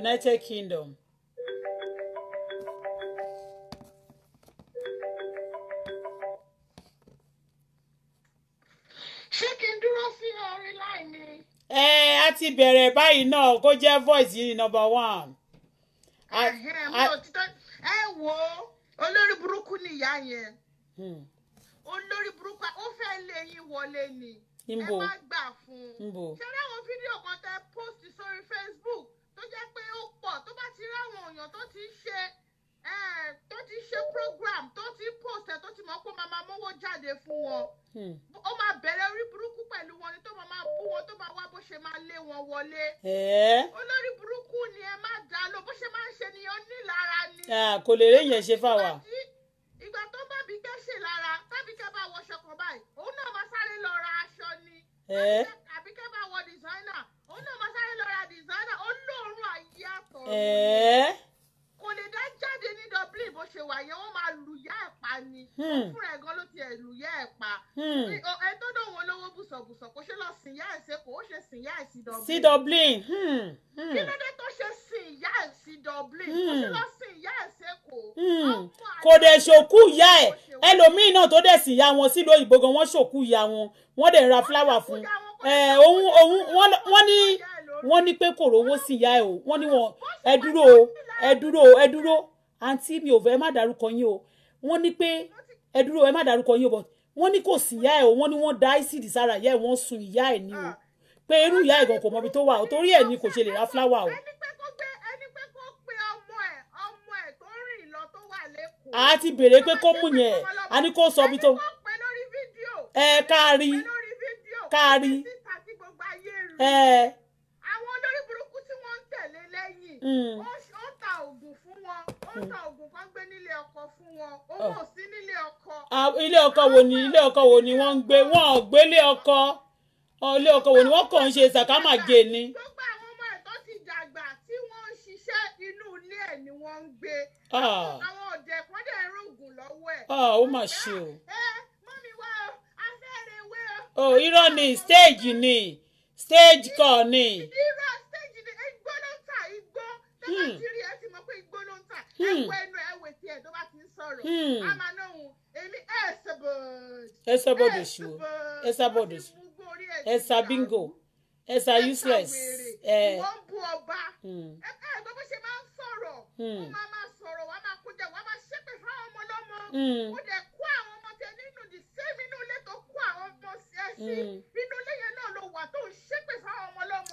United Kingdom ṣé kí n dúró sí orí láìní. ẹ a ti bẹ̀rẹ̀ báyìí náà kó jẹ́ voice yìí number one. ẹ wo olórí burúkú ni ìyá yẹn hmm. olórí burúkú ó fẹ́ lé yín wọlé ni ẹ má gbà fún un ṣé láwọn fídíò kan tẹ post sórí Facebook jẹ́ pé ó pọ̀ tó bá ti ráwọn èèyàn tó ti ṣe tó ti ṣe program tó ti post ẹ̀ tó ti mọ̀ pé ó máa mówó jáde fún wọn hmm. ó máa bẹ̀rẹ̀ orí burúkú pẹ̀lú wọn ni tó máa bú wọn tó máa wá bó ṣe máa lé wọn wọlé olórí burúkú ni ẹ má dá lò bó ṣe máa ń ṣe ni ó ní lára ni. kò lè rí yẹn ṣe fáwa. ìgbà tó bá bí kẹ́ ṣe lára tábí kẹ́ bá wọṣọ kan báyìí òun náà máa sáré lọ ra aṣọ ni àbí kẹ́ bá wọ designer ó náà máa sáré lọ ra ó lóorùn ayé àtọ̀ kò lè dá jáde ní Dublin bó ṣe wà yẹn wọ́n máa lùyà ẹ̀ pa ni hmm. fúnra ẹ̀ gan ló tiẹ̀ lùyà ẹ̀ pa hmm. ẹ tó dùn wọn lówó bùsọ̀bùsọ̀ kò ṣe lọ sìn yá ẹ̀ sí ó ṣe sìn yá ẹ̀ sí Dublin. sí Dublin. Hmm. kí ló tó ṣe sìn yá ẹ̀ sí Dublin kò ṣe lọ sìn yá ẹ̀ sí kò. kò ṣòkú ìyá ẹ̀ ẹlòmíín náà tó dẹ̀ sìn ìyá wọn sílùú òyìnbó gan ṣòkú ìyá wọn wọ́n dẹ̀ ra fúláwà fún un eh, òun òun wọ́n ní wọ́n ní pé kò rówó sí ìyá ẹ̀ o wọ́n ní wọn ẹ dúró o ẹ dúró o ẹ dúró àǹtí mi ò fẹ́ ẹ má dárúkọ yín o wọ́n ní pé ẹ dúró ẹ má dárúkọ yín o but wọ́n ní kò sí ìyá ẹ̀ o wọ́n ní wọ́n da icd sára ìyá ẹ̀ wọ́n sun ìyá ẹ̀ ni o ah. pé irú ìyá ẹ̀ gan kò mọbi tó wà o torí ẹ̀ ni kò ṣe lè ra fúláwà o. a ti béèrè pé kó mú yẹn a ní kó sọ bí tó ẹ káàrí káàrí ẹ. Mm. ó ta oògùn fún wọn ó ta oògùn kan gbé nílé ọkọ fún wọn owó oh. ò sí nílé ọkọ. ilé ọkọ wo ni ilé ọkọ wo ni wọ́n ń gbé wọn ò gbé ilé ọkọ ilé ọkọ wo ni wọ́n kàn ń ṣe sàkámàgé ni. gbogbo àwọn ọmọ ẹ̀ tó ti dàgbà tí wọ́n ń ṣiṣẹ́ inú ilé ẹ̀ ni wọ́n ń gbé ah. àwọn ọ̀dẹ̀ kan dẹ̀ ń rògùn lọ́wọ́ ẹ̀. Ah, ó mà ṣe o. mọ́mi wá afẹ́rẹ́ oh, irọ́ ni stage ni stage kan ni. irọ́ tẹ́ bá ti rí pé igbó ń tà ẹ hmm. wọ ẹnu ẹ wò tiẹ̀ tó bá ti ń sọ̀rọ̀ hmm. a náà hùn èmi ẹ̀ ṣẹ̀bọ̀d ẹ̀ ṣẹ̀bọ̀d èṣù ẹ̀ ṣẹ̀bọ̀d èṣù ẹ̀ ṣà bingo ẹ̀ ṣà useless ẹ̀ wọ́n bu ọba ẹ̀ ká ẹ̀ gbogbo ṣe máa ń sọ̀rọ̀ hmm. wọ́n máa máa sọ̀rọ̀ wọ́n máa kó jẹ máa ṣépè fún àwọn ọmọ lọ́mọ ó dẹ̀ kó àwọn ọmọ tẹ nínú the same inú ilé tó kó àwọn ọmọ ẹ sí inú ilé yẹn náà ló wà tó ń ṣépè fún àwọn ọmọ lọ́mọ.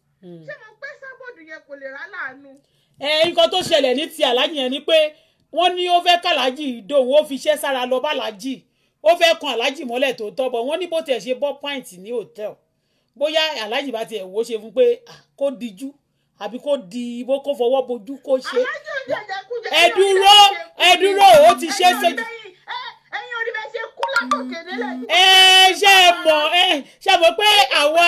Hmm. ṣé mo pé sábọ̀dù yẹn kò lè rà láàánú. ẹ nǹkan tó ṣẹlẹ̀ ní ti aláàjì yẹn ni pé wọ́n ní ó fẹ́ kàlájì ìdòwò ó fi iṣẹ́ sára lọ bàlájì ó fẹ́ kan aláàjì mọ́lẹ̀ tó tọ́ bọ̀ wọ́n ní bó tiẹ̀ ṣe bọ́ pint ní hòtẹ́ẹ̀l bóyá aláàjì bá tiẹ̀ wò ó ṣe fún pé kó dijú àbí kó di ibo kó fọwọ́ bojú kó ṣe ẹ dúró ẹ dúró ó ti ṣe é ṣe jù ẹ ṣe mọ̀ ẹ ṣe mọ̀ pé àwa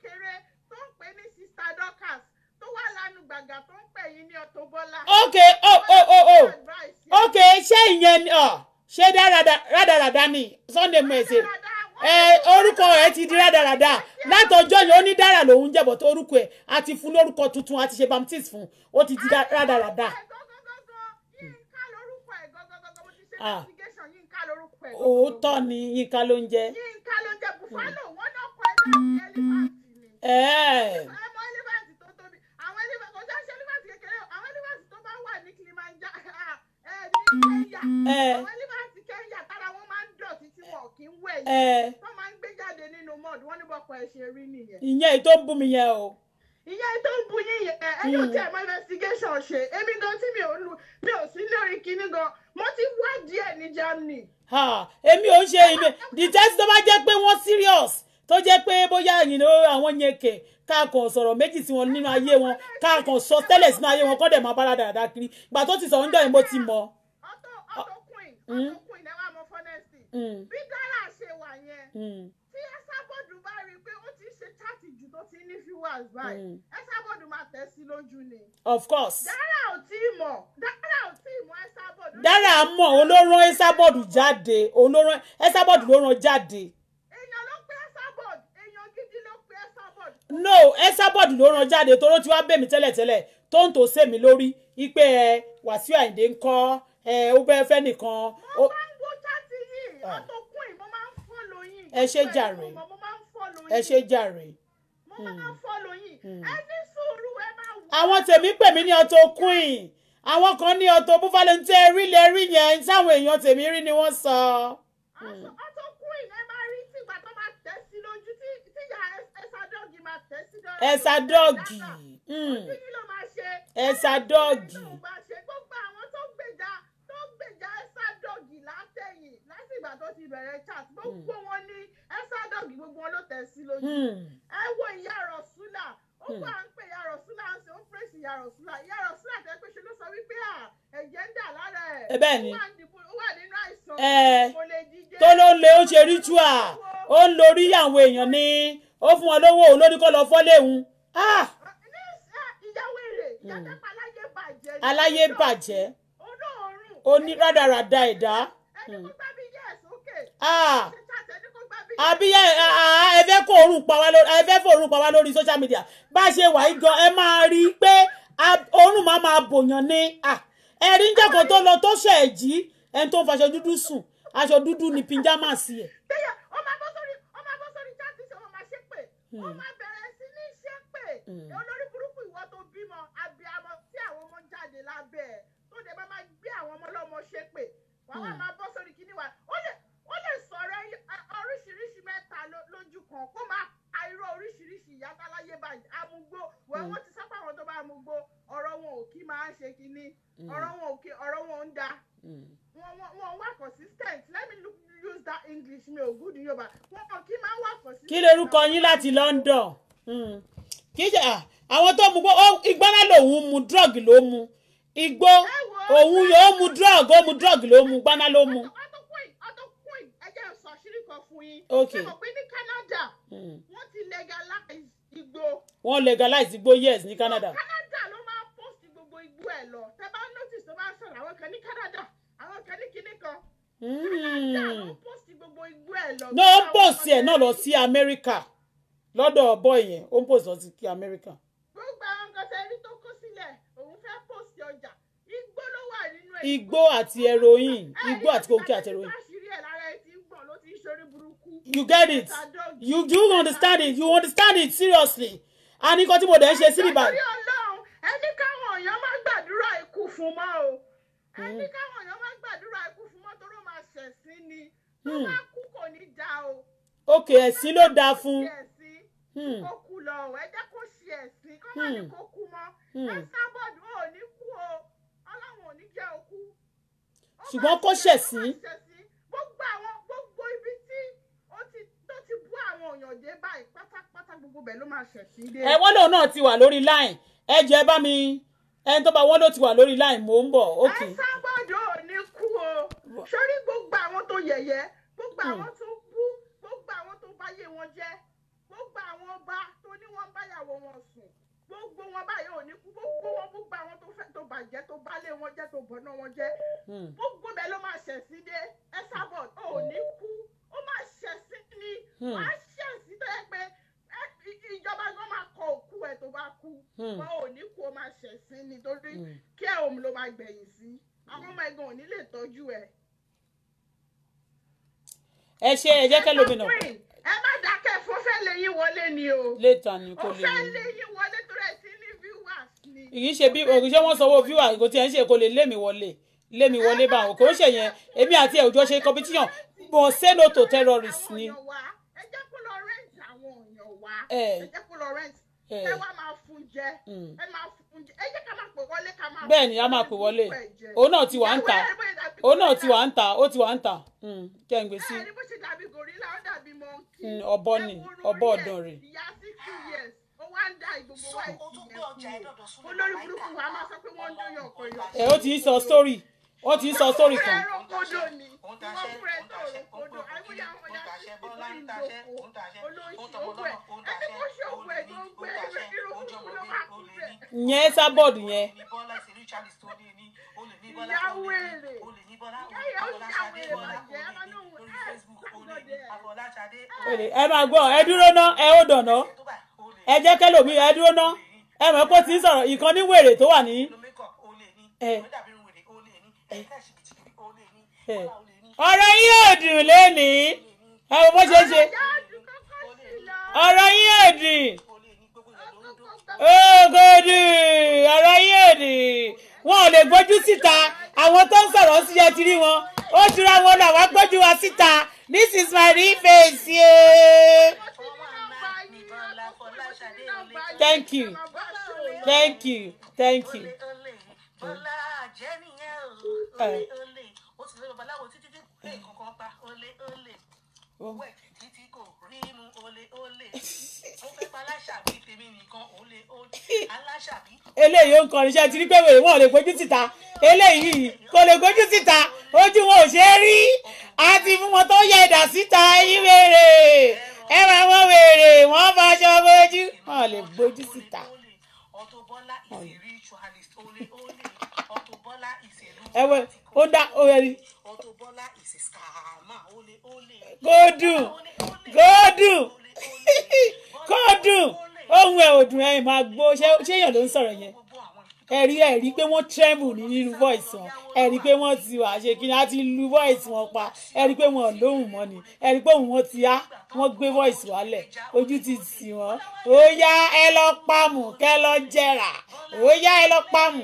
kékeré tó ń pè ní sista Dorcas tó wà lánàá gbàgà tó ń pè yín ní Auto Bola. ok o o o o ok ṣé ìyẹn ni ọ oh, ṣé rádaràda ni Sunday Mese eh, orúkọ ẹ ti di rádaràda látọjọ́ yìí ó ní dára lòun jẹbọ tó orúkọ ẹ a ti fún lórúkọ tuntun a ti ṣe baptist fún ó ti di rádaràda. ah òótọ́ ni yinka ló ń jẹ. yínká ló ń jẹ bùfálò wọn náà kọ ẹ náà yẹlẹ àwọn ẹlẹ́fàsì tó tóbi ìyẹn èyí tó ń bú mi yẹn o. ìyẹn èyí tó ń bú yín yẹn ẹni ò tiẹ̀ mọ investigation ṣe èmi gan tí mi ò lu mi ò sí lórí kinní gan mo ti wá díẹ̀ ní Germany. èmi ò ń ṣe èmi the test tó bá jẹ́ pé wọ́n serious tó jẹ́ pé bóyá ẹ̀yìn ni àwọn yẹn kẹ̀ ká kàn sọ̀rọ̀ méjì sí wọn nínú ayé wọn ká kàn sọ tẹ́lẹ̀ sínú ayé wọn kọ́ dẹ̀ máa bára dáadáa kiri ìgbà tó ti sọ̀rọ̀ ń dọ̀yìn bó ti mọ̀. of course. dára ò tí ì mọ̀ dára ò tí ì mọ̀ Ẹsábọ̀dù. dára mọ̀ olóró Ẹsábọ̀dù jáde olóró Ẹsábọ̀dù ló rán jáde. no Esabod ló ràn jáde toró tí wàá bẹ̀ mí tẹ́lẹ̀tẹ́lẹ̀ tó ń tò sé mi lórí ipe ẹ Wàsíù Àyìndé ń kọ́ ẹ ó bẹ́ẹ̀ fẹ́ nìkan. mo máa ń gbọ́ ṣáàtì yìí ah. ọ̀tọ̀kùn yìí mo máa ń fọ́ lóyìn. ẹ ṣe jàre ẹ ṣe jàre. mo máa hmm. ń fọ́ lóyìn hmm. ẹ ní sùúrù ẹ máa wọ. àwọn tèmi pè mí ní ọ̀tọ̀kùn yìí àwọn kan ní ọ̀tọ̀ búfalẹ̀ ń tẹ́ rí lẹ́rí yẹn táwọn èèyàn tèmi rí ni wọ́n sọ. àwọn hmm. ẹ̀sà dọ́ọ̀gì hmm. ẹ̀sà dọ́ọ̀gì. gbogbo àwọn tó gbèjà tó gbèjà ẹ̀sà dọ́ọ̀gì látẹ̀yìn láti ìgbà tó ti bẹ̀rẹ̀ chat gbogbo wọn ní ẹ̀sà dọ́ọ̀gì gbogbo wọn ló tẹ̀ sí lójú ẹ wo ìyá Rasulá ó wà ń pè ìyá Rasulá ń ṣe ó ń pèsè ìyá Rasulá ìyá Rasulá tẹ́ pé bẹ́ẹ̀ ni tó ló ń lé ó ṣe ritual ó ń lórí àwọn èèyàn ni ó fún wọn lówó òun lórí kó lọ fọ́lé òun. Ah! Hmm. aláyé bàjẹ́ oní rádaràda ẹ̀dá. Ah! àbí ah, ẹ fẹ́ kó òórùn pa wá lórí ẹ fẹ́ fòórùn pa wá lórí social media bá a ṣe wà yí gan ẹ máa rí i pé òórùn máa máa bòyàn ni ẹ̀rí ń jẹ́kọ̀ọ́ tó lọ tó ṣẹ̀ jí ẹni tó ń faṣọ dúdú sùn aṣọ dúdú ni pijama sí ẹ. ó máa bọ́ sórí ó máa bọ́ sórí jáde ṣe ó máa ṣe pé ó hmm. máa bẹ̀rẹ̀ sí ní ṣe pé hmm. olórí burúkú ìwọ tó bímọ abiyamọ tí àwọn ọmọ jáde lábẹ́ ẹ̀ tó dé máa gbé àwọn ọmọ ọlọ́mọ ṣe pé wàá hmm. máa bọ́ sórí kíní wa ó lè ó lè sọ̀rọ̀ oríṣiríṣi mẹ́ta lójú kan kó máa ka oríṣiríṣi ìyátaláyé báyìí amúgbó wọ́n ti sápá wọn wọn wọn wà consistent let me look, use that english mi ò good yorùbá wọn kì í máa wà consistent. kí lorúkọ yín láti london hmm. kì í ṣe ah, àwọn tó mu igbó náà lòun mu drug ló mu igbó òun yóò mu drug ó mu drug ló mu gbaná ló mu. Okay. Hmm. Wọ́n ti legalize igbó. Wọ́n legalize igbó yes ní Canada. Canada ló máa post gbogbo igbó ẹ̀ lọ. Tẹ́ bá notice tó bá sọ̀rọ̀ àwọn kan ní Canada. Hmm. No, kẹ́líkìlì kan. ló ń pòsì ẹ̀ náà lọ sí amẹ́ríkà lọ́dọ̀ ọ̀bọ̀ yẹn ó ń pòsì lọ sí amẹ́ríkà. gbogbo àwọn nǹkan tẹ ẹni tó kó sílẹ̀ òun fẹ́ pòsì ọjà igbó ló wà nínú ẹ̀. igbó àti heroin igbó àti kókè àti heroin. you get it you do understand it you understand it seriously a ní kọ́ tí mo dẹ̀ ń ṣe sílíbà. ẹni káwọn èèyàn máa gbàdúrà ikú fún mọ́ o ẹni hmm. káwọn èèyàn máa gbàdúrà ikú fún mọ́tò máa ṣẹ̀sín ni tó hmm. bá kú kò ní da o. ok ẹ̀sín ló dáa fún. Hmm. kó kú lọ ọ̀ ẹ jẹ́ kó ṣe ẹ̀sín kó má ní hmm. kó kú mọ́ ẹ sábọ̀dù ò ní kú o ọlọ́run ò ní jẹ́ òkú. ṣùgbọ́n kó ṣẹ̀sín. gbogbo àwọn gbogbo ibi tí ó ti tó ti bú àwọn èèyàn dé báyìí pátápátá gbogbo bẹ̀ ló máa ṣẹ̀sín dé. ẹ wọ́n náà ti wà lórí line ẹ jẹ́ ẹni tó bá wọ́n ló ti wà lórí line mò ń bọ̀ ok. ẹ sábọ̀dù ò ní o sórí gbogbo àwọn tó yẹ̀yẹ́ gbogbo hmm. àwọn tó bú gbogbo àwọn tó báyé wọn jẹ́ gbogbo àwọn ọba tó ní wọ́n báyàwó wọn sùn gbogbo wọn báyìí ò ní kú gbogbo wọn gbogbo àwọn tó fẹ́ tó bàjẹ́ tó bálé wọn jẹ́ tó bọ̀nà wọn jẹ́ hmm. gbogbo bẹ́ẹ̀ ló máa ṣẹ̀ sí dé Esabod ò ní kú ó máa ṣẹ̀ sí ni wàá hmm. ṣẹ̀ sí tó yẹ pé ìjọba gan máa kọ òkú ẹ̀ tó bá kú wọn ò ní kú ó máa ṣẹ̀ sí ni torí kí ẹ̀ òun ló máa gbẹ̀yìn sí àwọn ọmọ ẹ̀gbọ́n ò ní lè tọ́jú ẹ. ẹ ṣe ẹ jẹ́ kẹ́lómi náà. ẹ má dákẹ́ fún fẹ́ lẹ́yìn wọlé ni o. léètà ni kò lè ní. ó fẹ́ lẹ́yìn wọlé tó rẹ̀ sí ní viewers ni. ìyí ṣe bí òṣìṣẹ́ wọn sanwó viewers kò tiẹ̀ ń ṣe kò lè lémi wọlé lémi wọlé bá àwọn kò ń ṣe yẹn èmi àti ẹ̀ òjò ṣe competition but say no to terrorists ni. ẹ jẹ́ kó lọ rẹ́ǹtì àwọn èèyàn wá ẹ jẹ́ kó lọ rẹ́ǹtì ẹ wá máa fún jẹ mm. ẹ máa fún bẹ́ẹ̀ ni a máa pè wọlé òun náà ti wà ń ta òun náà ti wà ń ta ó ti wà ń ta hmm, kí ẹ ń gbé sí. Hmm, ọ̀bọ ni ẹ ó ti sọ sórí. ó ti sọ sórí kan. yẹn sábọ̀dù yẹn. ìyáwó èrè ẹ máa gbọ́ ẹ dúró ná ẹ ó dànà ẹ jẹ́ kẹ́lòmíì ẹ dúró ná ẹ mọ̀ pé ó ti ń sọ̀rọ̀ ìkan ní wèrè tó wà ní. ẹ ọ̀rọ̀ yín ò dùn lónìí ẹ wo bó ṣe ṣe ọ̀rọ̀ yín ò dùn ògòdì ọ̀rọ̀ yín ò dùn wọn ò lè gbójú síta àwọn tó ń sọ̀rọ̀ sí ẹ ti rí wọn ó jura wọn lọ àwọn gbójú wa síta this is my real face yee. thank you thank you thank you ọlẹ ọlẹ eh. ó sì lọ babaláwo títí tí kò lè kankan pa ọlẹ ọlẹ wẹ títí tí kò rí mu ọlẹ ọlẹ ó fẹ́ pa aláṣàbí tèmi nìkan ọlẹ ọlẹ aláṣàbí. eléyìí ó ń kọrin iṣẹ́ ti rí pé wèrè wọn ò lè gbójú síta eléyìí kò lè gbójú síta ojú wọn ò ṣe é rí àti fún wọn tó yẹ ẹ̀dà síta ìwéèrè ẹ máa wọ́n wèrè wọ́n bá aṣọ bójú wọn ò lè gbójú síta ẹwẹ ó dá ó yẹ ni. Auto Bola is a scammer ó lè ó lè. gòdùn gòdùn gòdùn ohun ẹ̀ òdùn ẹ̀ máa gbó ṣé èèyàn ló ń sọ̀rọ̀ yẹn ẹ̀rí ẹ̀rí pé wọ́n tremble ní nínú voice wọn ẹ̀rí pé wọ́n ti wà ṣe kí ni a ti lu voice wọn pa ẹ̀rí pé wọ́n lóhùn mọ́ ni ẹ̀rí pé òun wọn ti á wọ́n gbé voice wálẹ̀ ojú ti tì wọ́n ó yá ẹ lọ pamù kẹ́ lọ jẹrà ó yá ẹ lọ pamù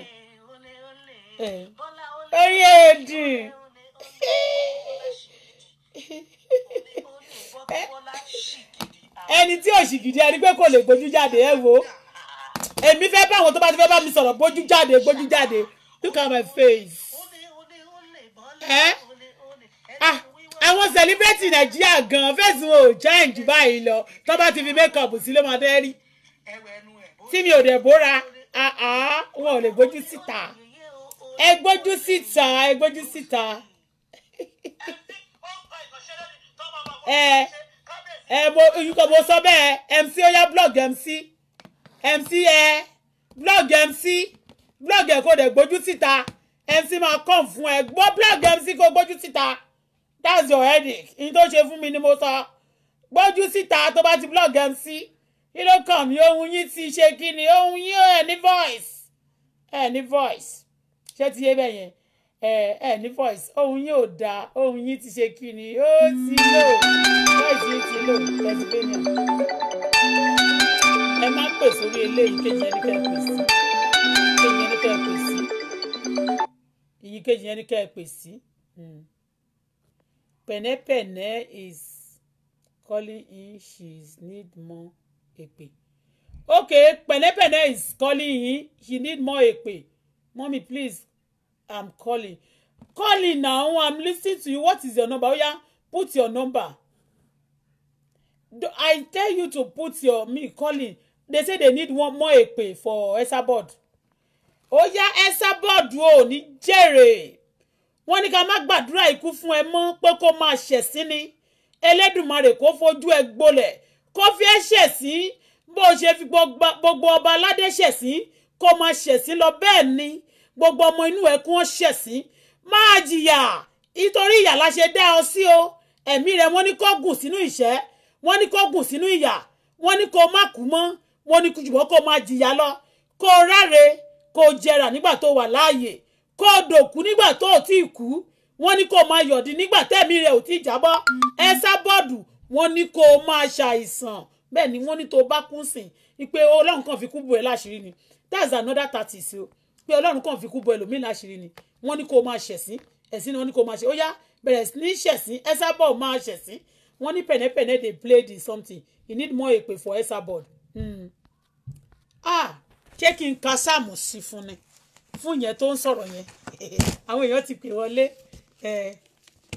orí èdè ẹni tí ò ṣìgìdì ẹni pé kò lè gbójú jáde ẹ wo èmi fẹ́ bá àwọn tó bá ti fẹ́ bá mi sọ̀rọ̀ gbójú jáde gbójú jáde look at my face ẹ ah àwọn sẹlẹbẹtì nàìjíríà gan fẹsùn ò jáìn jù báyìí lọ tó bá ti fi mékọ̀pù sí ló máa fẹ́ rí tí mi ò dẹ̀ bóra ah, ah, wọn ò lè gbójú síta ẹ gbójú síta ẹ gbójú síta ẹ ẹ mo oyúkọ mo sọ bẹ́ẹ̀ mc oya blog mc mc ẹ blog mc blog ẹ kò dẹ gbójú síta mc máa kàn fún ẹ gbọ́ blog mc kò gbójú síta that's your headache ní tó ṣe fún mi ni mo sọ gbójú síta tó bá ti blog mc kí ló kàn mí ohun yín ti ṣe kí ni ohun yín ẹ ní voice ẹ ní voice ṣé ti yé bẹ́ẹ̀ yẹn ẹ ẹ ní voice ohun yín ò da. ohun yín ti ṣe kí ni ó ti lò voice yín ti lò pennsylvania ẹ má pè sórí eléyìí kejì ẹni kẹ́ ẹ pè sí kejì ẹni kẹ́ ẹ pè sí èyí kejì ẹni kẹ́ ẹ pè sí hmm. pẹ̀nẹ́pẹ̀nẹ́ is calling in she need more èpè okay pẹ̀nẹ́pẹ̀nẹ́ is calling in she need more èpè mommy please I'm calling. Calling now. I'm listening to you. What is your number? Oh yeah, put your number. I tell you to put your me calling. They say they need one more èpè for Esabod. Ó yá Esabod o ní jèrè. Wọ́n ní ká má gbàdúrà ikú fún ẹ mọ́ pé kó máa ṣẹ̀ sí ni. Ẹlẹ́dùmarè kó fojú ẹ gbolẹ̀. Kó fi ẹ́ ṣẹ̀ sí. Bó o ṣe fi gbogbo ọba aládé ṣẹ̀ sí. Kó máa ṣẹ̀ sí lọ bẹ́ẹ̀ ni gbogbo ọmọ inú ẹ kí wọ́n ṣẹ̀sín máa jìyà nítorí ìyà la ṣe dá ọ sí o ẹ̀mí rẹ wọ́n ní kó gùn sínú ìṣẹ́ wọ́n ní kó gùn sínú ìyà wọ́n ní kó má kú mọ́ wọ́n ní ṣùgbọ́n kó máa jìyà lọ kó ráre kó jẹrà nígbà tó wà láàyè kó dòkú nígbà tó ò tí ì kú wọ́n ní kó máa yọ̀dí nígbà tẹ̀mí rẹ̀ ò tí ì jábọ́ ẹ sábọ́ọ̀dù wọ́n ní kó máa ṣàìsàn bẹ́ẹ̀ ni wọ́n ní tó bá kún sìn ni ọlọ́run kan fi kú bò ẹ́ láṣìírí ni that's another thirty so pé ọlọ́run kàn fi kú bọ ẹlòmíì láṣìírí ni wọ́n ní kó o máa ṣẹ̀sín ẹ̀sìn ni wọ́n ní kó o máa ṣe ó yá bẹ̀rẹ̀ ní ṣẹ̀sín Esabod máa ṣẹ̀sín wọ́n ní pẹ̀nẹ́pẹ̀nẹ́ dey play the something you need more èpè for Esabod. Hmm. ah ṣé kí n ka sáàmù sí fún ni fún yẹn tó ń sọ̀rọ̀ yẹn àwọn èèyàn ti pè wọlé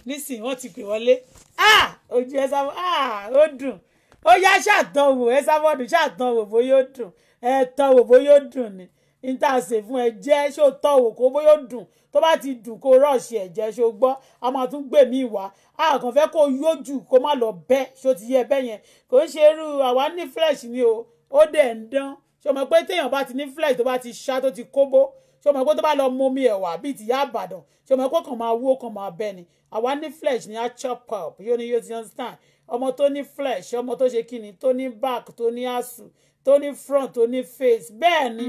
nísìnyí wọ́n ti pè wọlé ah ojú Esabod ah ó dùn ó yá ṣàtọ̀wò Esabod ṣàtọ̀wò bóyá ó dùn ẹ̀ tọ̀wò bóyá dùn ni n tá a ṣe fún ẹ jẹ́ ṣó tọ́ wò kó bóyá ó dùn tó bá ti dùn kó rọ̀ọ̀ṣì ẹ̀jẹ̀ ṣó gbọ́ a máa tún gbè mí wá a kàn fẹ́ kó yójú kó má lọ bẹ́ ṣó ti yẹ bẹ́ yẹn kò ń ṣe irú àwa ní flesh ni o ó dẹ̀ ń dán ṣó mọ̀ pé téèyàn bá ti ní flesh tó bá ti ṣá tó ti kóbó ṣó mọ̀ pé tó bá lọ momi ẹ̀wà bíi tìyá àbàdàn ṣó mọ̀ pé kàn máa wó kàn máa bẹ́ ni àwa ní flesh ni a chop up yóò ní yóò ti understand ọmọ tó ní flesh ọmọ tó ṣe kíni tó ní back tó ní àsù tó ní front tó ní face bẹ́ẹ̀ ni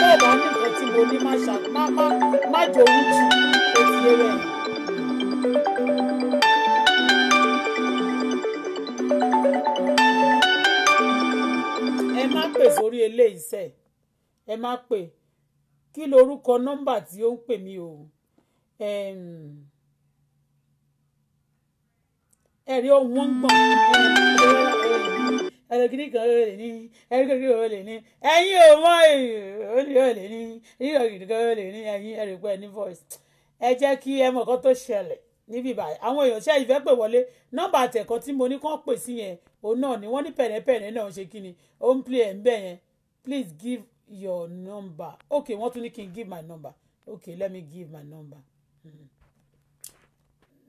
bẹ́ẹ̀ bá ní nǹkan tí mo ní má ṣà má má má jòwú jù ó ti yé rẹ̀. ẹ má pè sórí eléyìí sẹ ẹ má pè kí lorúkọ nọ́mbà tí ó ń pè mí o ẹ̀rí ohun wọn gbọ̀n ẹlòkìní kan ó lè ní ẹlòkìní kan ó lè ní ẹ̀yin ò mọ olè ó lè ní ẹlòkìní kan ó lè ní ẹ̀yin ẹlòkìní ní voice ẹ jẹ́ kí ẹ mọ̀ kan tó ṣẹlẹ̀ níbi ìbàdí àwọn èèyàn ṣe ìfẹ́ pè wọlé nọ́mbà àtẹ̀kọ́ tí mo ní kàn pè sí yẹn òun náà ni wọ́n ní pẹ̀lẹ́pẹ̀lẹ́ náà ṣe kí ni ó ń play ẹ̀ ń bẹ̀ yẹn please give your number okay wọ́n tún ní kí n give my number okay let me give my number hmm.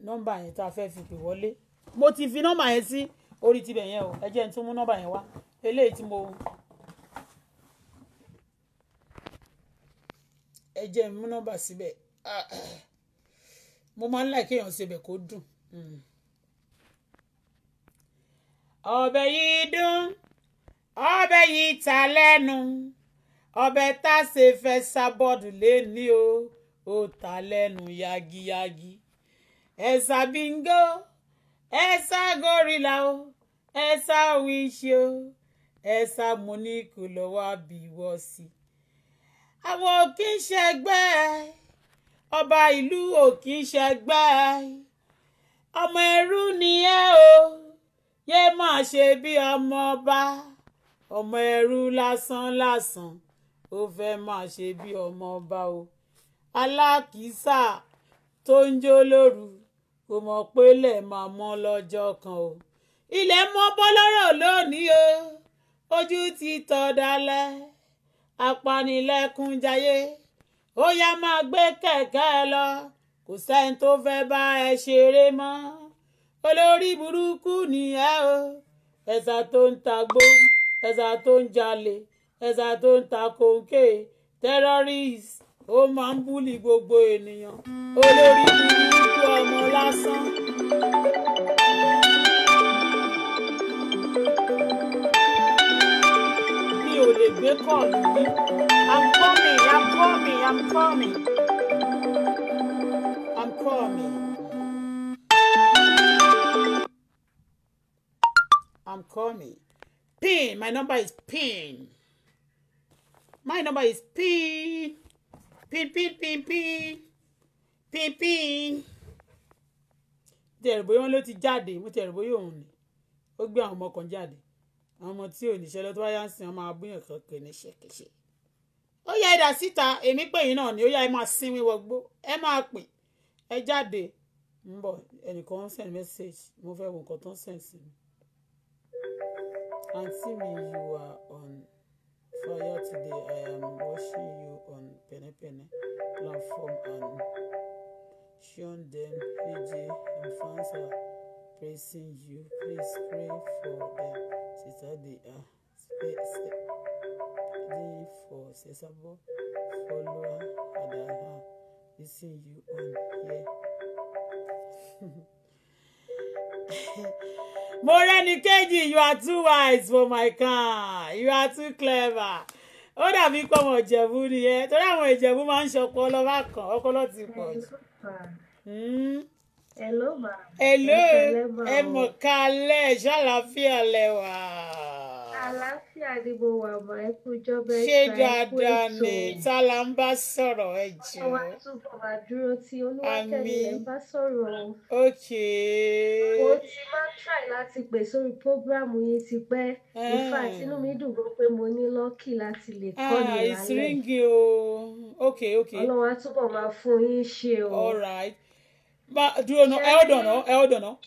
nọ́mbà yẹn tá a fẹ́ fi pè wọlé mo ti fi nọ́mbà yẹn sí. Si orí tibẹ̀ yẹn o ẹ jẹ́ tún mú nọ́mbà yẹn wá eléyìí tí mo ẹ jẹ́ mú nọ́mbà síbẹ̀ mo máa ń láì kéèyàn sebẹ̀ kó dùn. ọbẹ̀ yìí ọbẹ̀ yìí ta lẹ́nu ọbẹ̀ tá a ṣe fẹ́ sábọ́ọ̀dù lẹ́ni o ó ta lẹ́nu yagiyagi ẹ̀sà bíngó ẹ̀sà gorilla o. ẹ̀sà wíṣọ ẹ̀sà mo ní kò lọ wá bí wọ́ sí i. àwọn òkì ń ṣẹgbẹ́ ọba ìlú òkì ọmọ ẹrú ni ẹ o yé má ṣe bí ọmọ ọba ọmọ ẹrú lásán lásán ó fẹ́ má ṣe bí ọmọ ọba o alákìísà tó ń jó lóru kò mọ̀ pé lè máa mọ́ lọ́jọ́ kan o. ilẹ̀ mọ́ bọ́lọ́rọ̀ lónìí o ojú ti tọ́ dalẹ̀ apanilẹ́kúnjayé ó yá máa gbé kẹ̀kẹ́ ẹ lọ kò sẹ́ni tó fẹ́ bá ẹ ṣeré mọ́ olórí burúkú ni ẹ o ẹ̀sà tó ń tagbó ẹ̀sà tó ń jalè ẹ̀sà tó ń ta kòńké terrorist ó máa ń búlì gbogbo ènìyàn olórí burúkú ọmọ lásán. gbé kọ̀ mí. I'm coming, I'm coming, I'm coming. I'm coming. I'm coming. Pin, my number is pin. My number is pin. Pin, pin, pin, pin. Pin, pin. Mo ti ẹ̀rù bóyá wọn ló ti jáde, mo ti ẹ̀rù bóyá òun ni. Ó gbé àwọn ọmọ kan jáde àwọn ọmọ tí ò níṣẹ́ lọ́tọ́ wáyà ń sìn ọmọ abúyàn kan pè ní ṣẹ̀kẹ̀ṣẹ̀ ó yá ẹ̀dà síta èmi pè yín náà ni ó yá ẹ máa sinmi wọgbó ẹ máa pè ẹ jáde ń bọ̀ ẹnìkan ń send message mo fẹ́ wo nǹkan tó ń send sí mi àǹtí mi you are on fire today I am watching you on penepene platform and shown them pj and fans are pressing you. Please pray for them. Sister, they are ready for sensible follower and I am missing you on here. Moreni Keji, you are too wise for oh my car. You are too clever. ó dàbí pé ọmọ ìjẹ̀bú ni ẹ torí àwọn ìjẹ̀bú máa ń ṣe ọpọlọ bá kàn ọpọlọ ti pọ̀ jù. Hmm? Hello, ma. Hello. Ẹ mọ̀ kálẹ̀ ṣàlàáfíà lẹ wà. Àlàáfíà ni mo wà mọ̀ ẹ kú jọ bẹ́ẹ̀ ṣe dáadáa ni ta la ń bá sọ̀rọ̀ ẹ jù. Ọwọ́ àtúbọ̀ máa dúró tí olúwakẹ́lẹ̀ ẹ bá sọ̀rọ̀. Ok. ti máa try lati pe. sórí prógrámù yìí ti pẹ́. In ah. fact, inú mi dùn gan pé mo ní lọ́kì láti lè ah, kọ́ ní ìlànà. It's ringing o. Ok, ok. Ọlọ́run àtúbọ̀ máa fún yín ṣe o. All right ma dúró ná I don't know. I don't know.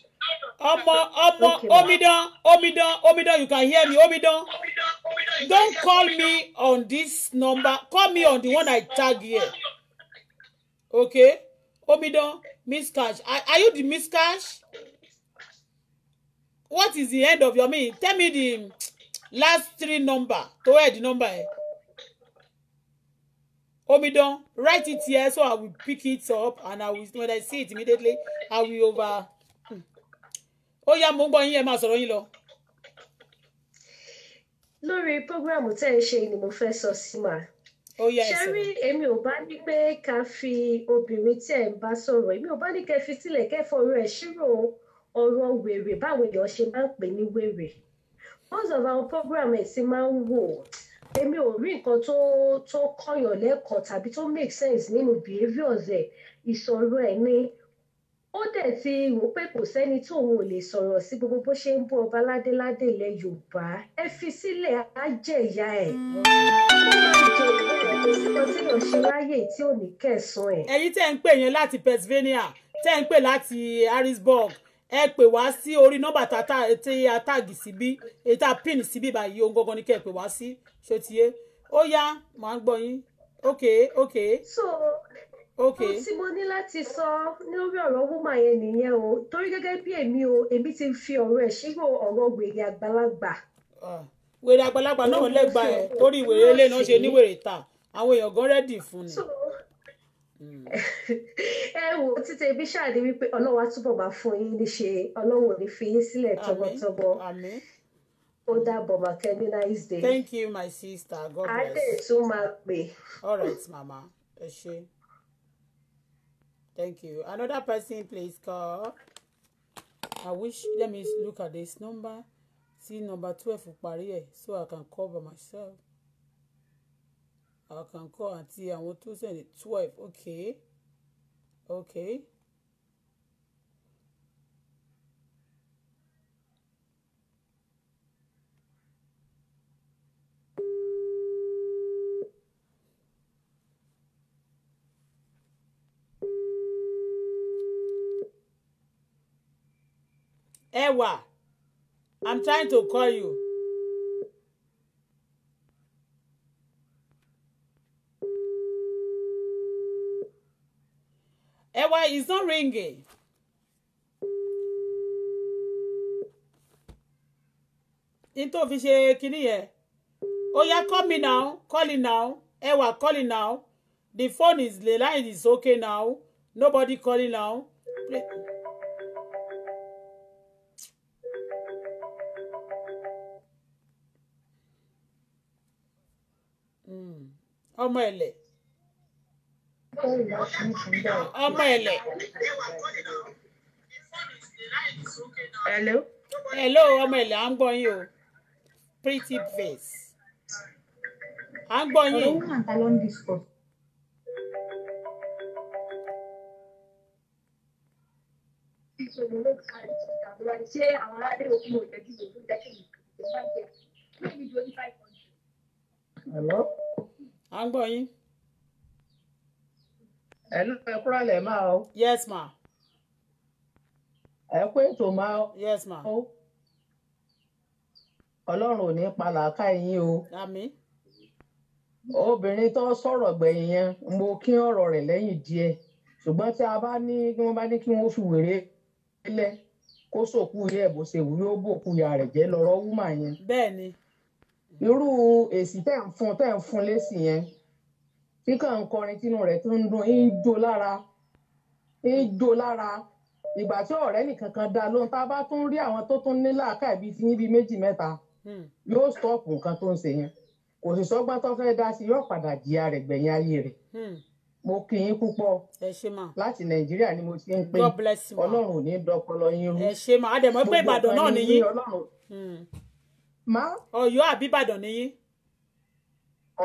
Omo, Omo, omidan omidan omidan you can hear me omidan don't call me on this number call me on the one I tag here okay omidan miss cash are, are you the miss cash what is the end of your name tell me the last three number to where the number is don write it here so I will pick it up and I will when I see it immediately, I will over. Hmm. Ó yá mo ń gbọ́ yín ẹ máa sọ̀rọ̀ yín lọ. Lórí prógrámù tẹ́ ẹ ṣe ni mo fẹ́ sọ sí màá. ṣe rí èmi ò bá ní pé ká fi obìnrin tí ẹ̀ ń bá sọ̀rọ̀ èmi ò bá ní kẹ́ fi sílẹ̀ kẹ́fọ́ rẹ̀ ṣírò ọ̀rọ̀ wèrè báwo èèyàn ṣe máa ń pè ní wèrè. most of our program ẹ̀ ti máa ń wò èmi ò rí nǹkan tó tó kọyàn lẹ́kọ̀ọ́ tàbí tó make sense nínú behaviours ẹ̀ ìsọ̀rọ̀ ẹ̀ ni ó dẹ̀ ti wò pé kò sẹ́ni tó òun ò lè sọ̀rọ̀ sí gbogbo bó ṣe ń bú ọba ládéládé ilẹ̀ yorùbá ẹ fi sílẹ̀ á jẹ́ ìyá tẹ́ ń pè yẹn láti Pennsylvania tẹ́ ń pè láti Harrisburg ẹ pè wá sí orí nọ́mbà tí a táàgì síbí èyí tá a pin síbí báyìí ohun gangan ni kẹ́ ẹ pè wá sí ṣó ti yé ó yá màá gbọ́ yín ok ok. so okay. ohun tí mo ní láti sọ lórí ọ̀rọ̀ woman yẹn nìyẹn o torí gẹ́gẹ́ bí èmi o èmi ti fi ọ̀rọ̀ ẹ̀ ṣírò ọ̀rọ̀ wèrè àgbàlagbà. wèrè àgbàlagbà náà lẹ́gbàá ẹ̀ torí wèrè ilé náà ṣe níwèrè ta àwọn èèyàn gan rẹ́dì fún ni. so Mm. ẹ wò títẹ ibi ṣáàdé wípé ọlọ́run á túbọ̀ máa fún yín níṣe ọlọ́run ò ní fi yín sílẹ̀ tọmọtọmọ ó dàbọ̀ màkẹ́ ní nice day. thank you my sister god bless. adé tún máa pè. all right mama ẹ ṣé thank you another person please call i wish let me look at this number see number twelve parí ẹ so i can cover myself àkànkọ́ àti àwọn tó sẹ̀ ní twelve okay okay. Ewa, I'm trying to call you. it's not ringing. in tó fi ṣe Oh, yẹn ó call me now call me now ẹ wà call me now the phone is the line is okay now nobody calling now. Oh my ẹlẹ ọmọ ẹlẹ. hello. hello ọmọ ẹlẹ à ń gbọ́ yín o pretty face à ń gbọ́ yín. ṣé àwọn aládé ẹnu ẹ kúrò lẹ máa yes ma. ẹ yes ma. ọlọ́run ò ní pa làákà o. obìnrin tó sọ̀rọ̀ gbẹ̀yìn yẹn mo kí ọ̀rọ̀ rẹ̀ lẹ́yìn díẹ̀ ṣùgbọ́n tí a bá ní kí wọ́n fi kó rẹ̀ jẹ́ yẹn. èsì tẹ̀ tẹ̀ yẹn tí kàn ń kọrin tínú rẹ̀ tó ń dùn ń jó lára ń jó lára ìgbà tí ọ̀rẹ́ nìkan kan dá lóhun tá a bá tún rí àwọn tó tún ní làákàyè bíi ti yín méjì mẹ́ta hmm. yóò stọọpù nǹkan tó ń ṣe yẹn kò sì sọ́gbọ́n tó fẹ́ dá sí yóò padà jìyà rẹ̀ gbẹ̀yìn ayé rẹ̀ hmm. mo kì í púpọ̀ láti nàìjíríà ni mo ti ń pè ọlọ́run ò ní dọpọlọ yín rú ẹ ṣe máa dẹ̀ mọ́ pé ìbàdàn náà nìyí ọlọ́run. Hmm.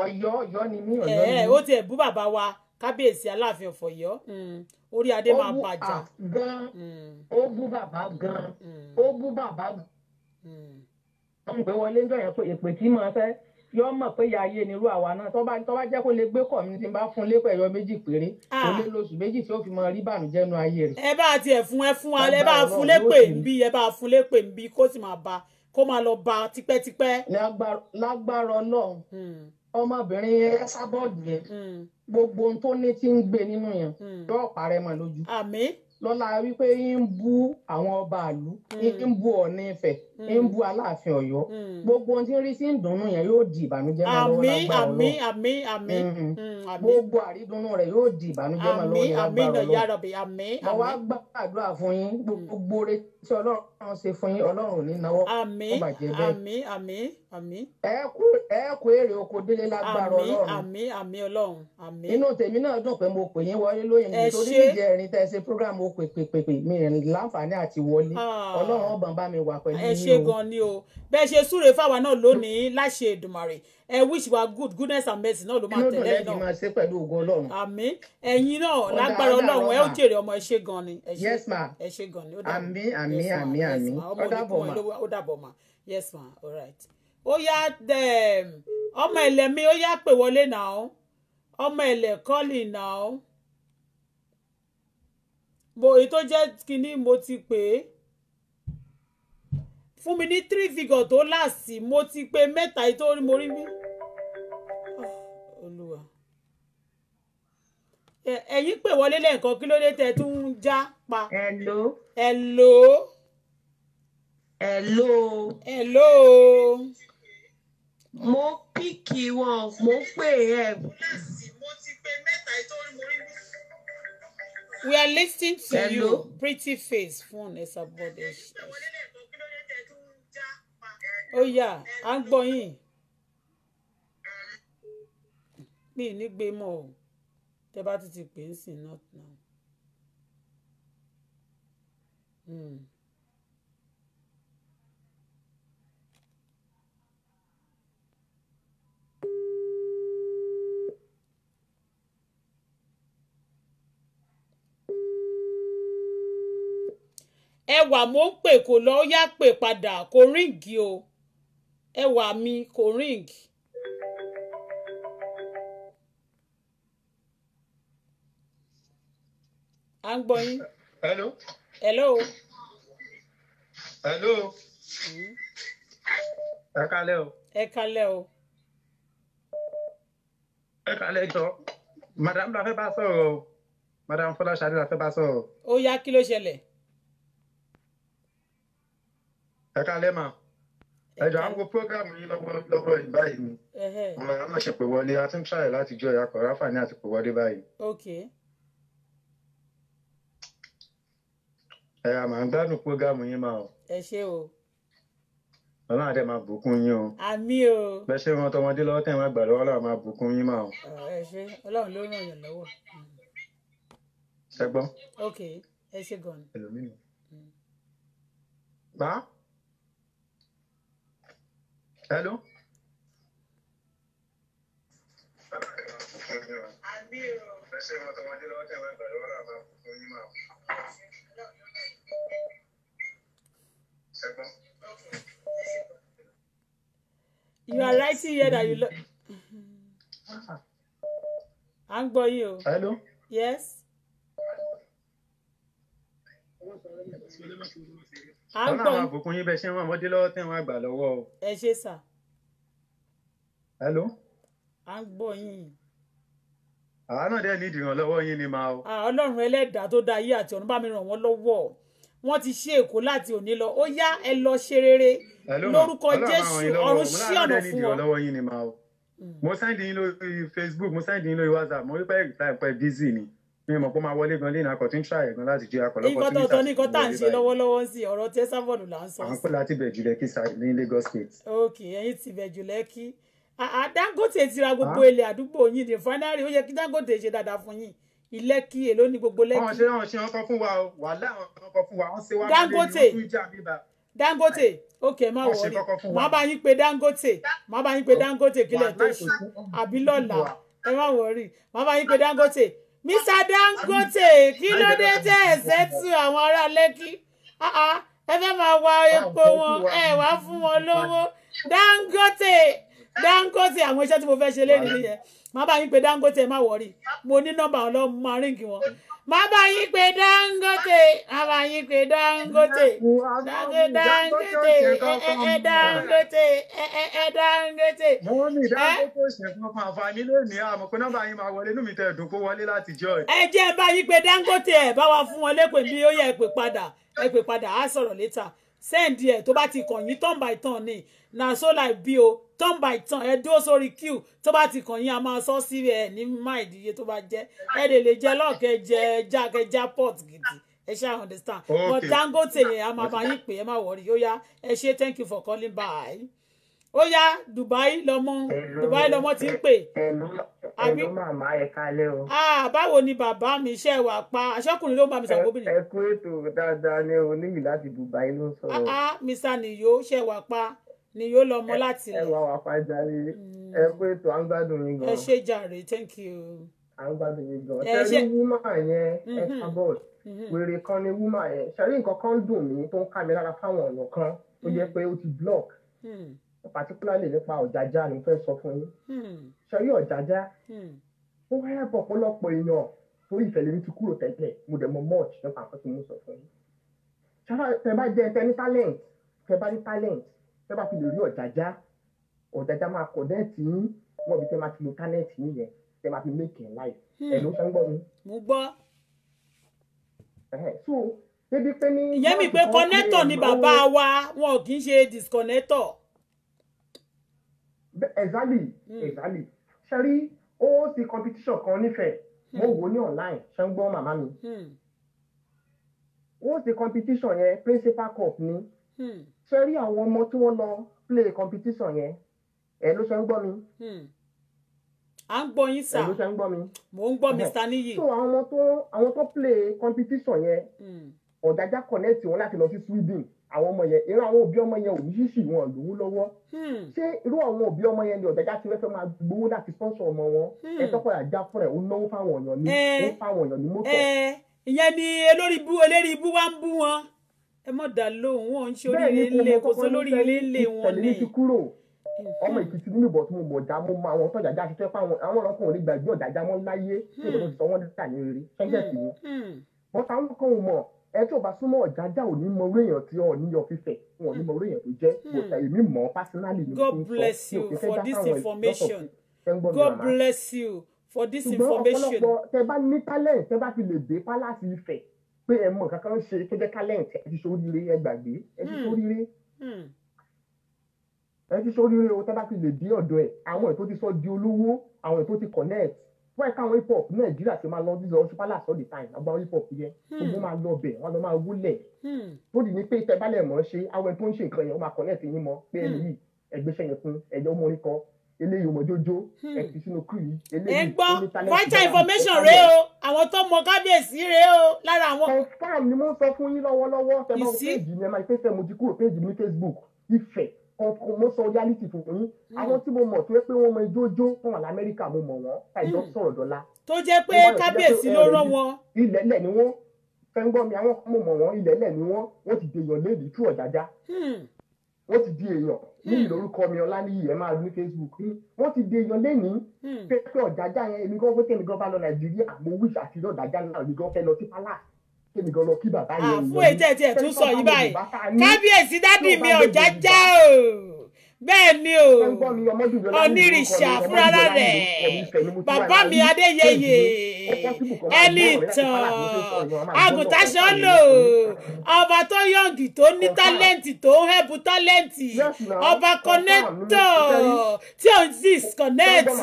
Ọ̀yọ́ Ọ̀yọ́ ni mí Ọ̀yọ́ ni mí. ẹ ó tiẹ̀ bú bàbá wa kábíyèsí aláàfin ọ̀fọ̀ Ọ̀yọ́ mm. orí adé máa bàjá. ó bú gan mm. ó bú bàbá gan mm. ó bú bàbá gan. ọmọ ìpè wọlé ń jọ yẹn pé èpè tí màá fẹ́ yọ mọ̀ pé ya ayé nírú àwa náà tó bá tó bá jẹ́ kó lè gbé kọ̀ mi tí n bá fún lépẹ̀ ẹ̀yọ méjì péré ah. kó lè lóṣù méjì tí ó fi mọ rí bànújẹ́ nu ayé rẹ̀. ẹ bá ti ẹ̀ fún ẹ fún wa ẹ bá fún lépè nbí ẹ bá fún lépè nbí kó sì máa ba kó máa lọ ba tipẹ́tipẹ́. lágbára Ọlọ́run ọmọbìnrin Esabod yẹn hmm. gbogbo ohun tó ní ti ń gbé nínú yẹn hmm. yóò parẹ́ mọ́ lójú. àmín. wípé ń bú àwọn ọba àlú hmm. ń bú Ọọ̀ni Ifẹ̀ ń bú Aláàfin Ọ̀yọ́ gbogbo ohun tí ń rí sí ìdùnnú yẹn yóò di ìbànújẹ́ mọ́ lọ́wọ́ lágbára Ọlọ́run. gbogbo àrídùnnú rẹ̀ yóò di ìbànújẹ́ mọ́ lọ́wọ́ lágbára Ọlọ́run. àmín wá gbàdúrà fún yín gbogbo retí tí ọlọ́run ṣe fún yín ọlọ́run ò ní náwó ó bàjẹ́ bẹ́ẹ̀. àmín àmín àmín. ẹ kú ẹ kú èrè oko délé lágbára ọlọ́run. àmín àmín ọlọ́run àmín. inú tèmi náà dùn pé mo pè yín wọlé lóyìn nítorí ìjẹ ẹ̀rín tẹ́ ẹ ṣe program mo pè pè pè pè mi láǹfààní àti wọlé ah. ọlọ́run ọ̀bàn bá mi wà pẹ̀lú yín o. ẹ ṣe gan ni o bẹ́ẹ̀ ṣe súre fáwa náà lónìí láṣẹ Èdùmàrè ẹ wish wa good goodness and mercy náà ló máa tẹ̀lé náà. kí ló dùn lẹ́yìn máa ṣe pẹ̀lú ògùn ọlọ́run. àmín ẹ̀yin náà lágbára ọlọ́run ẹ ó jèrè ọmọ ẹ ṣe gan ni. yes ma ẹ ṣe gan ni. àmín àmín àmín àmín ó dàbọ̀ ma ó dàbọ̀ ma yes ma all right. ó yá ọmọ ẹlẹ́mi ó yá pè wọlé náà ọmọ ẹlẹ́ kọ́lì náà mo èyí tó jẹ́ kínní mo ti pè é fún mi ní three figure tó láàsì mo ti pé mẹ́ta yìí tó rí mo rí mi. Ah, ẹ̀yin pè wọlé lẹ́ẹ̀kan kí ló dé tẹ́ tún ń já pa. hello. hello. hello. hello. mo píkì wọn mo pè ẹ. mo ti pé mẹ́ta yìí We are listening to hello. you pretty face fún ẹ̀sà bọ́dẹ̀ ṣe. Oh yeah, à ń gbọ́ yín mi ì ní gbé mọ́ o tẹ bá ti ti pè é sí not now. Mm. ẹwà mo ń pè kò lọ ó yá pè padà kò ríǹgì o ẹwà mi kò ring. à ń gbọ́ yín. hello. hello. hello. Hmm? ẹ kalẹ́ o. ẹ kalẹ́ o. ẹ kalẹ́ jọ madame la fẹ́ bá sọ̀rọ̀ o madame fọláṣadé la fẹ́ bá sọ̀rọ̀. ó yá kí ló ṣẹlẹ̀. ẹ kalẹ́ mà ẹjọ àwọn programu yìí lọ́wọ́ lọ́wọ́ yìí báyìí ni ọmọ àwọn náà ṣe pè wọlé a ti ń ṣàyẹ láti jọ ìyá kọrọ àǹfààní àti pè wọlé báyìí. ẹ àmà ń gbádùn programu yìí máa. ẹ ṣé o. Ọlọ́run àti ẹ̀ máa bùkún yín o. àmì o. bẹ́ẹ̀ ṣé wọn tọmọdé lọ́wọ́ tẹ̀ máa gbà lọ́wọ́ Ọlọ́run máa bùkún yín máa o. ẹ ṣé Ọlọ́run ló ràn yàn lọ́wọ́. ṣẹgbọ́n. ok ẹ ṣé gan-an. Mm. bá. Hello. You are writing here that you look. À ń gbọ́ Hello. Yes à ń gbọ́ ọlọ́run àbùkún yín bẹ́ẹ̀ ṣe ń wọ́n ọmọdé lọ́wọ́ tẹ̀ wọ́n àgbà lọ́wọ́ o. ẹ ṣe sà. hello. à ń gbọ́ yín. àwa náà dẹ́ ní ìdìrànlọ́wọ́ yín ni màá o. ọlọ́run ẹlẹ́dàá tó dá ayé àti ọ̀run bá mi ràn wọ́n lọ́wọ́ wọ́n ti ṣe èkó láti òní lọ ó yá ẹ lọ ṣe rere lórúkọ jésù ọ̀run ṣí ọ̀nà fún wọn. mo sáǹdì yín lórí facebook mo sáǹdì yín lórí whatsapp mo rí pé ẹ̀ mi mọ̀ pé máa wọlé gan lẹ́nu akọ̀ ń try gan láti jẹ́ akọ̀ Dangote ti ra gbogbo ilẹ̀ àdúgbò yìí ní fúnárì ó yẹ kí Dangote ṣe dáadáa fún yín ilẹ́kì èló ní gbogbo lẹ́kì. wọ́n ṣe wọ́n ṣe wọ́n fún wa o wàhálà wọn fún wa wọ́n ṣe wá Dangote ok má wọlé má bá yín pé Dangote má bá yín pé Dangote kílẹ̀ tó ṣe àbí lọ́la ẹ má wọlé má bá yín pé Dangote Mr. Dangote kí ló dé tẹ́ ẹ̀ sẹ́tù àwọn ará Lẹ́kí ah, ah, ẹ fẹ́ máa wa epo wọn ẹ wá fún wọn lówó Dangote Dangote àwọn iṣẹ́ tí mo fẹ́ ṣe lẹ́nu nìyẹn màá bá yín pé Dangote má wọ̀rí mo ní nọ́mbà ọlọ́run máa ríǹgì wọn bàbá yín pé Dangote bàbá yín pé Dangote Dangote Dangote ẹ Dangote ẹ Dangote. wọ́n ní Dangote ṣẹ̀fún fún àǹfààní lónìí àmọ́ pé nọ́mbà yín máa wọlé inú mi tẹ̀ dùn kó wọlé láti jọ ẹ̀. ẹ jẹ́ bá yín Dangote ẹ̀ bá wa fún wọn lépè bí ó yẹ ẹ padà ẹ padà á sọ̀rọ̀ létà send ẹ̀ tó bá ti kàn yín turn by turn ni na so like bí o turn by turn ẹ dúró sórí Q tó bá ti kàn yín a máa sọ sí ẹ ní máa ìdíye tó bá jẹ ẹ lè lè jẹ lọ́ọ̀kẹ́ jẹ jákẹ́ já pot gidi ẹ ṣáà understand but Dangote yẹn a máa bá yín pè é má wọrí ó yá ẹ ṣe thank you for calling bye ó yá Dubai lọmọ Dubai lọmọ ti ń pè. àbí ẹnu màmá ẹ kalẹ o. báwo ni bàbá mi iṣẹ́ wà pa aṣọ́kùnrin ló ń bá mi sọ̀rọ̀ gómìnà. ẹ kú ètò dáadáa ní oníyì láti Dubai ló ń sọ̀rọ̀. Ah, ah, Mr Niyo ṣe wà pa Niyo lọmọ láti. ẹ wà wà pa jàre hmm. ẹ kú ètò à ń gbádùn yín gan. ẹ ṣe jàre thank you. à ń gbádùn yín gan. ẹ ṣe wúmà yẹn ẹ mm-hmm. kábọ̀ mm-hmm. wèrè kan ni wúmà yẹn ṣàrí nǹkan kan dùn mí tó ń ká mi lára fáwọn ọ̀nà kan tó yẹ mm. pé ó ti block. Mm -hmm particularly nípa ọ̀jájá ni mo fẹ́ sọ fún yín hmm. ṣẹ́rí ọ̀jájá hmm. ó wáyà bọ̀ ọ̀pọ̀lọpọ̀ èèyàn torí ìfẹ̀lẹ́ mi ti kúrò tẹ́tẹ́ mo dẹ̀ mọ much nípa àkọsí mo sọ fún yín ṣáná tẹ bá jẹ tẹ ní talent tẹ bá ní talent tẹ bá fi lè rí ọ̀jájá ọ̀jájá máa kọ̀dẹ́ẹ̀tì yín wọ́n bí tẹ máa ti lo talent yín yẹn tẹ máa fi make in life hmm. ẹ̀ ló fẹ́ gbọ́ mi. mo gbọ́. ní. ìyẹn mi pé connector ni bàbá wa wọn kì í ṣe disconnector exactly hmm. exactly ṣe rí ó ti competition kan nífẹ̀ẹ́ hmm. mo wò ní online ṣe ń gbọ́ màmá mi hmm. ó ti competition yẹn principal cup ni ṣe rí àwọn ọmọ tí wọ́n lọ play competition yẹn ẹ̀ ló ṣe ń gbọ́ mi. à ń gbọ́ yín sà ẹ̀ ló ṣe ń gbọ́ mi. mò ń gbọ́ Mr. Niyi. so àwọn ọmọ tó àwọn tó play competition yẹn ọ̀dájà connect wọn láti lọ sí Sweden. Hmm àwọn ọmọ yẹn irú àwọn òbí ọmọ yẹn òbí ṣíṣì wọn lówó lọ́wọ́ hmm. ṣé irú àwọn òbí ọmọ yẹn ni ọ̀dẹ́gá ti fẹ́ máa gbowó láti sponsor ọmọ wọn hmm. ẹ tọ́kọ̀ yà já fúnra ẹ̀ ó náwó fáwọn èèyàn ní eh. ó fáwọn èèyàn ní mọ́tò. Eh. ìyẹn ni olórí ibú olórí ibú wa ń bú wọn ẹ mọ̀ dà lóhùn wọn ń ṣe oríire ńlẹ̀ kò sí olóríire ńlẹ̀ wọn ni ọmọ èkìtì nínú ìbọn tí mo mọ̀ já mo mọ àwọn tọ́jà já ṣiṣẹ́ fáwọn àwọn ọlọ́kùnrin nígbà ìgbọ́ ọ̀dà já mọ́ láyé tí hmm. ìbọn tó ti sọ wọ́n dà ní rere ṣẹ́ńtẹ̀sì wọn. bọ́tà ń kọ́ wọn mọ̀ ẹ tí ò bá súnmọ́ Ọ̀jájá ò ní mọ orí èèyàn tí ọ̀ níyọ fífẹ̀ wọn ò ní mọ orí èèyàn tó jẹ́ kò hmm. tẹ̀ èmi mọ̀ ọ́ ni mo fi ń sọ God bless you for this information God bless you for this information. ṣùgbọ́n ọ̀pọ̀lọpọ̀ tẹ bá ní talent tẹ bá fi lè dé pálásì Ifẹ̀ pé ẹ mọ̀ kankan ṣe tó jẹ́ talent ẹ ti ṣoríire ẹ gbàgbé ẹ ti hmm. ṣoríire hmm. ẹ ti ṣoríire o tẹ bá fi lè dé ọ̀dọ̀ ẹ̀ àwọn ètò ti sọ di olówó àwọn ètò ti connect wọ́n ẹ̀ka àwọn hip hop nàìjíríà ti máa lọ bí lọ ṣúpálà all the time àgbà hip hop yẹn gbogbo hmm. máa lọ bẹ̀ wọ́n lọ máa wúlẹ̀ tó hmm. dì ní pé tẹ́ bá lẹ̀ mọ́ ṣe àwọn tó ń ṣe nǹkan yẹn wọ́n máa connect yín mọ́ pé ẹni yìí ẹgbẹ́ṣẹ́ yẹn fún ẹ̀jẹ̀ ọmọ orin kan eléyìí ọmọdójó hmm. ẹ ti sínú kù yìí eléyìí ó ní talent. vital information rẹ o àwọn tó mọ kábíyèsí rẹ o lára àwọn. confam ni mo ń sọ fún mo sọ reality fún yín mm. àwọn tí mo mọ̀ tó yẹ pé wọ́n mọ ijójó fún wà lamẹ́ríkà mo mọ̀ wọ́n àìjọ mm. sọ̀rọ̀ dọ́là. tó jẹ́ pé kábíyèsí ló eh, rán wọn. ilẹ̀ lẹ̀ ni wọ́n fẹ́ mi àwọn mo mọ̀ wọ́n ilẹ̀ lẹ̀ ni wọ́n wọ́n ti dèèyàn léèlì tú ọ̀jájá hmm. wọ́n ti di èèyàn ní hmm. ìlórúkọ mi ọláníyì ẹ máa ní facebook hmm. wọ́n ti di èèyàn lẹ́ni pé ọ̀dájà yẹn èmi gan fẹ́ tẹ̀mí gan bá lọ nàìjíríà mo wíṣ àti ọ̀dájà náà kémi gan lọ kí bàbá yẹn ah, lọ. àfún ètò ẹ̀tì ẹ̀tún sọ yìí báyìí kábíyèsí dádì mi ọ̀já já o bẹ́ẹ̀ ni o onírìṣà fúnra rẹ̀ bàbá mi adéyẹyẹ ẹni ìtàn àgùntàṣán lò ọba tó yọ̀ǹgì tó ní tálẹ́ǹtì tó ń hẹ́bu tálẹ́ǹtì ọba kọ́nẹ́tọ̀ tí ò ń disconnect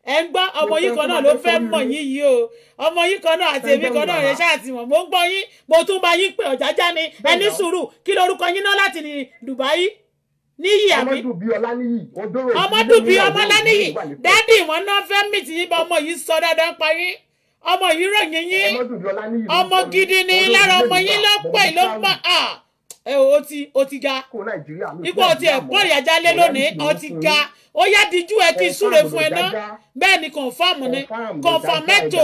ẹ ń gbọ́ ọmọ yìí kan náà ló fẹ́ mọ̀ yín yìí o ọmọ yìí kan náà àti èmi kan náà rẹ̀ ṣáà ti mọ̀ mò ń gbọ́ yín mo tún bá yín pé ọ̀jájá ni ẹni sùúrù kí lorúkọ yín náà láti ní Dubai níyì àbí ọmọdùbí ọmọláníyì dádì wọn náà fẹ́ mì tí yín bá ọmọ yìí sọ dáadáa pa yín ọmọ yìí ròyìn yín ọmọ gidi ni lára ọmọ yín lọ́pọ̀ ìlú ẹ o ti o ti ga ipò ọtí ẹ kó ìyájá lé lónìí ọtí ga ó yá díjú ẹ kí súre fún ẹ ni confirm ni kọ̀ǹfàmẹ́tò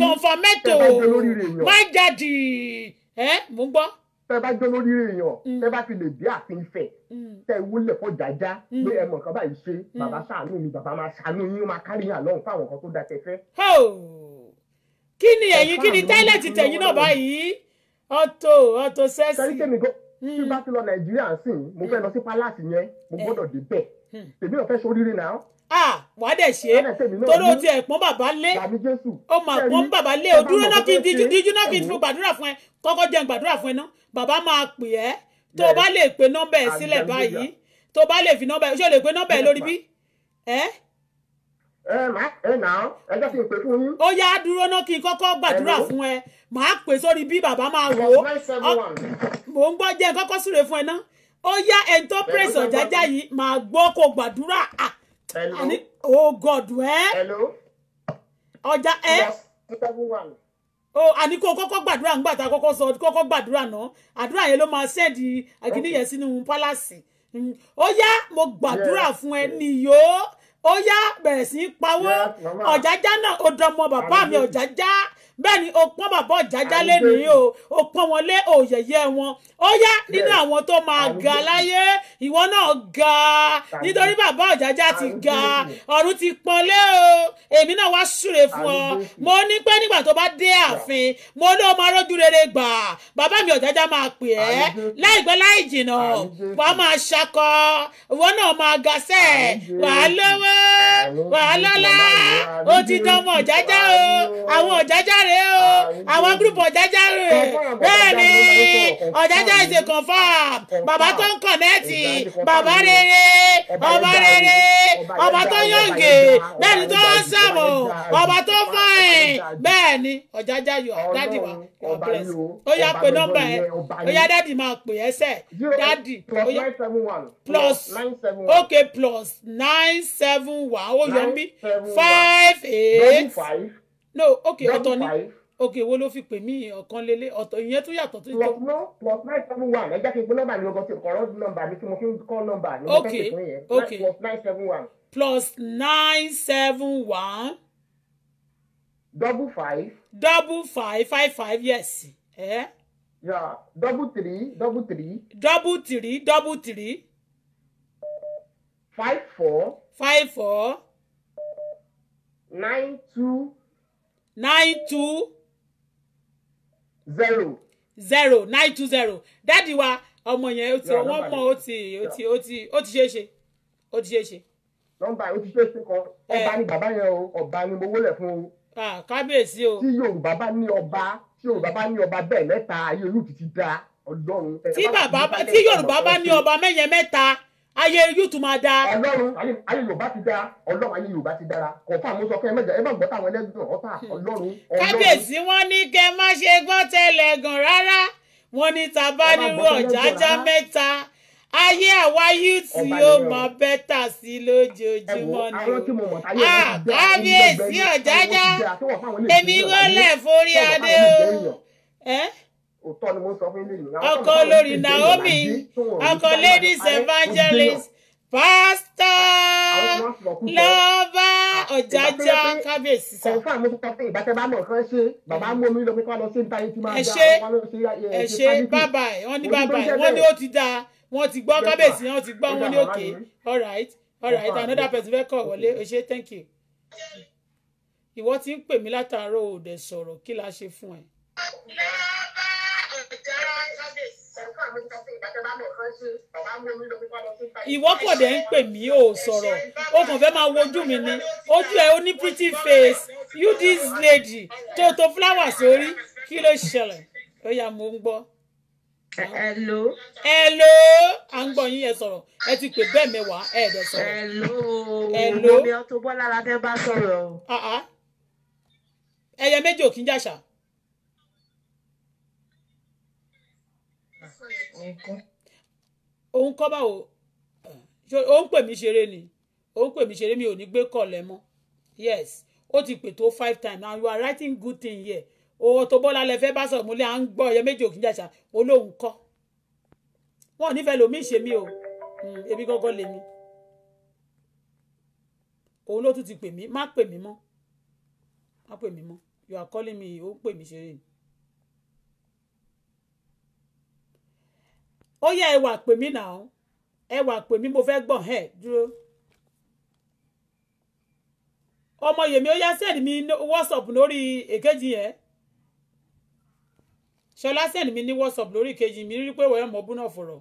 kọ̀ǹfàmẹ́tò my daddy eh, mò ń gbọ́. tẹ bá gbé lórí èèyàn mm. tẹ bá fi lè dé fe. Te mm. tẹ wúlẹ fọ jájá mm. pé ẹ mọ nǹkan báyìí ṣe bàbá ṣàánú mi bàbá máa ṣàánú yín máa kárí yàn lọ́hùn fáwọn nǹkan tó da tẹ fẹ́. kí ni ẹ̀yin kí ni táìlẹ̀tì tẹ̀yìn náà báyìí ọtọ ọtọ sẹẹsì. sẹ́rí tèmi gan tí hmm. bá ti lọ nàìjíríà sí i mo fẹ́ hmm. lọ sí palace yẹn mo eh. gbọ́dọ̀ dé bẹ̀ hmm. tèmi ò fẹ́ ṣoríire náà. a wàá dẹ̀ ṣe é torí o ti ẹ̀pọ́n bàbá lé o mà pọ́n bàbá lé o dúró náà kí n díjú náà kí n fún gbàdúrà fún ẹ kọ́kọ́ jẹun gbàdúrà fún ẹ náà bàbá máa pè ẹ́ tó o bá lè pe nọ́mbà ẹ sílẹ̀ báyìí tó o bá lè fi nọ́mbà ẹ ṣé o lè pe nọ́mbà ẹ lórí bí ẹ́ ẹ ó yá dúró náà kí n kọ́kọ́ gbàdúrà fún ẹ màá pè sórí bí bàbá máa wò ó mò ń gbọ́ jẹ́ kọ́kọ́ súre fún ẹ ná ó yá ẹ̀ tó pèsè ọ̀jájá yìí màá gbọ́ kó gbàdúrà ah, àní ó gọ̀dù ẹ́ ọjà ẹ́ àní kó kọ́kọ́ gbàdúrà ńgbà tá a kọ́kọ́ sọ kọ́kọ́ gbàdúrà náà àdúrà yẹn ló máa ṣẹ́ẹ̀dì àgínníyẹn sínú pálásì mm, ó yá mo gbàdúrà fún ẹ nìyó ó yá bẹ̀rẹ̀ sí í pawó ọ̀jájá náà ó dọmọ bàbá mi ọ̀jájá bẹ́ẹ̀ ni o pọ́n bàbá ọ̀jájá lẹ́nìí o o pọ́n wọn lé òyẹ̀yẹ́ wọn ó yá nínú àwọn tó máa ga láyé ìwọ náà ga nítorí bàbá ọ̀jájá ti ga ọ̀run ti pọ́n lé o èmi náà wá súre fún ọ mo ní pé nígbà tó bá dé ààfin mo ní o máa rójú rere gbà bàbá mi ọ̀jájá máa pè ẹ́ láìpẹ́ láì jìnnà wàá máa ṣakọ ìwọ náà máa ga sẹ́ẹ̀ wàá lówó wàá lọ́lá ó ti dán ọmọ ọ̀jájá o àwọn ọ̀jájá rèé o àwọn gúrùpù ọ̀jájá rèé bẹ́ẹ̀ ni ọ̀jájá ìṣe confam bàbá tó ń kọ̀nẹ́ẹ̀tì bàbá rere ọmọ rere ọmọ tó yànge bẹ́ẹ̀ ni tó ń sàmù ọmọ tó fọ́ìn bẹ́ẹ̀ ni ọ̀jájá yóò dádì wa ọba yìí o ọya pé nọ́mbà ẹ ọya dádì máa pè ẹ sẹ dádì ọya plus okay plus nine seven one ó yọ mí five eight no okay ọ̀tọ̀ ni okay wo ló fi pè mí ọ̀kan lélẹ̀ ọ̀tọ̀ ìyẹn tún yàtọ̀ tó. plus no plus nine seven one ẹ jẹ́ kí n gbé nọ́mbà mi lọ́gọ́ tí kọ̀ọ̀rọ̀ nọ́mbà mi tí mo fi ń kọ́ nọ́mbà mi mo fẹ́ pè fún yẹn plus nine seven one. plus nine seven one double five. double five five five yes. Eh? Yeah, double three double three. double three double three. five four. five four. nine two. nine two. zero. zero nine two zero dáàdi wa ọmọ yẹn ó ti wọ́n mọ̀ ó ti ó ti ó ti ó ti ṣeé ṣe ó ti ṣeé ṣe. nọ́mbà ó ti ṣeé ṣe kan eh. ọba ni bàbá yẹn o ọba ni mo wọlé fún o kábíyèsí o. tí yorùbá bá ní ọba tí yorùbá bá ní ọba bẹ́ẹ̀ mẹ́ta ayé olúùtù ti da ọlọ́run. tí bàbá tí yorùbá bá ní ọba mẹ́yẹ mẹ́ta ayé olúùtù máa da. ọlọ́run ayé yorùbá ti da ọlọ́run ayé yorùbá ti dára kọ̀ọ̀fà mo sọ fún ẹ mẹ́jọ ẹ bá gbọ́ táwọn ẹlẹ́gbọ̀n ọ̀tá ọlọ́run. kábíyèsí wọn ní kẹ́ má ṣe gbọ́ tẹ́lẹ̀ gan rárá wọn ní tàbá nírú ọ̀jájá mẹ́ta ayé àwa yúùtì yóò mọ bẹ́tà sí lójoojúmọ́ ni ah, o kábíyèsí ọ̀jájá èmi wọlé forí adé o ọkọ olórí Naomi ọkọ ladies evangelist pastor lọ́ba ah, ọ̀jájá kábíyèsí sá. ẹ̀fọ́ àmì tó tọ́sí ìbátẹ́ bá mọ̀ kan ṣe bàbá mú mm. omi ṣe bàbá ẹ̀ wọ́n ní bàbá ẹ̀ wọ́n ní ó ti dáa wọ́n ti gbọ́ kábíyèsí wọ́n ti gbọ́ wọn ní òkè all right all right another person fẹ́ kọ̀ wọlé o ṣe thank you. ìwọ ti ń pè mí látàárọ̀ ò dẹ̀ sọ̀rọ̀ kí la ṣe fún ẹ. ìwọ kò dẹ̀ ń pè mí ò sọ̀rọ̀ o kàn fẹ́ máa wojú mi ni ojú ẹ o ní pretty face you this lady tó tó flowers sórí kí ló ṣẹlẹ̀ ó yá mo ń gbọ́. hello. hello à ń gbọ́ yín yẹn sọ̀rọ̀ ẹ ti pè bẹ́ẹ̀ mẹ́wàá ẹ ẹ̀dẹ̀ sọ̀rọ̀. hello hello omi Auto Bola la fẹ́ bá sọ̀rọ̀. Ah, ah. ẹyẹ méjì ò kí ń jàṣà. òun kọ́ báwo òun pè mí ṣeré ni òun pè mí ṣeré mi ò ní gbé kọ̀ lẹ́ mọ́ yes ó ti pè tó five times and you are writing good thing here o tó bọ́lá lẹ fẹ́ bá sọ̀rọ̀ mo lé à ń gbọ́ ẹ̀yẹ méjì òkè jàṣà olóhùn kọ́ wọn ò nífẹ̀ẹ́ lòmí ṣe mí o hmm, ebi gángan lè mi òun ló tún ti pè mí má pè mí mọ́ má pè mí mọ́ you are calling me ó ń pè mí ṣeré ni. ó yẹ ẹwà pè mí nà ó ẹwà pè mí mo fẹ́ gbọ̀n ẹ̀ dúró ọmọ yèmí ó yá sẹ́ẹ̀dì mi wọ́sọ̀pù lórí èkejì yẹn ṣọlá send mi ní whatsapp lórí kejì mi rí pé wẹ́ẹ́ mọ̀ búnà fọ̀rọ̀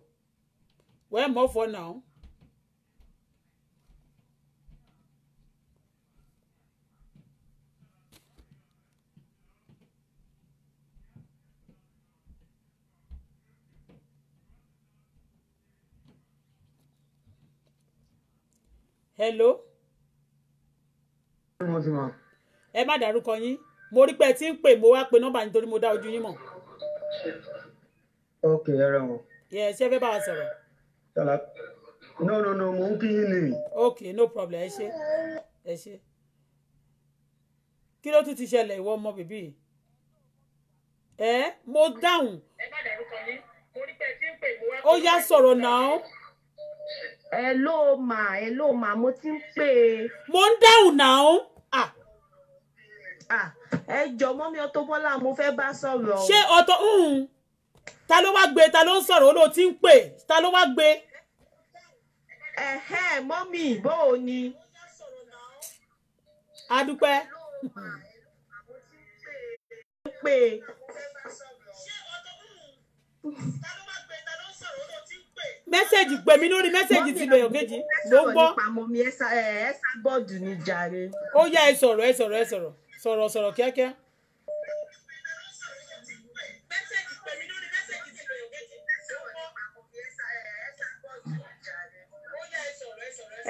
wẹ́ẹ́ mọ̀ fọ̀ náà. hello. ẹ má dárúkọ yín mo rí pé ẹ ti ń pè mo wá pe nọ́mbà nítorí mo dá ojú yín mọ̀ ok ẹrẹ wọn. yẹ ṣé fẹ́ bá wa sọ̀rọ̀. no no no mo ń kí yín ni. ok no problem ẹ ṣe ẹ ṣe kí ló tún ti ṣẹlẹ̀ ìwọ ọmọ bèbí ẹ mo dáhùn. ẹ bá dàrúkọ yín ó yá sọ̀rọ̀ náà. hello mà hello mà mo ti ń pè. mo ń dáhùn náà. Ah, Ah, ẹ jọ mọ́mí Auto Bola mo fẹ́ bá sọ̀rọ̀. ṣé ọ̀tọ̀ hmm, ta ló wá gbé ta ló ń sọ̀rọ̀ olóò tí ń pè ta ló wá gbé. ẹ̀hẹ́ mọ́mí ìbò ò ní. a dúpẹ́. pé mẹ́sẹ̀gì pè mí lórí mẹ́sẹ̀gì ti bẹ̀yàn kejì ló ń gbọ́. mọ́mí ni jàre. ó yá ẹ sọ̀rọ̀ ẹ sọ̀rọ̀ ẹ sọ̀rọ̀ sọ̀rọ̀ sọ̀rọ̀ kíákíá.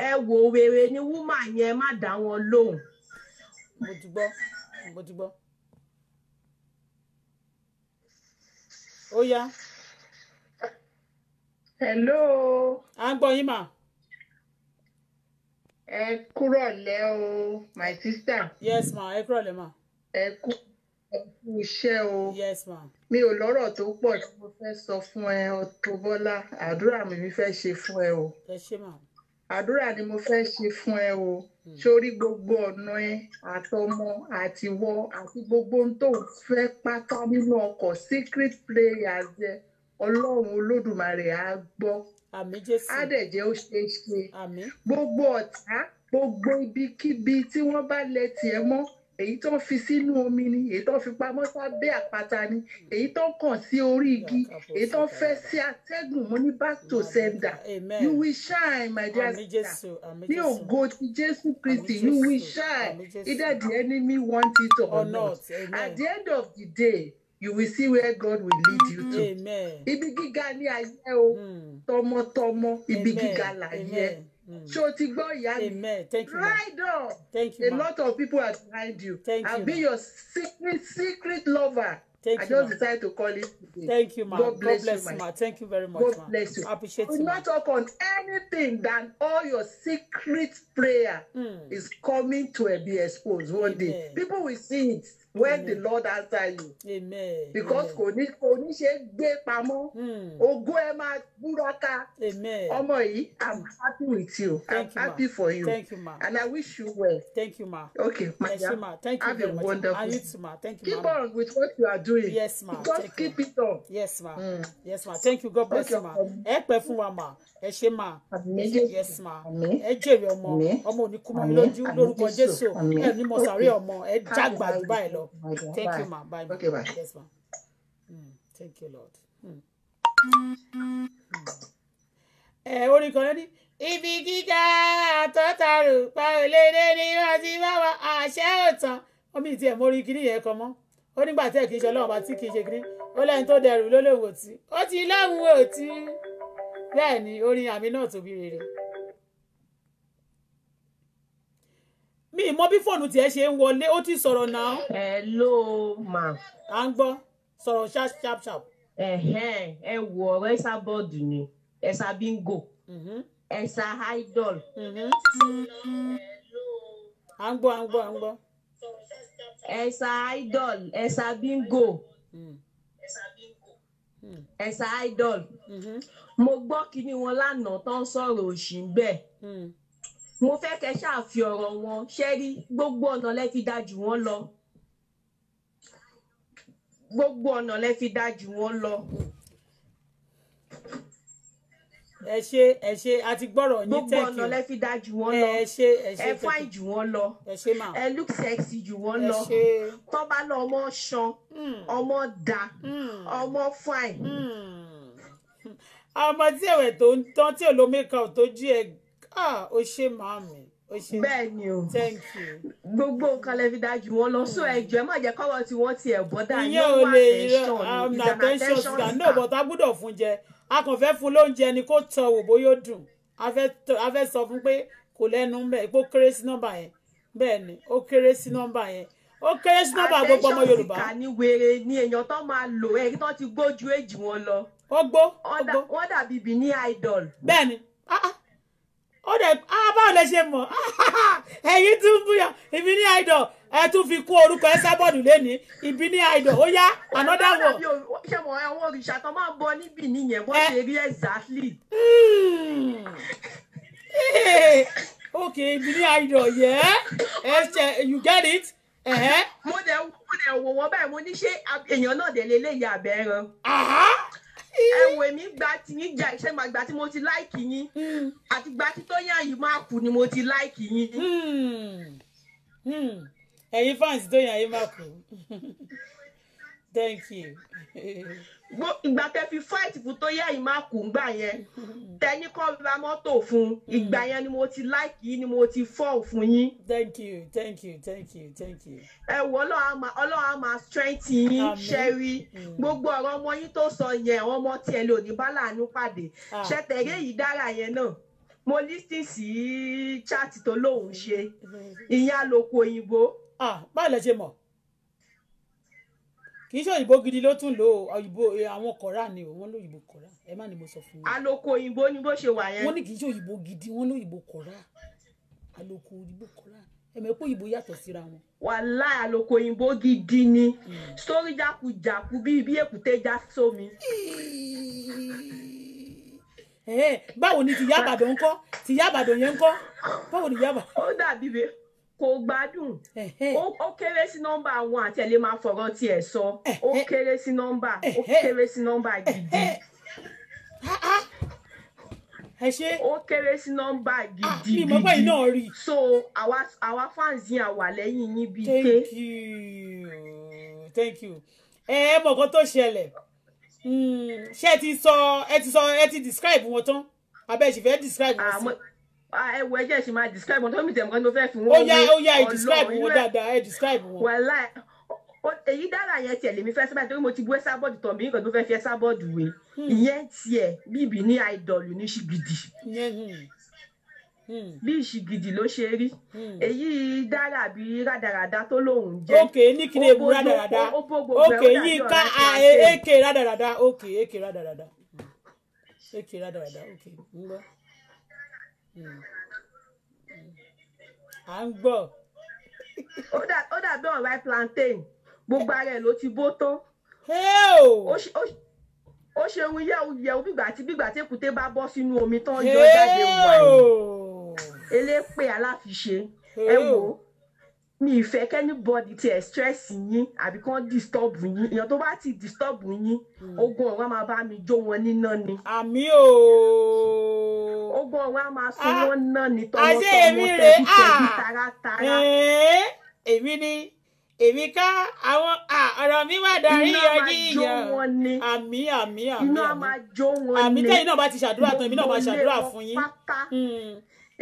ẹ wo wèrè ni wúmà yẹn má dá wọn lóhùn. mo ti gbọ́ mo ti gbọ́. ó yá. hello. à ń gbọ́ yín mà ẹ kúrọ̀ lẹ́ o my sister. yes ma ẹ kúrọ̀ lẹ́ ma. ẹ kú ẹ kú iṣẹ́ o. yes ma. mi ò lọ́rọ̀ tó pọ̀ tí mo fẹ́ sọ fún ẹ Auto Bola àdúrà mi mi fẹ́ ṣe fún ẹ o. ẹ ṣé ma. àdúrà ni mo fẹ́ ṣe fún ẹ o. sórí hmm. gbogbo ọ̀nà ẹ àtọmọ àtiwọ àti gbogbo ohun tó fẹ́ pátá nínú ọkọ̀ secret prayer jẹ ọlọ́run olódùmarè á gbọ́ àmín jésù á dẹ̀ jẹ́ ó ṣe é ṣe àmín gbogbo ọ̀tá gbogbo ibikíbi tí wọ́n bá lẹ tiẹ̀ mọ́ èyí tó ń fi sínú omi ni èyí tó ń fi pamọ́ sábẹ́ àpáta ni èyí tó ń kàn sí orí igi èyí tó ń fẹ́ sí atẹ́gùn mo ní back to sender you will shine my dear sister ní ògo ti Jésù Kristi you will shine either the enemy want it or not at the end of the day you will see where God will lead you to. Mm-hmm. Amen. Ibi gíga ní ayé o, mm. tọmọtọmọ, ibi gíga láyé. Mm. Ṣé o ti gbọ́ ìyá mi? Ride on. Thank you, ma. A lot of people are behind you. Thank I'll be your secret secret lover. Thank I you, just ma. decided to call it today. Thank you, ma. God bless, God bless you, ma. Thank you very much, God ma. bless you. I appreciate you, ma. Do not talk on anything than all your secret prayer mm. is coming to be exposed one Amen. day. People will see it when Amen. the Lord answer you. Amen. because kò ní kò ní ṣe gbé pamọ́. Hmm. ògo ẹ máa búraka. Amen. ọmọ yìí I'm happy with you. Thank I'm you, happy ma. for you. Thank you ma. and I wish you well. Thank you ma. okay ma yes, ya ma. Thank you have a wonderful day. keep ma. on with what you are doing. yes ma. just Thank keep you. it on. yes ma. Mm. yes ma. Thank you God bless okay, you ma. ẹ pẹ́ fún wa ma ẹ ṣe ma. yes ma. ẹ jèrè ọmọ ọmọ ò ní kú mọ́ mi lójú lórúkọ Jésù ẹ ní mọ̀sáré ọmọ ẹ jágbàdúrà ẹ lọ up. Okay, Thank bye. you, ma'am. Bye. Okay, bye. Yes, ma. Mm. Thank you, Lord. Mm. Mm. Eh, what do you call it? Ibi gíga àtọ́tàrù pa òlédè ni wọ́n ti bá wa àṣẹ òtàn. Wọ́n mi ti ẹ̀ mórí kiri yẹn kan mọ́. Ó nígbà tí ẹ̀ kì í ṣe ọlọ́run bá tí kì í ṣe kiri. Ó lẹ́yìn tó dẹrù lólòwò tí. Ó ti lọ́hùn-ún òtí. Bẹ́ẹ̀ ni orin àmì náà tóbi rere. mi ì mọ bí fóònù tiẹ̀ ṣe ń wọlé ó ti sọ̀rọ̀ náà. hello ma. à ń gbọ́ sọ̀rọ̀ sharp sharp sharp. ẹ wọ ọ̀rọ̀ ẹ̀sà bọ́ọ̀dù ni ẹ̀sà bingo ẹ̀sà mm-hmm. idol. Mm-hmm. à ń gbọ́ à ń gbọ́ à ń gbọ́. ẹ̀sà idol ẹ̀sà bingo ẹ̀sà mm. mm. idol mm-hmm. mo gbọ́ kíní wọn lánàá tó ń sọ̀rọ̀ òṣì ń mo fẹ́ kẹ́ ṣáà fi ọ̀rọ̀ wọn ṣẹ́rí gbogbo ọ̀nà lẹ fi dá jù wọ́n lọ gbogbo ọ̀nà lẹ fi dá jù wọ́n lọ. ẹ ṣe ẹ ṣe a ti gbọ́rọ̀ yín tẹ́kì gbogbo ọ̀nà lẹ fi dá jù wọ́n lọ ẹ ṣe ẹ ṣe tẹ́kì ẹ fáì jù wọ́n lọ ẹ ṣe mà ẹ look sexy jù wọ́n lọ tó bá lọ ọmọ ṣan hmm. ọmọ da hmm. ọmọ fáì. Hmm. ọmọ tí ẹ̀wẹ̀ tó ń tán tí èlò mẹ́kà ò tó jí ẹ̀ ah o ṣe màámi o ṣe bẹ́ẹ̀ ni o thank you. gbogbo nǹkan lè fi dájú wọn lọ sọ ẹjọ ẹ má jẹ kọwọ tí wọn ti ẹbọ dá ní wọn attention ni attention scan no but a gbúdọ̀ fún jẹ a kàn fẹ́ fún lóúnjẹ ni kó tọ wò bóyá ó dùn a fẹ́ sọ fún pé kò lẹ́nu ń bẹ̀ pé ó kéré sí nọ́mbà yẹn bẹ́ẹ̀ ni ó kéré sí nọ́mbà yẹn ó kéré sí nọ́mbà gbogbo ọmọ Yorùbá. attention scan ni wèrè ni èèyàn tó máa lò ẹni tó ti gbójú èjì wọn lọ. ó gbó ó gbó wọ́n dàbí Benin idol. bẹ́ẹ̀ ni ah ah ó dẹ̀ báwo lẹ ṣe mọ̀ ẹ̀yin tún búyà èmi ní idol ẹ tún fi kún orúkọ ẹ sábọ̀dù lẹ́ni ibi ní idol ó yá another one. ṣé mo àwọn òrìṣà tó máa ń bọ níbì nìyẹn bó eh. ṣe rí exactly. Hmm. okay ibi ní idol yẹ ẹ eh, you get it. Eh. mo dẹ̀ wò wọ́n báyìí mo ní ṣé èèyàn náà dẹ̀ lé lè yà bẹ́ẹ̀ ẹwọ èmi gba tìyín jà iṣẹ́ máa gba tí mo ti láìkì yín hmm. àti gba tí tó yàn yìí máa kù ni mo ti láìkì yín. Hmm. Hmm. ẹ̀yin fans tó yàn yín máa kù thank you. ìgbà tẹ fi fight fún tó yẹ ìmá kù yẹn tẹni kọ́ ra mọ́tò fún ìgbà yẹn ni mo ti like yín ni mo ti fall fún yín. thank you thank you thank you thank you. ẹ wo ọlọ́run á máa strength yín ṣẹ́rí mm. gbogbo ọ̀rọ̀ ọmọ yín tó sọ yẹn àwọn ọmọ tiẹ̀ lè òní bá láàánú pàdé ah. ṣẹ́tẹ̀rẹ́ yìí dára yẹn náà mo lísìn sí chat tó lóun ṣe mm-hmm. ìyẹn àlòkù òyìnbó. Ah, báyìí lè ṣe mọ̀ kì í ṣe òyìnbó gidi ló tún lò òyìnbó eh, àwọn kọ̀ọ̀rà ni o wọ́n lóyìnbó kọ̀ọ̀rà ẹ má ní mo sọ fún yín. àlòkù òyìnbó ni bó ṣe wà yẹn. wọ́n ní kì í ṣe òyìnbó gidi wọ́n lóyìnbó kọ̀ọ̀rà àlòkù òyìnbó kọ̀ọ̀rà ẹ̀mọ̀ epo òyìnbó yàtọ̀ síra wọn. wàhálà àlòkù òyìnbó gidi ni sórí jákujàku bíi bí èkúté já sómi. báwo ni tìyá àbàdàn ń kọ́ tìyá àbàdàn yẹn ń kọ́ báwo ni tìyá ó dàbí bẹ́ẹ̀ kò gbádùn ó kéré sí nọ́mbà àwọn àtẹ̀lé máa fọ̀rọ̀ tiẹ̀ sọ ó kéré sí nọ́mbà ó kéré sí nọ́mbà gidi ó kéré sí nọ́mbà gidigidi so àwa àwa fans yín àwà lẹ́yìn yín bíi ké. thank you thank you ẹ ẹ mọ̀ nǹkan tó ṣẹlẹ̀ hmm, ṣé ẹ ti sọ ẹ ti sọ ẹ ti describe wọn tán abẹ́ ẹ sì fẹ́ describe wọn sí. Ah, ẹ wo ẹjẹ ṣì máa describe wọn tó mi tẹ̀wọ́n tó fẹ́ fi wọ́n wé ọlọ́run ó yá ẹ describe wọn dáadáa ẹ describe wọn. wàhálà èyí dára yẹn tiẹ̀ lèmi fẹ́ sábàdì torí mo ti gbé sábọ́ọ̀dù tọ̀ mí nǹkan tó fẹ́ fi ẹ sábọ́ọ̀dù wé hmm. ìyẹn tiẹ̀ bíbí ní àìdọ̀lù ní ṣìgìdì hmm. Hmm. bí ìṣìgìdì ló ṣe rí èyí dára bí rádaràda tó lóun jẹ ok ní kí ni ebu e, e, rádaràda ok yìí ká ak rádaràda ok ak rádaràda ak rádaràda ok ń gbọ́ à ń gbọ́. ó dàbí ọ̀rá plantain gbogbo ara ẹ̀ ló ti bó tán. ó ṣe ohun yẹ̀wò yẹ̀wò bígbà tí bígbà tí èkúté bá bọ́ sínú omi tán yọ jáde wà ní elépè aláfiṣe ẹ wò ó mi ìfẹ́ kẹ́nìbọ́dì ti ẹ̀ stress yín àbí kán disturb yín èèyàn tó bá ti disturb yín hmm. ogun ọ̀rọ̀ máa bá mi jó wọn níná ni. àmì ooo ogún ọwọ́ a máa sun ah, wọn náà ní tọmọtọmọ tẹbítẹbí ah, taratara. Eh, èmi ni èmi ká àwọn ah, ọ̀rọ̀ mi wà darí yọjí ìyàn àmì àmì àmì àmì tẹ́yìn náà bá ti ṣàdúrà tán èmi náà bá ṣàdúrà fún yín hmm.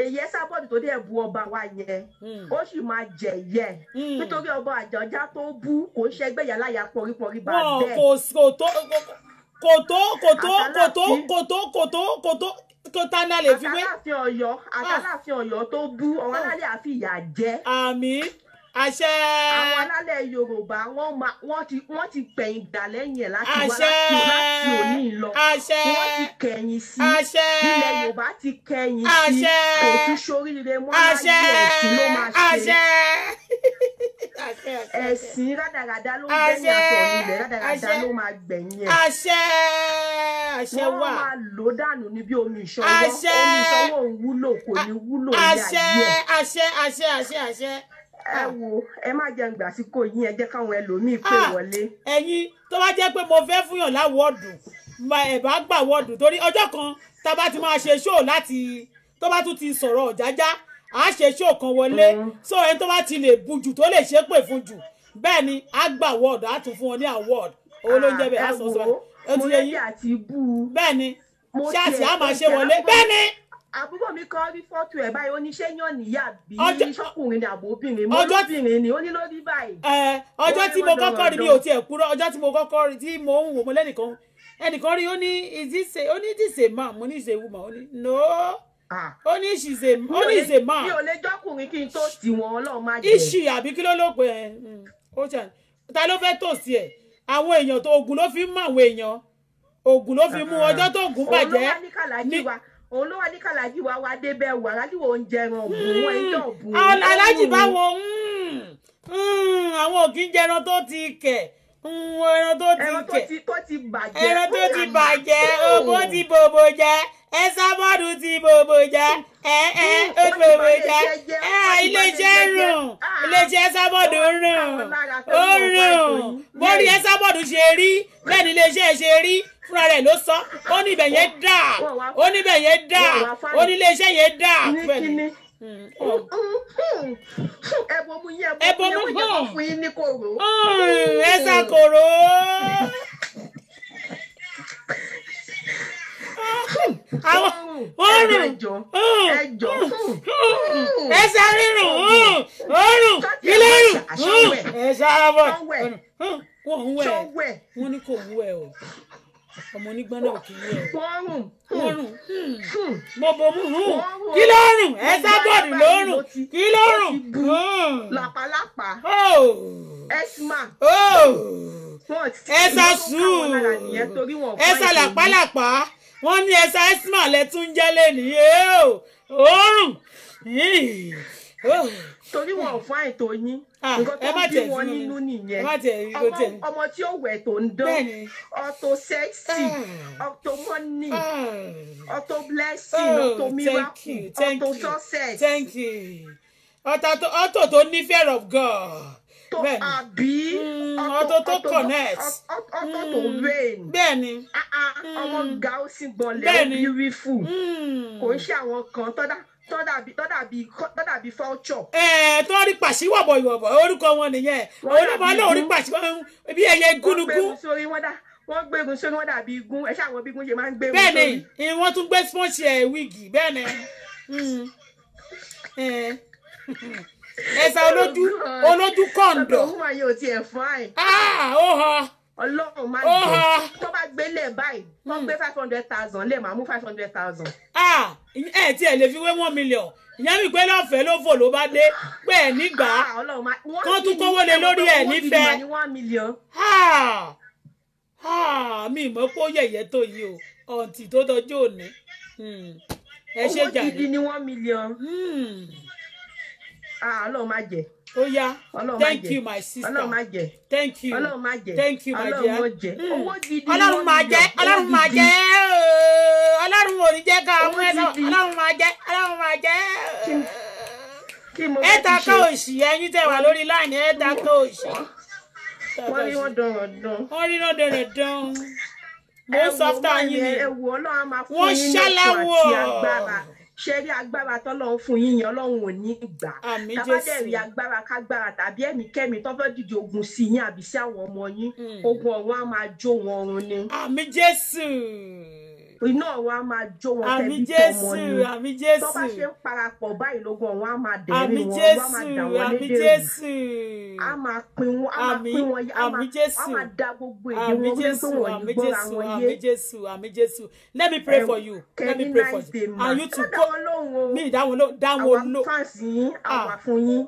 èyí ẹ sábọọdù tó dé bu ọba wa yẹn hmm. ó sì máa jẹyẹ hmm. nítorí ọba àjọjá tó bú kò ń ṣẹgbẹ yàrá ya pọrípọrí bá bẹ́ẹ̀. kò tó kò tó kò tó kò tó kò tó kò tó kó tánà lè fi wé. àtàlàfin Ọ̀yọ́ àtàlàfin ah. Ọ̀yọ́ tó bú ọmọ ah. alálẹ̀ àfi ìyà jẹ. àmín àṣẹ. àwọn alálẹ̀ yorùbá wọ́n ti wọ́n ti pẹ̀yìn dà lẹ́yìn ẹ̀ láti wá láti láti òní lọ. àṣẹ wọ́n ti kẹ̀yìn sí. àṣẹ ilẹ̀ yorùbá ti kẹ̀yìn sí. àṣẹ kò tún ṣoríire mọ́ láyé ẹ̀sìn ló máa ṣe. àṣẹ ẹ̀sìn rádaràda ló ń gbẹ̀yìn àtọ̀ ilẹ̀ rádaràda ló máa gbẹ̀yìn ẹ̀. àṣẹ àṣẹ wà. wọ́n máa lò dànù ní bí omi ìṣọwọ́ omi ìṣọwọ́ òun wúlò kò ní wúlò ní ayé ẹ̀. àṣẹ àṣẹ àṣẹ àṣẹ àṣẹ ẹ ah. wo ẹ má jẹ ń gbà sí kò yín ẹ jẹ́ káwọn ẹlòmíín pè ah. wọlé. ẹ̀yin tó bá jẹ́ pé mo fẹ́ fún yàn láwọ́ọ̀dù ẹ bá gbà wọ́ọ̀dù torí ọjọ́ kan tá a bá ti máa ṣe ṣóò láti tó bá tún ti sọ̀rọ̀ ọ̀jájá à á ṣe ṣóò kan wọlé mm. so ẹni tó bá ti lè bu jù tó lè ṣe pè fún jù bẹ́ẹ̀ ni á gbà wọ́ọ̀dù á tún fún wọn ní àwọ́ọ̀dù owó ló ń jẹ́ bẹ́ẹ̀ á ah, sọ sọ bẹ́ẹ̀ ni ṣáàtì á máa ṣe wọlé bẹ́ẹ̀ ni àbúrò mi kan rí fọ́tò ẹ̀ báyìí ó yàn níyà bí ṣọkùnrin ni àbóbìnrin mo ni ó báyìí. ọjọ́ tí mo kọ́kọ́ rí mi ò tiẹ̀ kúrò ọjọ́ tí mo kọ́kọ́ rí tí mo ń wò mo lẹ́nìkan ẹnìkan rí ó ní ìdíse ó ní ìdíse máa mo ní ìṣe wùmọ̀ ó ní nòó ó ní ìṣìṣe ó ní ìṣe máa mi ò lè jọkùnrin kí n tó tì wọn Ọlọ́run má jẹ. ìṣì àbí kí ló ló pè ẹ hmm, ó ṣe ta ló fẹ́ tòsí ẹ̀ àwọn èèyàn tó oògùn ló fi ń mọ àwọn èèyàn oògùn ló fi mú ah. ọjọ́ tó oògùn bàjẹ́. òun ló ní kàlàyé wa òun ló wà ní kàlàjì wa wá débẹ̀ wò aláàjì wo ń jẹran ọ̀bùn ẹjọ́ ọ̀bùn. Hmm. aláàjì bá wo hmm, hmm, àwọn òkín jẹran tó ti kẹ̀ ẹran tó ti kẹ̀ ẹran tó ti bàjẹ́ òbó ti bòbò jẹ́ ẹ sábọ́ọ̀dù ti bòbò já ẹ ẹ ó ti bòbò já ẹ iléeṣẹ́ rùn iléeṣẹ́ sábọ́ọ̀dù rùn ó rùn bórí ẹ sábọ́ọ̀dù ṣe rí bẹ́ẹ̀ ni iléeṣẹ́ ṣe rí fúnra rẹ̀ ló sọ ó ní ibẹ̀ yẹn dà ó ní ibẹ̀ yẹn dà ó ní iléeṣẹ́ yẹn dà pẹ̀lú ẹbọmú yẹn ẹbọmú yẹn fún yín ní kòrò. Hmm, ẹ sá kòrò. àwọn oorun ẹjọ́ ẹsẹ̀ rírun oorun ilé rùn ẹsẹ̀ àbọ̀ kò ń wẹ̀ wọ́n ní kò ń wẹ̀ o ọmọ onígbọ́n náà kì í wẹ̀ wọ́n rùn mo bò mú rùn kí ló rùn ẹsẹ̀ bọ́ọ̀dù ló rùn kí ló rùn làpàlàpà ẹsìmà ẹsà sùn ẹsà làpàlàpà wọ́n ní ẹsẹ̀ ẹ́símà lẹ́tún jẹ́ lẹ́nu oorun. torí wọn ò fún àìtó yín ah, nǹkan tó ń bí wọn nínú nìyẹn ọmọ tí ó wẹ̀ tó ń dán ọtọ sẹ́ksì ah. ọtọ mọ́nì ọtọ blẹ́sìn ọtọ miracle ọtọ sọ́sẹ̀. ọtọ tó ní fear of God auto àbí auto to connect auto to vein bẹ́ẹ̀ni ọmọ gausi gbọ̀nlẹ̀ beautiful mm. kò ń ṣe àwọn kan tọ́dá tọ́dà bíi fọ́ọ̀tsọ̀. ẹ̀ẹ́ tó rí pàṣíwọ̀ bọ̀yọ̀bọ̀ orúkọ wọn nìyẹn òun náà máa ń lọ orí pàṣíwọ̀ bí ẹyẹ gúnugún. wọ́n gbégun sórí wọ́n dàbí igun ẹ̀ṣẹ̀ àwọn bígun ṣe máa ń gbégun sórí. bẹ́ẹ̀ni wọ́n tún gbé spọ́ǹsì ẹ̀ wíìgì bẹ́ẹ̀ni ẹ̀sà oh olójú olójú kọ̀ǹdọ̀. ọmọ yóò tiẹ̀ fún àì. ó hàn ọlọ́run máa ń jẹ ah, tó bá gbélé báyìí wọ́n hmm. gbé five hundred thousand lè máa mú five hundred thousand. Ah, ẹ tí ẹ lè fi wé one million ìyá mi pé lọ́fẹ̀ẹ́ ló fò ló bá dé pé ẹ nígbà ah, kó tún kówó lé lórí ẹ nífẹ̀ẹ́ mi ìmọ̀ kó yẹ̀yẹ́ tó yìí o ọ̀ǹtì tó dọjọ́ òní hmm. ẹ ṣe jàre. owó gidi ni one million. Hmm. Ah, Ọlọ́run má jẹ́. ó yá thank you my sister Ọlọ́run má jẹ́. thank you Ọlọ́run má jẹ́. thank you my dear hmm. Ọlọ́run má jẹ́. owó gidi Ọlọ́run má jẹ́ Ọlọ́run má jẹ́ Ọlọ́run ò ní jẹ́ ká mú ẹ náà Ọlọ́run má jẹ́ Ọlọ́run má jẹ́. ẹ̀ta ká òṣì ẹ̀yin tẹ́ wà lórí láìní ẹ̀ta ká òṣì. wọ́n rí wọn dọ̀rọ̀ dán. wọ́n rí wọn dọ̀rọ̀ dán mo sọ fún ta yín ni wọ́n ṣẹlẹ̀ wọ̀ ṣe rí agbára tọ́lọ́run fún yín yẹn ò ní gbà tábàdẹ̀ rí agbára kágbára tàbí ẹ̀míkẹ́mi tọ́fẹ́ dìde ogun sí yín àbí sí àwọn ọmọ yín hmm. ogun ọ̀run á máa jó wọn ọ̀run ni. àmì jésù iná wọn á máa jó wọn tẹbi tọmọ ni tó bá ṣe ń parapọ̀ báyìí lógun ọ̀hún á máa dẹ̀rín wọn wọn á máa dà wọn lédè á máa pín wọn á máa pín wọn á máa da gbogbo èdè wọn wípé wọn yìí gbọ́ra wọn yé. àmì jésù àmì jésù let me pray for you let me pray for you and you too go me that one that one no ah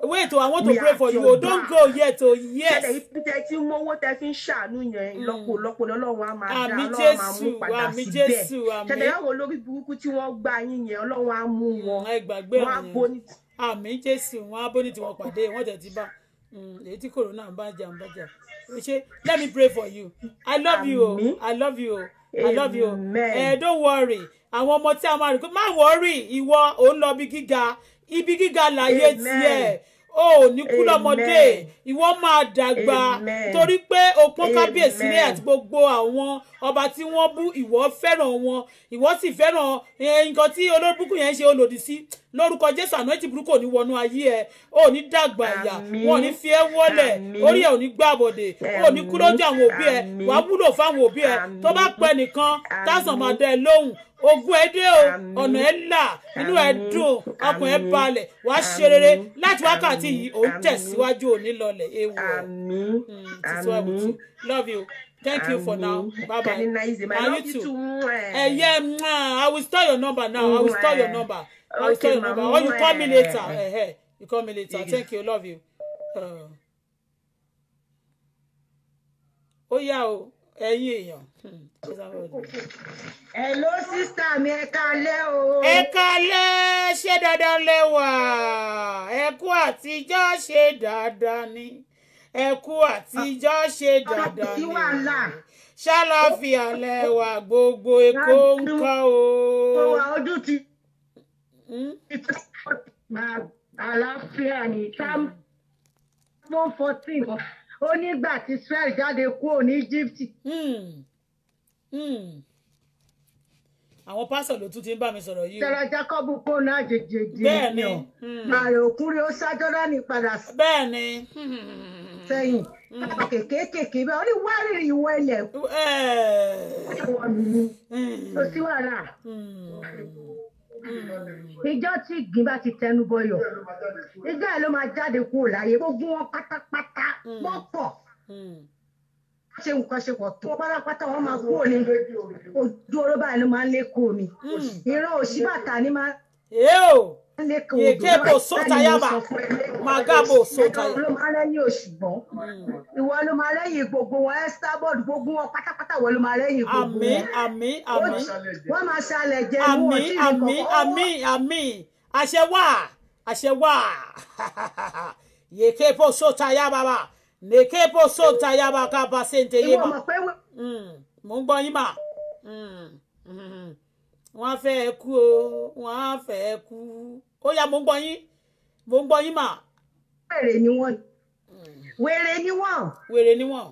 wait o i want to pray for you o don go yet o yes. ṣẹlẹ̀ ìpínlẹ̀ tí mowó tẹ fi ń ṣàánú yẹn mm. lọ́pọ̀lọpọ̀ lọ́wọ́ á máa dá lọ́wọ́ á máa mú padà síbẹ̀ ṣẹ̀dá yàwó lórí burúkú tí wọ́n gbà yín yẹn ọlọ́run á mú mm, wọn wọn á bóni. àmì jésù wọn á bóni tiwọn pàdé wọn jẹ ti bá mm, èyí tí kòrónà ń bá jà ń bá jà ṣe let me pray for you i love you i love you i love you o eh, don't worry àwọn ọmọ tí a máa rí kó má wọ́ọ̀rì ìwọ òun lọ bí gíga ibi gíga láyé tiẹ̀ o ò ní kú lọ́mọdé ìwọ máa dàgbà torí pé o pọ́n kábíyèsí rẹ̀ àti gbogbo àwọn ọba tí wọ́n bú ìwọ fẹ́ràn wọn ìwọ sì fẹ́ràn eh, nǹkan tí olóbùkún yẹn ṣe olòdì sí lórúkọ jésù ànáìtì burúkú ò ní wọnú ayé ẹ ò ní dàgbà ìyà wọn ò ní fi ẹ wọlẹ̀ orí ẹ ò ní gbàbọdè ò ní kú lójú àwọn òbí ẹ wàá wúlò fáwọn òbí ẹ tó bá pẹ́ nìkan tásán máa dá ẹ lóhùn ogun ẹ dé o ọ̀nà ẹ là inú ẹ dùn ọkàn ẹ balẹ̀ wàá ṣe rere láti wákàtí yìí òun tẹ̀síwájú òní lọlẹ̀ ewu ọ̀ títí wà bùtù love you thank you for now bye bye na you too ẹ̀yẹ́ I will store your number now I will store your number okay, thank you or you call me later Hey, eh, eh, you call me later yeah. thank you love you Oh yeah. o oh. ẹ̀yin èèyàn. Hmm. hello sister. mi ẹ kalẹ́ o. ẹ kalẹ́ ṣé dandan lẹ wà ẹ kú àtijọ́ ṣe dáadáa ni ẹ kú àtijọ́ ṣe dáadáa ni ṣàlàfíà lẹ wà gbogbo èkó ńkọ́ o. ọdún ti Hmm? àlàáfíà ní táwọn fourteen ó nígbà tí Israel jáde kúrò ní Egypt. Hmm. Hmm. àwọn pásítọ̀ ló tún ti ń bá mi sọ̀rọ̀ yìí o. tẹ̀rọ Jacob kó náà jèjì di ènìyàn màrè òkúri ó sá Jọ́dánì padà sí. bẹ́ẹ̀ni. sẹ́yìn kéékèèké bẹ́ẹ̀ ó ní wárìrì ìwọ ilẹ̀. ẹ̀ẹ́dẹ̀wọ̀ eh. mi ni. kò sí wàhálà ìjọ tí ìgbín bá ti tẹnu bọyọ ìjọ ẹ ló máa jáde kúrò láyé gbogbo wọn pátápátá hmm. wọn pọ̀ hmm. ṣe nǹkan ṣe pọ̀ tó pátápátá wọn máa kúrò ní ojú oró báyìí ló máa ń lé kúrò mi hmm. ìran òṣìbàtà ni máa. Yekebo sotayaba. Magabo sotayaba. Ìwọ ló máa lẹ́yìn òṣùgbọ́n. Ìwọ ló máa lẹ́yìn gbogbo wọn Ẹ́sítábọ̀dù gbogbo wọn pátápátá ìwọ ló máa lẹ́yìn gbogbo wọn. Wọ́n máa ṣalẹ̀ jẹ mú ọtí nìkan. Àmín àmín àṣẹ wà àṣẹ wà. Yekebo sotayaba ba. Nekebo sotayaba kaba sente yé ma. Ìwọ mọ̀ pé wọ́n. Hmm, mo ń gbọ́ yín mà. Hmm, hmm, wọ́n á fẹ́ kú o wọ́n á fẹ́ kú ó yá mo ń gbọ́ yín mo ń gbọ́ yín mà. wèrè ni wọ́n hmm. wèrè ni wọ́n. wèrè ni wọ́n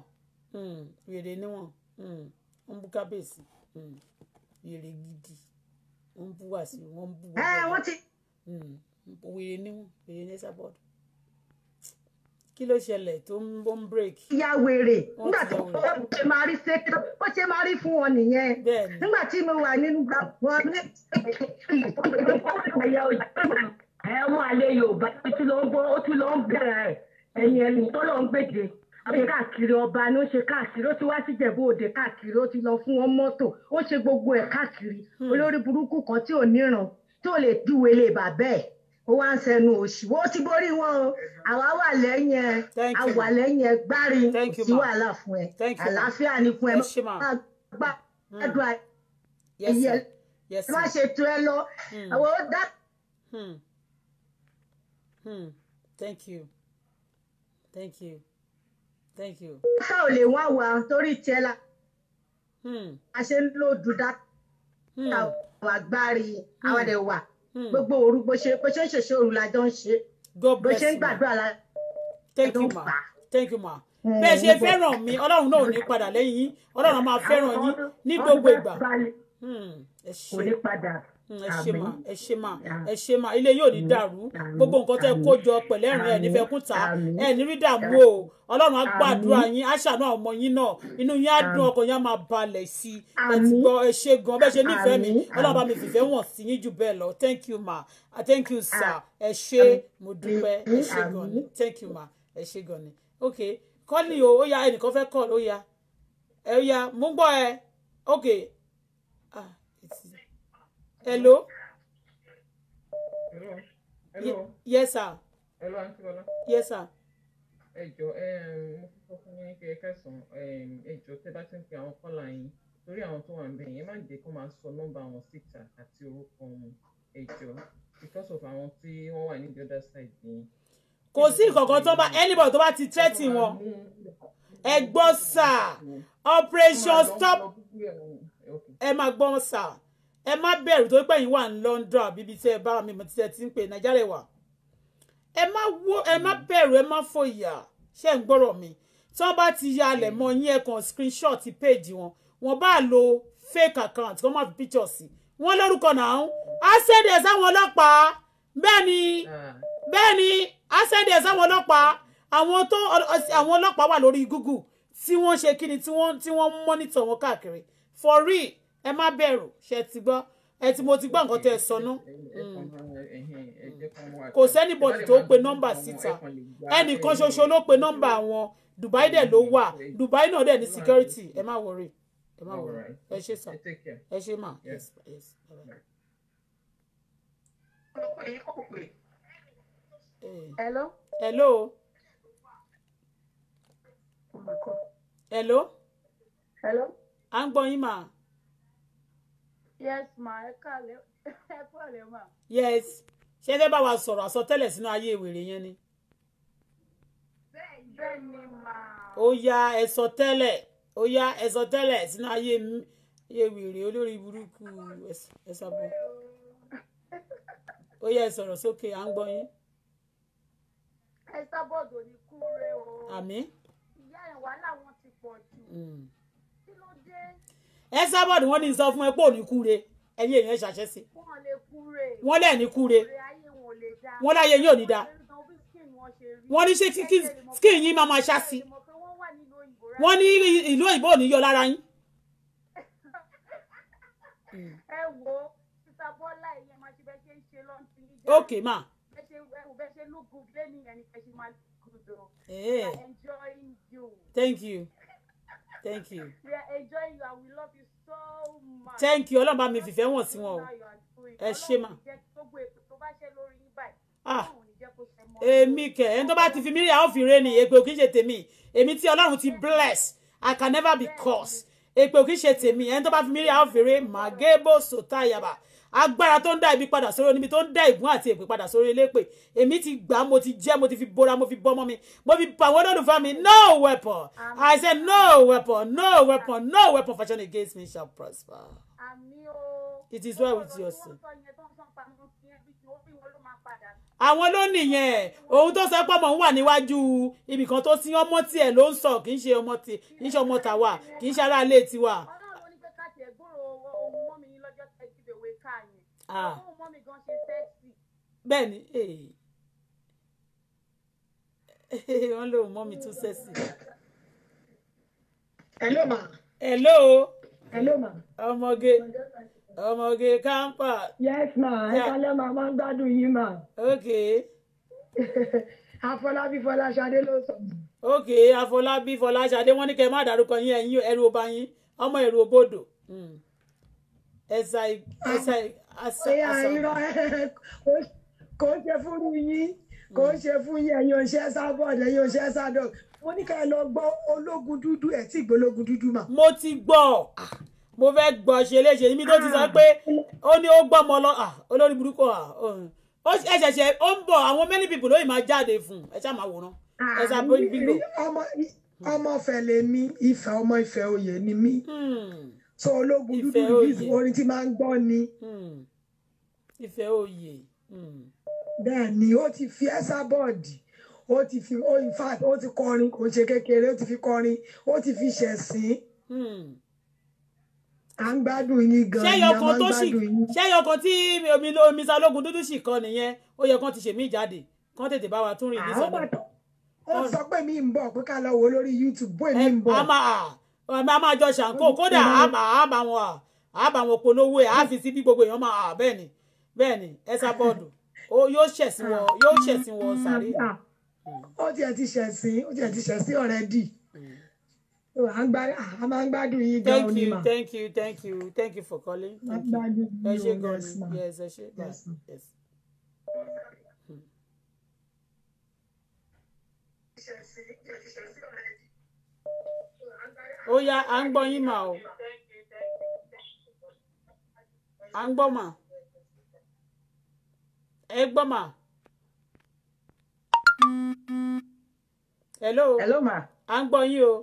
hmm. wèrè ni wọ́n ń hmm. bú kábíyèsí wèrè gidi wọ́n ń bú wàsíù wọ́n ń bú. wọ́n ti. wèrè ni wọ́n wèrè ní sábọ́ọ̀dù kí ló ṣẹlẹ̀ tó ń bó break. ìyá wèrè nígbà tí ó ṣe máa rí ṣe ó ṣe máa rí fún wọn nìyẹn nígbà tí mo wà nínú gbàgbọ́ ní ẹ̀wọ̀n alẹ́ yorùbá tí ló ń bọ́ ó tún lọ ń bẹ̀rẹ̀ ẹ̀yìn ẹ̀yìn tó lọ ń gbèdé àwọn káàkiri ọba ni ó ṣe káàkiri ó ti wá sí Ìjẹ̀bú Òde káàkiri ó ti lọ fún wọn mọ́tò ó ṣe gbogbo ẹ̀ káàkiri hmm. olórí burúkú kan tí ò níran tó lè dúwèé lè bàbẹ́ ẹ̀ ó wá ń sẹnu òṣì wo ti borí wọn o àwa wà lẹ́yìn ẹ àwa lẹ́yìn ẹ gbárí sí wàhálà fún ẹ àlàáfíà ni fún ẹ máa gbá hmm. gbádùn ayé ẹ má ṣe tu ẹ lọ hmm. àwọn ó dá. Hmm. thank you thank you thank you. ká ò lè wá wa torí tiẹ̀ la a ṣe ń lò dúdá àwọn àgbárí àwọn ẹ̀wà. Hmm. gbogbo òru bó ṣe bó ṣe ń ṣèṣe òru la jọ ń ṣe bó ṣe ń gbàdúrà la jọ ń pa. thank you ma hmm. bẹ́ẹ̀ ṣe fẹ́ràn mi ọlọ́run náà ò ní padà lẹ́yìn yín ọlọ́run máa fẹ́ràn yín ní gbogbo ìgbà. Hmm. kò ní padà Mm, ẹ ṣe mà ẹ ṣe mà ẹ ṣe mà ilé yóò ní mm. dàrú gbogbo nǹkan tẹ́ kó jọ pẹ̀lẹ́ ẹ̀rín ẹ̀ nífẹ̀ẹ́ kún ta ẹ̀ ní rí dààmú o ọlọ́run á gbàdúrà yín á ṣàánú àwọn ọmọ yín náà inú yín á dùn ọkàn yín á máa balẹ̀ sí i ẹ ti gbọ́ ẹ ṣe gan bẹ́ẹ̀ ṣe nífẹ̀ẹ́ mi ọlọ́run bá mi fìfẹ́ wọ̀n sí yín jù bẹ́ẹ̀ lọ thank you ma ah, thank you sir ah. ẹ ṣe mo dúpẹ́ ẹ ṣe gan ni thank you ma ẹ ṣe gan ni ok kọ́ni o ó ya ẹnìkan fẹ́ kọ́ọ̀lù ó ya ẹ ó ya mo ń gbọ́ ẹ ok hello. hello. hello. yes sir. hello aunty yes sir. ẹjọ mo fọ fún yín pé kẹsàn-án ẹjọ tẹ bá ti ń pe àwọn kọ́là yín torí àwọn tó wà níbẹ̀ yẹn má jẹ́ kó máa sọ nọ́mbà wọn síta àti orúkọ wọn ẹjọ because of àwọn tí wọ́n wà ní the other side yẹn kò sí ìkọ̀kan tó bá anybody tó bá ti threaten wọn ẹ gbọ́ sà operation stop ẹ máa gbọ́ sà ẹ má bẹ̀rù tó pẹ̀yìn wà ní London àbí ibi tí ẹ bá mi mọ̀ títẹ̀ tí ń pè Nàìjíríà rẹ̀ wà ẹ má wó ẹ má bẹ̀rù ẹ má fòyà ṣé ń gbọ́rọ̀ mi tí wọ́n bá ti ya alẹ̀ mọ́ yín ẹ̀kan screenshot page wọn wọ́n bá lo fake account kí wọ́n má fi picture sí wọ́n lórúkọ náà á sẹ́dẹ̀ sáwọn ọlọ́pàá bẹ́ẹ̀ ni ah. bẹ́ẹ̀ ni á sẹ́dẹ̀ sáwọn ọlọ́pàá àwọn tó àwọn ọlọ́pàá wà lórí Google tí wọ́n ṣe kíni tí wọ́n tí wọ́n monitor wọn káàkiri for real ẹ má bẹ̀rù ṣe ti gbọ́ ẹ ti mo ti gbọ́ nǹkan tẹ́ ẹ sọ náà hmm. kò sẹ́nibọ̀dì tó pe nọ́mbà síta ẹnìkan ṣoṣo ló pe nọ́mbà wọn Dubai dẹ̀ ló wà Dubai náà dẹ̀ ní security ẹ má wọrí ẹ má wọrí ẹ ṣe sà ẹ ṣe mà yes yes. hello. hello. hello. hello. à ń gbọ́ yín mà yes ma ẹ kàlẹ́ ẹ kàlẹ́ ma. yes ṣé ẹ bá wa sọ̀rọ̀ àsọtẹ́lẹ̀ sínú ayé ìwèrè yẹn ni. bẹ́ẹ̀ ni ma. ó yá ẹ sọ tẹ́lẹ̀ ó yá ẹ sọ tẹ́lẹ̀ sínú ayé ìwèrè olórí burúkú ẹ̀sàbọ̀ ó yá ẹ sọ̀rọ̀ sókè à ń gbọ́ yín. ẹ sábọ̀dọ̀ ní kúrẹ́ o. àmì. ìyá ẹ̀ wàhálà wọn ti pọ̀ jù. Mm. kí ló dé ẹ sábọ̀dù wọn ní sọ fún ẹ pé òní kúre ẹ̀yin èèyàn ṣàṣẹ sí wọn lẹ ní kúre wọn láyé yóò ní da wọn ní ṣe skin yín máa máa ṣá sí wọn ní ìlú òyìnbó ò ní yọ lára yín. ẹ wo sísá bọ́lá ìyẹn máa ṣe bẹ́ẹ̀ ṣe ń ṣe lọ́sìn. ok ma. ẹ ṣe ẹ ṣe ló gùn lẹ́nu ẹni ẹ ṣe máa gùn dùn. Eh. enjoying you. thank you thank you. we are enjoying you and we love you so much. thank you ọlọ́run bá mi fìfẹ́ wọ̀n sí wọn o ẹ ṣe mà. ah èmi kẹ ẹni tó bá ti fi mí rí àwọn fìrè ni èpè ò kì í ṣe tèmi èmi tí ọlọ́run ti bless i can never be cursed èpè ò kì í ṣe tèmi ẹni tó bá fi mí rí àwọn fìrè màgébò sòtáyàbà. So agbára tó ń dá ibi padà sórí oníbi tó ń dá ìgún àti èpè padà sórí elépè èmi ti gbà mo ti jẹ mo ti fi bora mo fi bọmọ mi mo fi pa àwọn olólùfẹ́ mi no weapon i say no weapon no weapon no weapon fashion against me shall prosper. it is well with your soul àwọn ló nìyẹn òun tó sọ pé ọmọ òun wà níwájú ibìkan tó sí ọmọ tiẹ̀ ló ń sọ kì í ṣe ọmọ tiẹ̀ kì í ṣe ọmọ tàwa kì í ṣe aráalé tiwa. àwọn ah. mọ́mì gan ṣe sẹ́ẹ̀sì. bẹ́ẹ̀ni eh. eh, wọn lóun mọ́mì tún sẹ́ẹ̀sì. hello ma. hello. hello ma. ọmọge ọmọge kámpà. yes ma ẹ kálẹ́ ma máa ń to yín ma. ok. Afọlábí Fọláṣadé ló sọ. ok Afọlábí Fọláṣadé wọn ní kẹ́ má dárúkọ yín ẹ̀yin ẹrú ọba yín ọmọ ẹrú obodò hmm. ẹsà àṣẹ àìrọ kò ń ṣe fún yín kò ń mm. ṣe fún yín ẹ̀yin òṣìṣẹ́ Starburst ẹ̀yin òṣìṣẹ́ Starburst mo ní ká ẹ lọ gbọ́ ológun dúdú ẹ̀ tí ìgbólógun dúdú mà. mo ti gbọ́ ah, mo fẹ́ gbọ́ ṣe léṣe ibi tó ti sọ pé ó ní ó gbọ́ ọmọ lọ ah, olórí burúkú ah, oh. ó ṣẹ̀ṣẹ̀ ó ń bọ̀ àwọn many people lóyìn máa jáde fún ẹ ṣáà máa wòran ẹ ṣáà bó gbígbó. ọmọ ọmọ Ifẹ̀ lèmi Ifẹ̀ ọmọ Ifẹ̀ oyè ni mi. Mm so ológun dúdú release orin tí máa ń gbọ́ ni. Hmm. ìfẹ́ òye. Hmm. bẹ́ẹ̀ ni ó ti fi ẹ́sà bọ́ọ̀dì ó ti fi ó in fact ó ti kọrin kò ṣe kékeré ó ti fi kọrin ó ti fi ṣẹ̀sìn. Hmm. à ń gbádùn yín gan-an ṣé yọkan tó sì ṣé yọkan tí omi omi salógun dúdú sì kọ nìyẹn ó yẹ kán ti ṣèmí ìjáde kán tètè bá wa tún rìn ní sọ́dọ̀. ó sọ pé mi ń bọ̀ pé ká lọ wò lórí YouTube bó èmi ń bọ̀ ọ̀nà máa jọ ṣàǹkó kódà á bá wọn á bá wọn polówó ẹ̀ á fi sí bí gbogbo èèyàn máa bẹ́ẹ̀ ni bẹ́ẹ̀ ni ẹ sá bọ́ọ̀dù yóò ṣẹ̀sìn wọn yóò ṣẹ̀sìn wọn sáré. ó tiẹ̀ ti ṣẹ̀sìn ó tiẹ̀ ti ṣẹ̀sìn already hmm. à ń gbádùn à máa ń gbádùn yín gan oní ma. thank you thank you thank you for calling. thank you ẹ ṣe gan ni yes ẹ ṣe gan yes ó yá à ń gbọ́ yín mà o à ń gbọ́ mà ẹ gbọ́ mà. hello hello ma à ń gbọ́ yín o.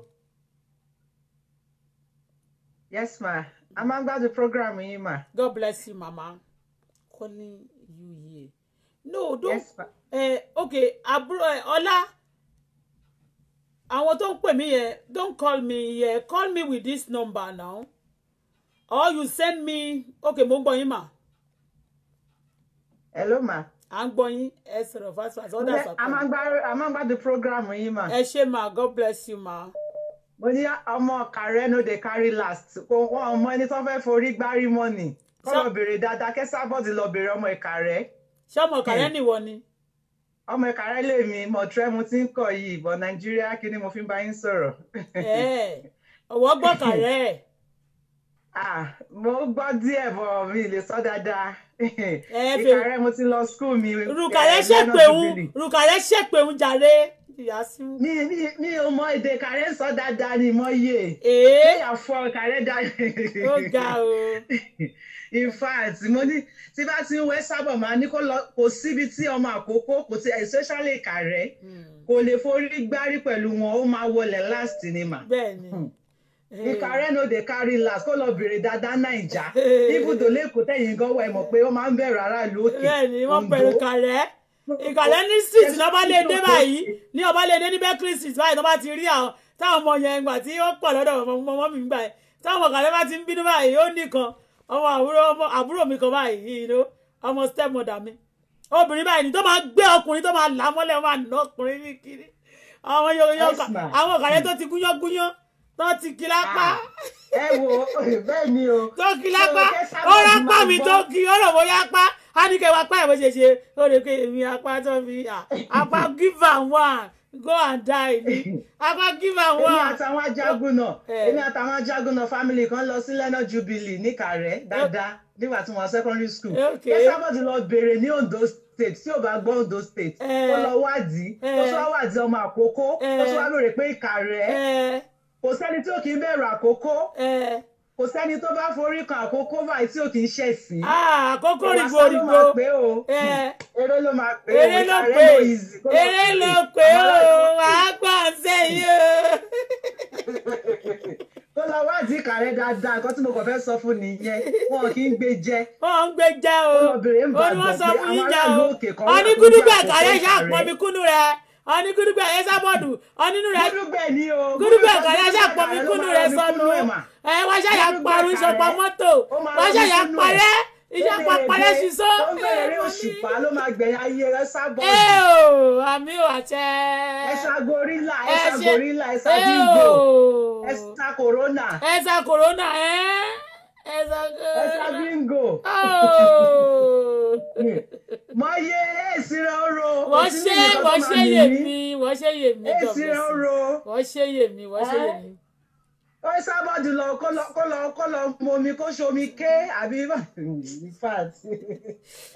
yes ma a máa ń gbádùn program yín ma. god bless you mama calling you here. no don't yes, uh, okay aburo ọlá. Uh, àwọn tó ń pè mí yẹn don't call me yẹn call me with this number now or you send me okay mo ń gbọ́ yín mà. hello ma. à ń gbọ́ yín ẹ sọ̀rọ̀ fast fast ọ̀dà sọ̀tọ̀. a máa ń gbádùn program yín ma. ẹ ṣé ma god bless you ma. mo ní ọmọ kàrẹ́ no dey carry last kò wọ́n ọmọ ẹni tó fẹ́ forí gbárí mọ́nì kọ́ lọ bèrè dáadáa kẹ́sàbọ̀dì lọ bèrè ọmọ ìkàrẹ́. ṣé ọmọ kàrẹ́ nìwọ hmm. ni ọmọ ẹ̀ka aráàlú mi mọ̀trẹ́ mo ti ń kọ̀ yìí ìbọn nàìjíríà kí ni mo fi ń bá yín sọ̀rọ̀. ọ̀wọ́ gbọ́ kàrẹ́. Ah, mo gbọ́ díẹ̀ bọ̀ mi lè sọ dáadáa ìkàrẹ́ mo ti lọ skul mi. rùkàrẹ́ ṣèpè ń rùkàrẹ́ ṣèpè ń jàre ìyá sí. mi mi mi ò mọ èdè kàrẹ́ sọ dáadáa ni mo yè. ee eh? mi àfọ kàrẹ́ dáadáa. ó ga o. in fact mo ní tí bá ti ń wẹ́ sábọ̀ máa ní kó lọ kò síbi tí ọmọ àkókò kò ti especially kàrẹ́ hmm. kò lè forí gbárí pẹ̀lú wọn ó máa wọlé last ni mà. bẹ́ẹ̀ni. ìkàrẹ́ hmm. eh. no dey carry last kó lọ bèrè dáadáa nàìjà ibùdó eh. lẹ́kọ̀ọ́ tẹ̀yìn gan wẹ̀ mọ̀ pé ó máa ń bẹ̀rù aráàlú òkè. bẹ́ẹ̀ni wọ́n pẹ̀lú kàrẹ́ ìkàlẹ́ ní street ní ọba lè dé báyìí ní ọba lè dé ní Berkeley street báyìí tó bá ti rí àwọn táwọn ọmọ yẹn gbà tí ó pọ̀ lọ́dọ̀ ọmọ mi gbà yẹn táwọn ọ̀kàlẹ́ bá ti ń bínú báyìí ó nìkan ọmọ àbúrò mi kan báyìí ọmọ stepmother mi obìnrin báyìí ni tó máa gbé ọkùnrin tó máa là mọ́lẹ̀ wọn máa ná ọkùnrin ní kiri àwọn yọ̀ọ̀yọ̀ọ̀kà àwọn ọ̀kàlẹ́ tó ti gúnyángúnyán tó ti kí lápá. Ah, ẹ wo bẹ́ẹ̀ ni o. tó kí lápá ó rápá mi tó kí ó rọ̀ mọ́ yápá a ní kẹ́ wá pa ìwé ṣe ó lè pe èmi apá tó fi apá give am one go and die ni apá give am one. èmi àtàwọn ajagun náà eh. èmi àtàwọn ajagun náà family kan lọ sí lẹ́nà jubilee ní dáadáa nígbà tí wọ́n secondary school ẹ sábàdì lọ bèrè ní Ondo state tí ò bá gbọ́ Ondo state eh. ó lọ wádìí ó eh. tún wá wádìí ọmọ àkókò ó tún wá lóore pé ìkàrẹ́ kò sẹ́ni tí ò kì í bẹ̀rù àkókò kò sẹ́ni tó bá forí kan àkókò báyìí tí ò kì í ṣe sí. Ah, àkókò rìgbò rìgbò eh. eré ló máa pè ó eré ló pè ó eré ló pè ó wàá gbọ́ ọ̀sẹ̀ yìí o. kó lọ wádìí kàrẹ́ dáadáa nǹkan tí mo kàn fẹ́ sọ fún nìyẹn wọn kì í gbé jẹ. wọn ń gbé jẹ o ó ní wọn sọ fún yín jẹ o ọ ní kúndùgbà kàrẹ́ ṣàpọ̀ mi kúndùn rẹ ọní gúdúgbẹ ẹ sábọọdù ọnínú rẹ gúdúgbẹ kọlẹ ṣàpọmí kúnnú rẹ sọnù ẹ wá ṣàyà parun ṣọpọ mọtò wá ṣàyà parẹ iṣẹ pàpàrẹ ṣiṣọ. ó ń bẹ̀rẹ̀ òṣìpá ló máa gbẹ̀yìn ayé rẹ sábọọdù. ẹ o àmì ò àṣẹ. ẹ gorilla ẹ gorilla ẹ dingo ẹ corona. ẹ corona ẹ ẹ ṣá. ẹ dingo wọ́n yé èsìrẹ́ ọ̀rọ̀ wọ́n ṣe wọ́n ṣe yè mí wọ́n ṣe yè mí èsìrẹ́ ọ̀rọ̀ wọ́n ṣe yè mí wọ́n ṣe yè mí. ó sábọ́dù lọ kó lọ kó lọ kó lọ mọ omi kó ṣomi ké àbí fat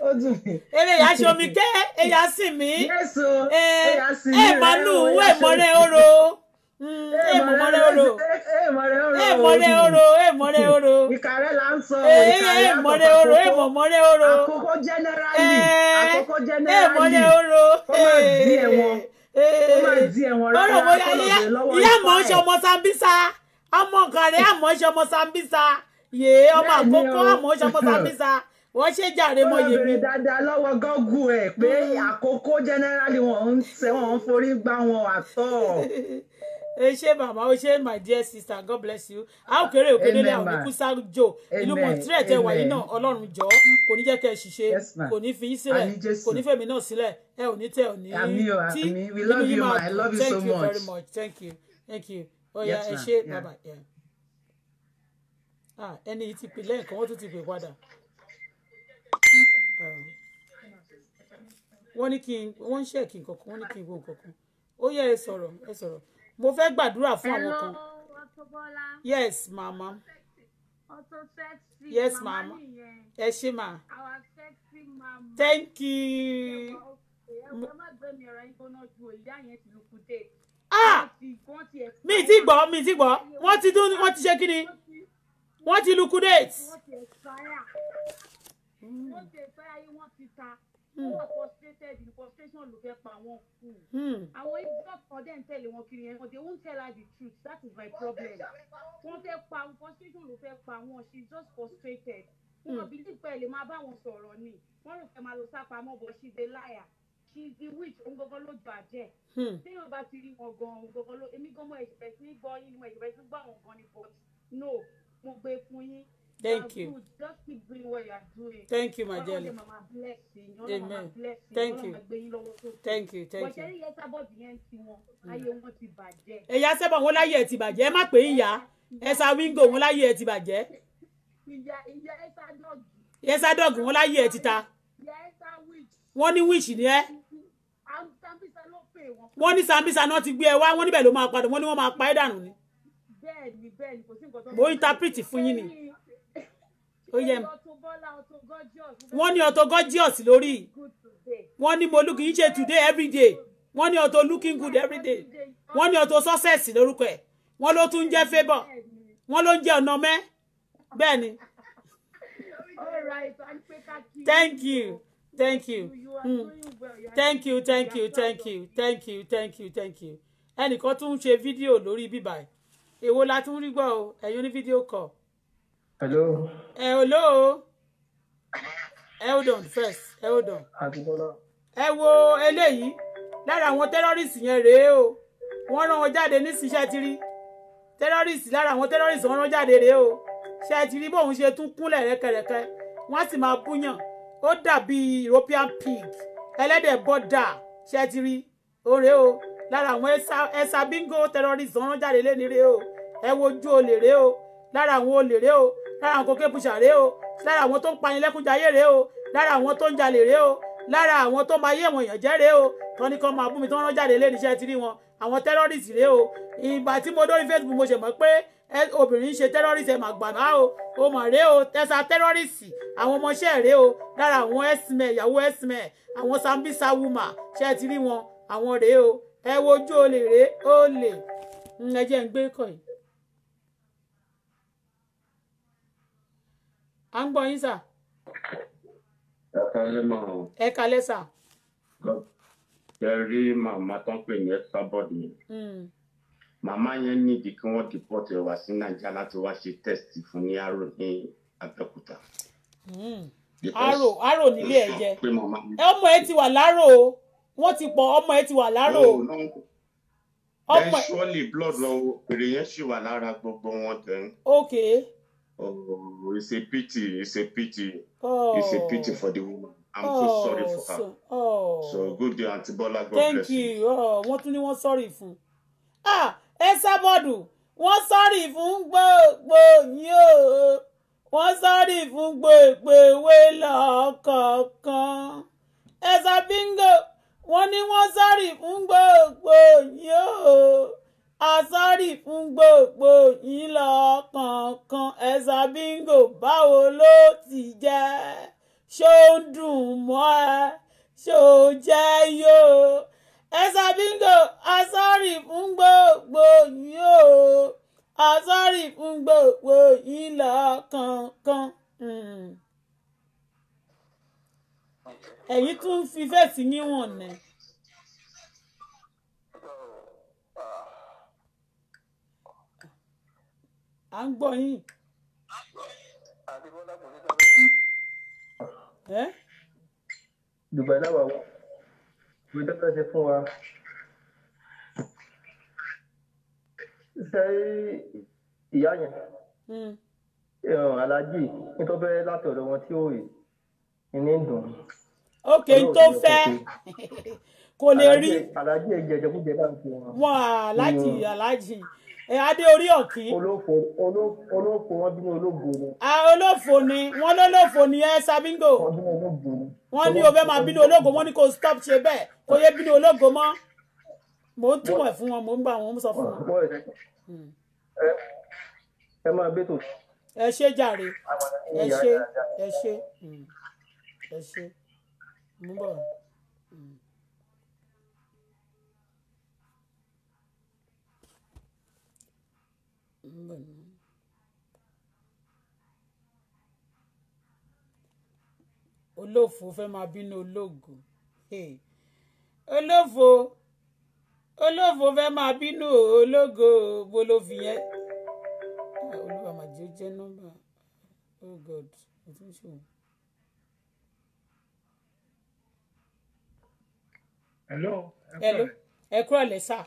ó dùn mí. eré ìyá ṣomi ké ẹ̀yà sì mí. yẹ́sọ̀ ẹ̀yà sì mí rẹ̀ ó yẹ ṣomi ké. ẹ̀ mọ̀lú wẹ̀ mọ́rẹ́ ó ro èmọ̀rẹ́ eh, eh, oro èmọ̀rẹ́ eh, oro èmọ̀rẹ́ oro ìkàrẹ́ là ń sọ èmọ̀rẹ́ oro èmọ̀mọ̀rẹ́ oro àkókò jẹ́nẹ́rálì àkókò jẹ́nẹ́rálì oro kó máa di ẹ̀wọ̀n kó máa di ẹ̀wọ̀n rárá kó lọ bẹ̀ lọ́wọ́ ìyá àmọ́ ṣe ọmọ Sambisa ọmọ kàrẹ́ àmọ́ ṣe ọmọ Sambisa yèé ọmọ àkókò àmọ́ ṣe ọmọ Sambisa wọ́n ṣe jàre mọ yèmí. olóbìnrin dáadáa lọ́wọ́ gọ́gù ẹ̀ pé mm. àkókò jẹ́nẹ́rálì wọn ń ṣe wọn ń forí gbá wọn àtọ̀. ẹ ṣé bàbá ó ṣé my dear sister god bless you a ó kéré òkèdélé àwọn oníkúsá jò ìlú mọ̀tírẹ̀ tẹ wàyí náà ọlọ́run jọ kò ní jẹ́ kẹ́ ẹ ṣìṣe kò ní fi yín sílẹ̀ kò ní fẹ̀mí náà sílẹ̀ ẹ ò ní tẹ ò ní tí inú yín máa dùn thank you very much thank you thank you oya ẹ ṣé bàbá ah, ẹni yìí ti pè lẹ́ẹ̀kan wọ́n tún ti pè padà ah. wọ́n ní kí wọ́n ń ṣe kí nǹkan kan wọ́n ní kí n wo nǹkan kan ó yẹ ẹ sọ̀rọ̀ ẹ sọ̀rọ̀ mo fẹ́ gbàdúrà fún àwọn kan. yes mama. auto sexy yes mama ẹ ṣé ma. our sexy mama. thank you. ẹ má gbé mi ọ̀rọ̀ yín gbóná ju ìyá yẹn ti lukú dé. ah mi ti gbọ́ mi ti gbọ́ wọ́n ti dún wọ́n ti ṣe kí ni wọ́n ti lukú dé. wọ́n ti ẹ̀ sáyà wọ́n ti ẹ̀ sáyà yín wọ́n ti ta ó hmm. wà frustrated in frustration ló fẹ́ pa wọn kù hmm. àwọn idiot kan dẹ̀ ń tẹ̀lé wọn kiri yẹn they won't tell her the truth that is my problem wọ́n fẹ́ pa frustration ló fẹ́ pa wọn she is just frustrated wọn hmm. believe pé ẹ lè máa bá wọn sọ̀rọ̀ ni wọ́n rò pé máa lọ sápamọ́ but she is a liar she is the witch òun gangan ló bàjẹ́ téèyàn bá ti rí wọn gan òun gangan ló èmi gan mọ ẹ̀jẹ̀ bẹ̀rẹ̀ sí ní gbọ́ yín mọ ẹ̀jẹ̀ bẹ̀rẹ̀ sí gbọ́ àwọn gan ni but no mo gbé fún yín Thank you. Just keep doing what you are doing. Thank you, my dear. Amen. Thank you. Thank you. Thank you. you Ẹ̀yà sẹ́bọ̀ wọn láyé you ti bàjẹ́, ẹ má pè é ìyá. Ẹ̀sà wíńgò wọn láyé ẹ̀ ti bàjẹ́. Ẹ̀sà dọ́ọ̀gì wọn láyé ẹ̀ ti ta. Wọ́n ní wíṣì ni ẹ́. Wọ́n ní sambisa náà ti gbé ẹ wá, wọ́n níbẹ̀ ló máa padà, wọ́n ní wọ́n máa pa ẹ́ dànù ni. Bẹ́ẹ̀ni bẹ́ẹ̀ni kò sí nǹkan tó ń bọ̀. Mo interpret fún yín ni ó yẹ wọ́n ní Auto Gorgeous lórí wọ́n ní mo look yín ṣe today every day wọ́n ní Auto looking good every day wọ́n ní Auto success lórúkọ ẹ̀ wọ́n ló tún jẹ́ favour wọ́n ló ń jẹ́ ọ̀nà mẹ́ bẹ́ẹ̀ ni. thank you thank you mm. thank you thank you thank you thank you thank you thank you ẹnìkan tún ń ṣe fídíò lórí bíbá ẹ̀ èwo la tún rí gbọ́ o ẹ̀yin ní fídíò kọ̀. Hello. Eh, hello. Eh, hold on first. Eh, hold on. Ẹ wo eléyìí lára àwọn terrorist yẹn rèé o. Wọ́n rán wọn jáde nísinsìnyí ti rí. Terrorist lára àwọn terrorist wọ́n rán jáde rèé o. Ṣé ti rí bóun ṣe tún kúnlẹ̀ rẹ́kẹrẹ́kẹ́? Wọ́n sì máa búyàn. Ó dàbí European pig. Ẹlẹ́dẹ̀ bọ́dà. Ṣé ti rí? Ó rèé o. Lára àwọn ẹ̀sà bingo terrorist wọ́n rán jáde lé ní rèé o. Ẹ wojú olè rèé o. Lára àwọn olè rèé o lára àwọn kòkè bùṣà rèé o lára àwọn tó ń pani lẹ́kúnjayé rèé o lára àwọn tó ń jalè rèé o lára àwọn tó máa yé àwọn èèyàn jẹ́ rèé o tán ní kan máa bú mi tó ń rán jáde lé níṣẹ́ ti wọn àwọn tẹ́rọ́rìsì rèé o ìgbà tí mo dórí Facebook mo ṣe mọ̀ pé obìnrin ń ṣe tẹ́rọ́rìsì ẹ̀ màgbà náà o o mọ̀ rèé o tẹ́sà tẹ́rọ́rìsì àwọn ọmọọṣẹ́ rèé o lára àwọn ẹ̀sìnmẹ̀ ìyàwó ẹ̀sìnmẹ̀ àwọn sambisa wuma ṣẹ́ ti rí wọn àwọn rèé o ẹ wojú olè rèé olè ẹ jẹ́ ń gbé kàn à ń gbọ́ yín sà. ẹ kalẹ́ mọ́ o. ẹ kalẹ́ sà. ẹ rí màmá tó ń pè ní Esabod mi. Hmm. màmá yẹn nídìí kí wọ́n deport ẹ wá sí nàìjíríà láti wá ṣe test fún ní arò ní Abẹ́òkúta. Hmm. arò arò nílé ẹ jẹ ọmọ ẹ ti wà lárò o wọ́n ti pọ̀ ọmọ ẹ ti wà lárò o ọmọ ẹ surely blood lọ òkèrè yẹn ṣì wà lára gbogbo wọn tẹ. Oh, it's a pity. It's a pity. Oh. It's a pity oh. for the woman. I'm oh, so sorry for her. So, oh. so good day, Auntie Bola. God Thank bless you. you. Oh, wọ́n tún ní wọ́n sọ̀rì fún. Ah, ẹ sábọ́dù, wọ́n sọ̀rì fún gbogbo yín o. Wọ́n sọ̀rì fún gbogbo ìwé lọ́kọ̀ọ̀kan. Ẹ sọ bíngò, wọ́n ní wọ́n sorry for gbogbo yín yo asọ́rì fún gbogbo yín lọ́kọ̀ọ̀kan ẹ̀sà bíngò báwo ló ti jẹ́ ṣó ń dùn mọ́ ẹ ṣó jẹ́ yó ẹ̀sà bíngò asọ́rì fún gbogbo yín o asọ́rì fún gbogbo yín lọ́kọ̀ọ̀kan. Hmm. ẹ̀yin tún fi fẹ́ẹ̀sì yín wọ̀n náà. à ń gbọ́ yín. ẹ́. Dubai náà wà wọ́n ìwé dọ́kítà ṣe fún wa. ṣe ìyá yẹn hmm. aláàjì nítorí fẹ́ láti ọ̀dọ̀ wọn tí ó rí ní dùn. ok tó fẹ́ kò lè rí. aláàjì ẹ̀jẹ̀ ẹ̀jẹ̀ kújẹ bá ń wọn. wọn aláàjì aláàjì ẹ adé orí ọ̀kí. olófò wọn bí olóògbò ni. olófò ni wọn lólófò ni ẹ sabingo wọn ní o fẹ́ máa bínú olóògbò wọn ní kò stop ṣe bẹ́ẹ̀ kò yẹ bínú olóògbò mọ́ mò ń túmọ̀ fún wọn mò ń gbà wọn mò ń sọ fún wọn. ẹ máa bẹ́tò. ẹ ṣe jàre ẹ ṣe ẹ ṣe ẹ ṣe mú bọ̀. Bueno. Olófo fẹ́ máa bínú ológo. Hey. Olófo olófo fẹ́ máa bínú ológo bó ló fi yẹn. Ah, Olúwa mà jẹ́ jẹ́ nọ́mbà. Oh God, mo tún ṣe òun. Hello. Hello. Ẹ kúrọ̀lẹ́ sá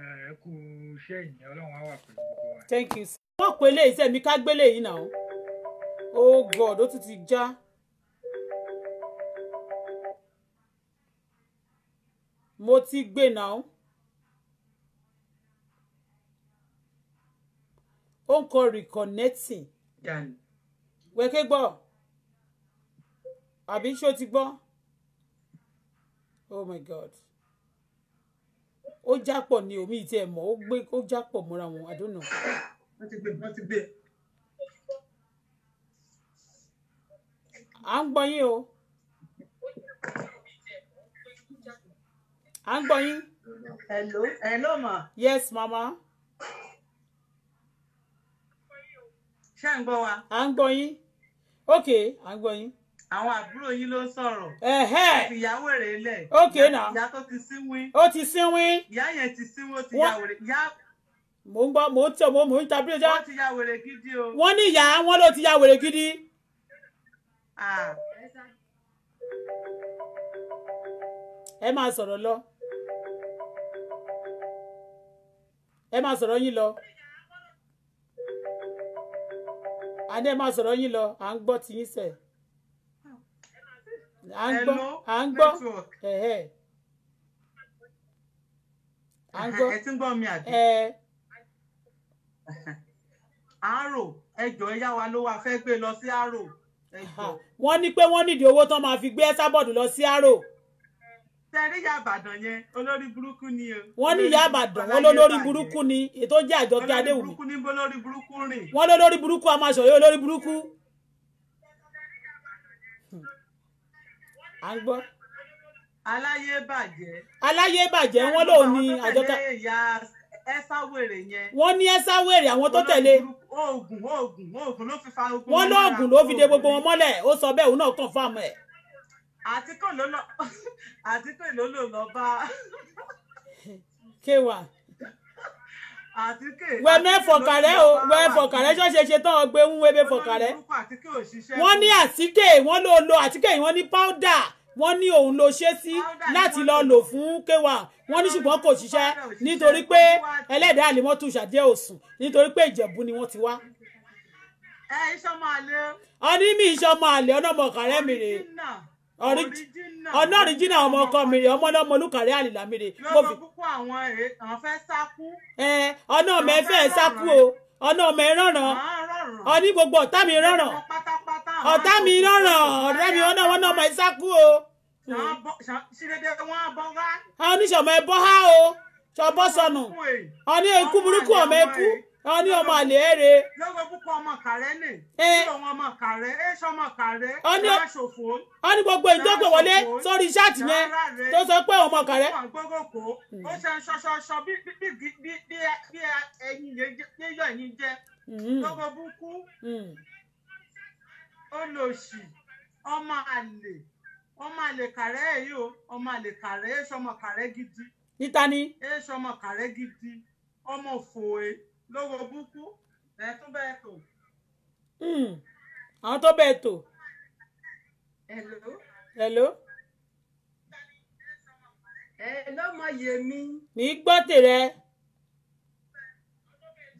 ẹ kú iṣẹ́ ìyẹn ọlọ́run á wà pẹ̀lú gbogbo wa. thank you sir. wọ́n pe ilé iṣẹ́ mi ká gbélé yìí náà oh god ó tún ti já. mo ti gbé náà. ó ń kọ reconnecting. wẹ́kẹ́ gbọ́ àbí ṣó ti gbọ́ oh my god ó jápọ̀ ni omi ìtì ẹ̀ mọ̀ ó gbé ó jápọ̀ mọ́ra wọn I à ń gbọ́ yín o. à ń gbọ́ yín. hello hello ma. yes mama. ṣé à ń gbọ́ wa. à ń gbọ́ yín ok à ń gbọ́ yín. àwọn àbúrò yín ló sọ̀rọ̀. ìyàwó rẹ̀ lẹ̀. ok na ìyá tó ti sínwín. ó ti sínwín. ìyá yẹn ti sínwín ó ti yàwó rẹ̀ ìyá. mò ń gbọ́ mò ń tẹ̀ mò ń ta bíríjà. wọ́n ti yàwó rẹ̀ gidi o. wọ́n ní ìyá wọn ló ti yàwó rẹ̀ gidi. ẹ máa sọ̀rọ̀ lọ. ẹ máa sọ̀rọ̀ yín lọ. adé máa sọ̀rọ̀ yín lọ à ń gbọ́ tiyín sẹ́ẹ̀. à ń gbọ́ à ń gbọ́ ẹ̀ẹ́ à ń gbọ́ ẹ ti ń gbọ́ mi àbí àárò ẹjọ́ ẹ yá wa ló wá fẹ́ gbé e lọ sí àárò ẹjọ́. wọ́n ní pé wọ́n nídìí owó tán máa fi gbé Esabod lọ sí àárò. sẹ́rí ìyá àbàdàn yẹn olórí burúkú ni o. wọ́n ní ìyá àbàdàn wọn lólórí burúkú ni ètò jẹ́ àjọkẹ́ adéwùmí. olórí burúkú ní bó lórí burúkú rìn. wọ́n lólórí burúkú a máa sọ̀rọ̀ olórí burúkú. à ń gbọ́. aláyé bàjẹ́. aláyé bàjẹ́ wọ́n lò ní àjọta. wọ́n ní ẹ́sà wèrè àwọn tó tẹ̀lé. oògùn oògùn oògùn ló fi fa ogun. wọ́n lóògùn ló fi de gbogbo wọn mọ́lẹ̀ ó sọ bẹ́ẹ̀ òun náà kàn fáàmù ẹ̀. àtikọ̀ ló lọ àtikọ̀ ló lọ bá. kéwàá wẹ̀mẹ́ fọ̀kàrẹ́ o wẹ̀ fọ̀kàrẹ́ ṣọ́ṣe ṣe tán ọgbẹ́ ń wẹ́bẹ́ fọ̀kàrẹ́ wọ́n ní àtíkè wọ́n ló lo àtíkè wọ́n ní páúdà wọ́n ní òun ló ṣe sí láti lọ lò fún kéwà wọ́n ní ṣùgbọ́n kò ṣiṣẹ́ nítorí pé ẹlẹ́dàá àlèmọ́tò ṣàjẹ́ òsùn nítorí pé ìjẹ̀bú ni wọ́n ti wá. ẹ ìṣọmọ àlè. ọ ní mi ìṣọmọ àlè ọlọmọ kàrẹ́ mi rèé. ọ̀nà ọ̀ríjìnà ọmọ ọkọ mi ọmọ náà mo lùkàrí àlìlámìrè. lọ́wọ́ púpọ̀ àwọn ọ̀nà eh, ọmọ fẹ́ sákú o ọ̀nà ọmọ ẹ rọ̀ràn gbogbo ọ̀tá mi rọ̀ràn ọ̀tá mi ọ̀rẹ́ mi ọ̀nà o. ọ ní ọmọ àlè ọmọ ọmọ ọmọ gbogbo wọlé sórí ṣáàtì ọmọ ọmọ àlè ọmọ àlè ọmọ àlè gidi. níta ni. ọmọ gidi ọmọ fòwe. lówó búkú ẹ tún bẹ́ẹ̀ tò. Hmm. àwọn tó bẹ́ẹ̀ tò. hello. hello. hello mọ yèmí. mi gbọ́ tèrè.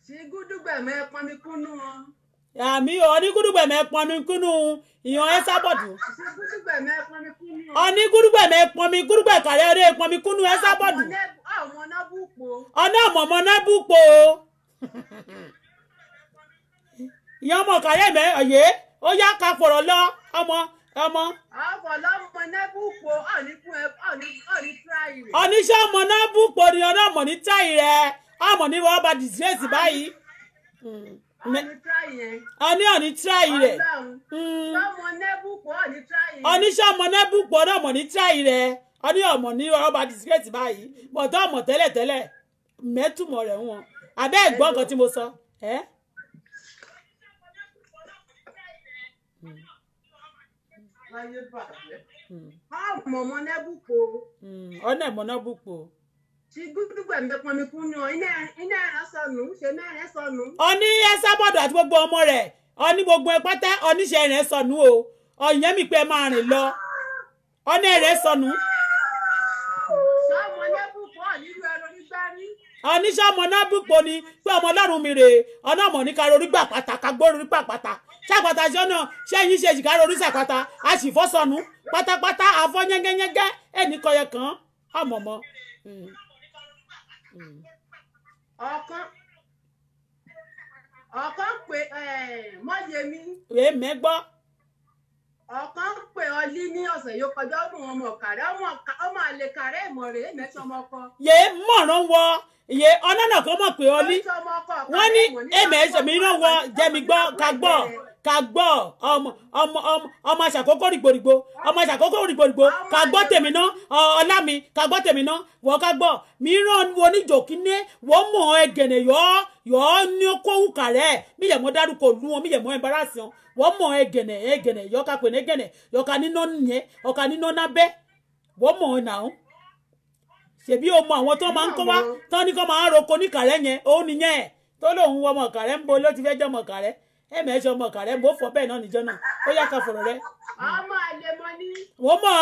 sí gúdúgbẹ̀mọ ẹ pọnmi kúnú wọn. àmì onígúdúgbẹ̀mọ ẹ pọnmi kúnú ìyàn ẹ sábọ̀dù. sí gúdúgbẹ̀mọ ẹ pọnmi kúnú wọn. onígúdúgbẹ̀mọ ẹ pọnmi gúdúgbẹ̀ kàrẹ́ eré pọnmi kúnú ẹ sábọ̀dù. ọ̀nà àmọ̀mọ́ náà bù pò. ọ̀nà àmọ̀mọ́ náà bù pò ìyá ọmọ kàyẹ́ mẹ́ ọ̀yẹ́ ó yá ká fọ̀rọ̀ lọ ọmọ ọmọ. ọ̀fọ̀lọ́mọ nábùpọ̀ oníṣẹ́ ọmọ nábùpọ̀ ni ọ̀nà ọmọ ní táyì rẹ̀ ọmọ ní wọ́n bá disgrace báyìí. ọní ọ̀ní tíráyì rẹ̀. oníṣẹ́ hmm. ọmọ nábùpọ̀ ọ̀nà ọmọ ní táyì rẹ̀ ọní ọmọ ní wọ́n bá disgrace báyìí bọ̀dọ̀ ọmọ tẹ́lẹ̀tẹ́lẹ̀ mẹ́tùmọ̀ rẹ̀ wọn abẹ́ ẹ̀gbọ́n nǹkan tí mo sọ. ọmọ nẹ́bùkọ. Hmm. ọ̀nà ẹ̀mọ nẹ́bùkọ. Hmm. ti gbúdúgbà mi pọn mi kún yan iná ẹ̀rọ sọnù ṣe mẹ́rin sọnù. ọní ẹ sábọ̀dọ̀ àti gbogbo ọmọ rẹ̀ ọní gbogbo ẹ pátá ọníṣẹ́ rẹ̀ sọnù o ọ̀yẹ́mí pé ẹ máa rìn lọ ọní ẹ̀rẹ́ sọnù. oníṣẹ́ ọmọ náà bùpọ̀ ni pé ọmọ ọlọ́run mi rèé ọlọ́mọ ní károrí gbà pátá kagbórí rí pàpàtà ṣàpàtà ṣọ́nà ṣẹ́yìn ṣe jìkà rorí ṣàpàtà a sì fọ́ sọnù pátápátá àfọ́ yẹ́ngẹ́yẹ́ngẹ́ ẹnì kọyẹ kan ọmọọmọ. Hmm. Hmm. ọ̀kan ọ̀kan pé eh, mọ́yẹmí. èèmẹ́ gbọ́ ọkàn pè ọ lí ní ọ̀sẹ̀ yóò kọjá ọmọ ọmọ kàrẹ́ ọmọ àlè kàrẹ́ ìmọ̀ rẹ̀ mẹ́tí ọmọ ọkọ. yé mọ̀ràn wọ iye ọ̀nà náà kọ́ mọ̀ pé ọ ní wọ́n ní èmẹ̀ẹ́sẹ̀ mi náà wọ jẹ́mi gbọ́ ká gbọ́. ká gbọ́ ọmọ ọmọ ọmọ aṣàkókò rìgbòrìgbò ọmọ aṣàkókò rìgbòrìgbò gbọ́ ọlá mi ka gbọ́ tèmi wọ́n gbọ́ mìíràn wo wọ́n mọ̀ ẹgẹ̀nẹ̀ ní okòwò kàrẹ́ mi dárúkọ wọn wọ́n mọ̀ ẹgẹ̀nẹ̀ ẹgẹ̀nẹ̀ ká ní ẹgẹ̀nẹ̀ ká níná nìyẹn ọ̀ka níná nábẹ́ wọ́n mọ̀ ṣèbí o mọ àwọn tó máa ń kọ́ wá tán ní ẹ mẹ ṣe ọmọ kàrẹ mo fọ bẹ́ẹ̀ náà níjọ náà ó yá ká fọ̀rọ̀ rẹ. ọmọ àlè mọ ní. wọ́n mọ̀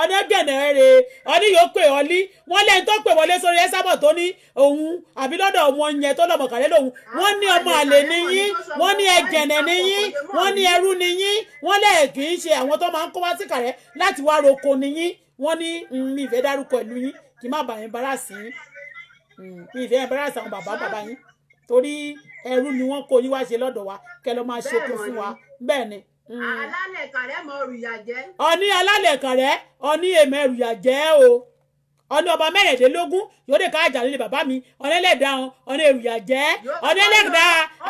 ọ̀nẹ́gẹ̀nẹ̀ rẹ̀ ọní yóò pè ọlí wọ́n lẹ́yìn tó pè wọlé sórí ẹ́sàbọ̀ tó ní òun àbí lọ́dọ̀ wọn yẹn tó lọ́mọ kàrẹ́ lòun wọ́n ní ọmọ àlè níyín wọ́n ní ẹgẹ̀nẹ̀ níyín wọ́n ní ẹrú níyín wọ́n lẹ́ẹ̀ kì í ṣe àwọn tó máa ń kó wá sí kàrẹ́ láti wá roko níyín wọ́n ní mm, mi ìfẹ́ dárúkọ ìlú yín kì í má bàa embarrass yín mm, mi ìfẹ́ àwọn bàbá bàbá yín torí ẹrú ni wọ́n kó yín wá ṣe lọ́dọ̀ wa kẹ́ lọ máa ṣe okun fún wa bẹ́ẹ̀ ni. Mm. alálẹ̀ kàrẹ́ mọ òrìyà jẹ́. ọ̀ní alálẹ̀ kàrẹ́ ọ̀ní èmọ̀ òrìyà jẹ́ o ọ̀ní ọba mẹ́rẹ̀ẹ́dẹ́lógún yóò dé káàjà nílé bàbá mi ọ̀nẹ́lẹ̀dá wọn ọ̀ní èrùyà jẹ́ ọ̀nẹ́lẹ̀dá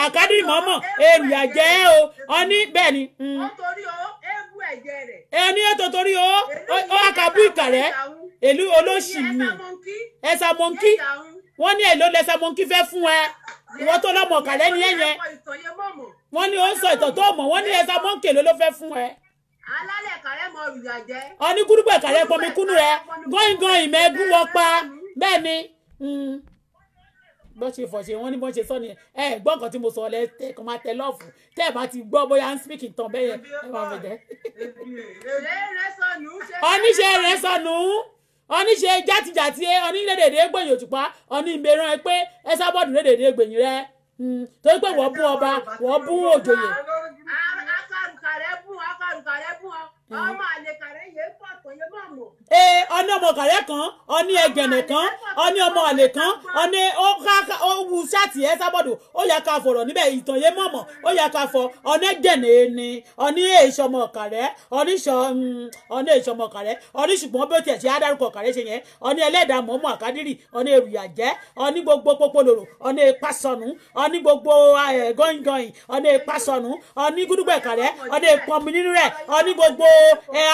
àkádìrì mọ́mọ́ èrùyà jẹ́ o ọ̀ní bẹ́ẹ̀ ni. Mm. ó torí o éwu ẹ̀jẹ̀ rẹ̀. ẹni ètò torí o ó àkàbù ìkàrẹ́ èlú olóṣì mi ẹ̀sà mọ̀nkí wọ́n ní èlò lẹ́sẹ̀ mo ń kí fẹ́ fún ẹ ìwọ tó lọ́mọ kàlẹ́ ní ẹ̀yẹ wọ́n ní ó ń sọ ìtàn tó mọ̀ wọ́n ní lẹ́sẹ̀ mo ń kèlò ló fẹ́ fún ẹ. alálẹ̀ kàrẹ́ mọ òrùyà jẹ́. ọní kúrúgbẹ̀ kàrẹ́ pọnmi kúnú rẹ gọ́ingọ́n ìmẹ́gún wọ pa bẹ́ẹ̀ ni hmm. bó ṣe fọ̀ ṣe wọ́n ní bó ṣe sọ ni ẹ gbọ́ nǹkan tí mo sọ ọ̀lẹ́ tẹ kàn máa tẹ lọ́ọ̀fù tẹ ẹ bá ti gbọ́ bóyá ń speak ìtàn bẹ́ẹ̀ yẹn ẹ máa ṣe rẹ sọnù. Oni oníṣe játijàti ẹ onílédèdè gbẹ̀yìn òtùpá onímẹ̀rán ẹ pé ẹ sábọ́ọ̀dù lédèdè gbẹ̀yìn rẹ hmm, torí pé wọ́n bú ọba wọ́n bú òjòyè. afárùkà rẹ bù afárùkà rẹ bù ọ ọmọ àlèkàrẹ́ yẹn pọ̀ tó yẹ mọ̀ mọ̀. ee ọní ọmọ kàrẹ́ kan ọní ẹgbẹ̀nẹ̀ kan ọní ọmọ àlè kan ọní ó wu ṣáàtì ẹ sábọ̀dù ó yẹ ká fọ̀rọ̀ níbẹ̀ ìtàn yẹn mọ̀mọ̀ ó yẹ ká fọ ọní ẹgbẹ̀nẹ̀ ni ọní èṣọmọ kàrẹ́ ọní èṣọmọ kàrẹ́ ọní ṣùgbọ́n bí ó tiẹ̀ ṣe adarúkọ kàrẹ́ ṣe yẹn ọní ẹlẹ́dàá mọ̀ọ́mọ̀ àkádìrì ọní èrìyàjẹ́ ọní gbogbo pópólòrò ọní ipa sọnù ọní gbogbo gọ́ingọ́in ọní ipa sọnù ọní gúdúgbẹ̀kàrẹ́ ọní ìpọnmi nínú rẹ̀ ọní gbogbo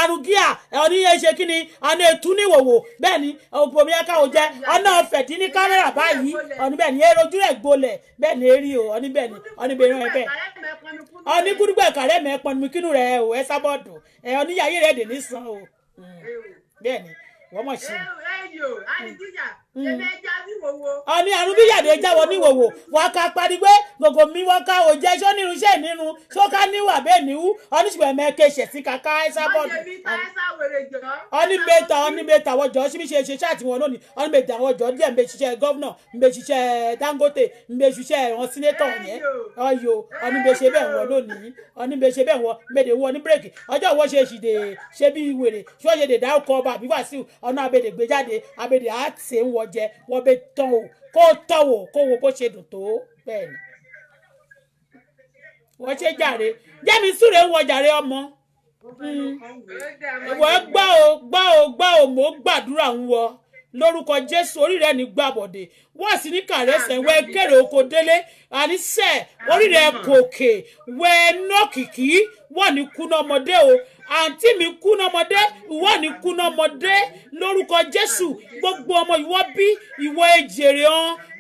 arugia oníyẹ ṣe kí ni ọ̀nà ètú níwòwò bẹ́ẹ̀ ni òbòmí ẹ̀ka ò jẹ́ ọ̀nà ọ̀fẹ́ tí ní kámẹ́rà báyìí ọ̀nà bẹ́ẹ̀ ni erojú rẹ̀ gbolẹ̀ bẹ́ẹ̀ ni eré o ọ̀nà bẹ́ẹ̀ ni ọ̀nà bẹ́ẹ̀ rẹ̀ bẹ́ẹ̀ ọ̀nà gúdúgbẹ̀ kàrẹ́ mẹ́ pọnmi kínú rẹ̀ o ẹ sábọ̀dù ẹ̀ ọ̀nìyàyé rẹ̀ dè ní sàn o hmm. bẹ́ẹ̀ ni wọ́n mọ̀ sí i ọ̀ní àrùn bí yàdé jáwọ́ níwòwò wà ká parigbé gbogbo mi wọ́n ká òjẹ́ ṣó nírun ṣe nínú ṣó ká níwà bẹ́ẹ̀ níwú ọ̀ní ṣùgbọ́n ẹ̀mẹ́ kẹsẹ̀ sí kàkà ẹ̀sà bọ́ọ̀lù ọ̀ní mẹ́ta ọ̀ní mẹ́ta àwọn jọ̀ọ́ síbi ṣe ṣe ṣáàtì wọn lónìí ọ̀ní mẹ́ta àwọn díẹ̀ mbẹ́ ṣiṣẹ́ gọ́vnà mbẹ́ ṣiṣẹ́ Dangote mbẹ́ ṣiṣẹ́ ẹ̀wọ̀n sínétọ̀ yẹn ọ̀yọ́ ọ̀ní mbẹ́ ṣe bẹ́ẹ̀ wọn lónìí ọ̀ní mbẹ́ ṣe bẹ́ẹ̀ wọn mbẹ́dẹ̀ wọ ní bírèkì ọjọ́ wọn ṣe ṣì dé ṣe bí wèrè ṣọ́ṣe dè wọ́n jẹ wọ́n bẹ tán o kó tán o kó wo bó ṣe dùn tó bẹ́ẹ̀ ni wọ́n ṣe jàre jẹ́mi súre ń wọ jàre ọmọ hmm. wọ́n gbọ́ o gbọ́ o gbọ́ o mò ń gbàdúrà ń wọ lórúkọ jésù orí rẹ ní gbàbọdè wọ́n sì ní kàrẹsẹ wẹ kéré oko délé àníṣe orí kòkè wẹ nọkìkì wọ́n ní kùnà ọmọdé o àǹtí mi kú n'ọmọdé ìwọ ni kú n'ọmọdé lórúkọ jésù gbogbo ọmọ ìwọ bí ìwọ ejèrè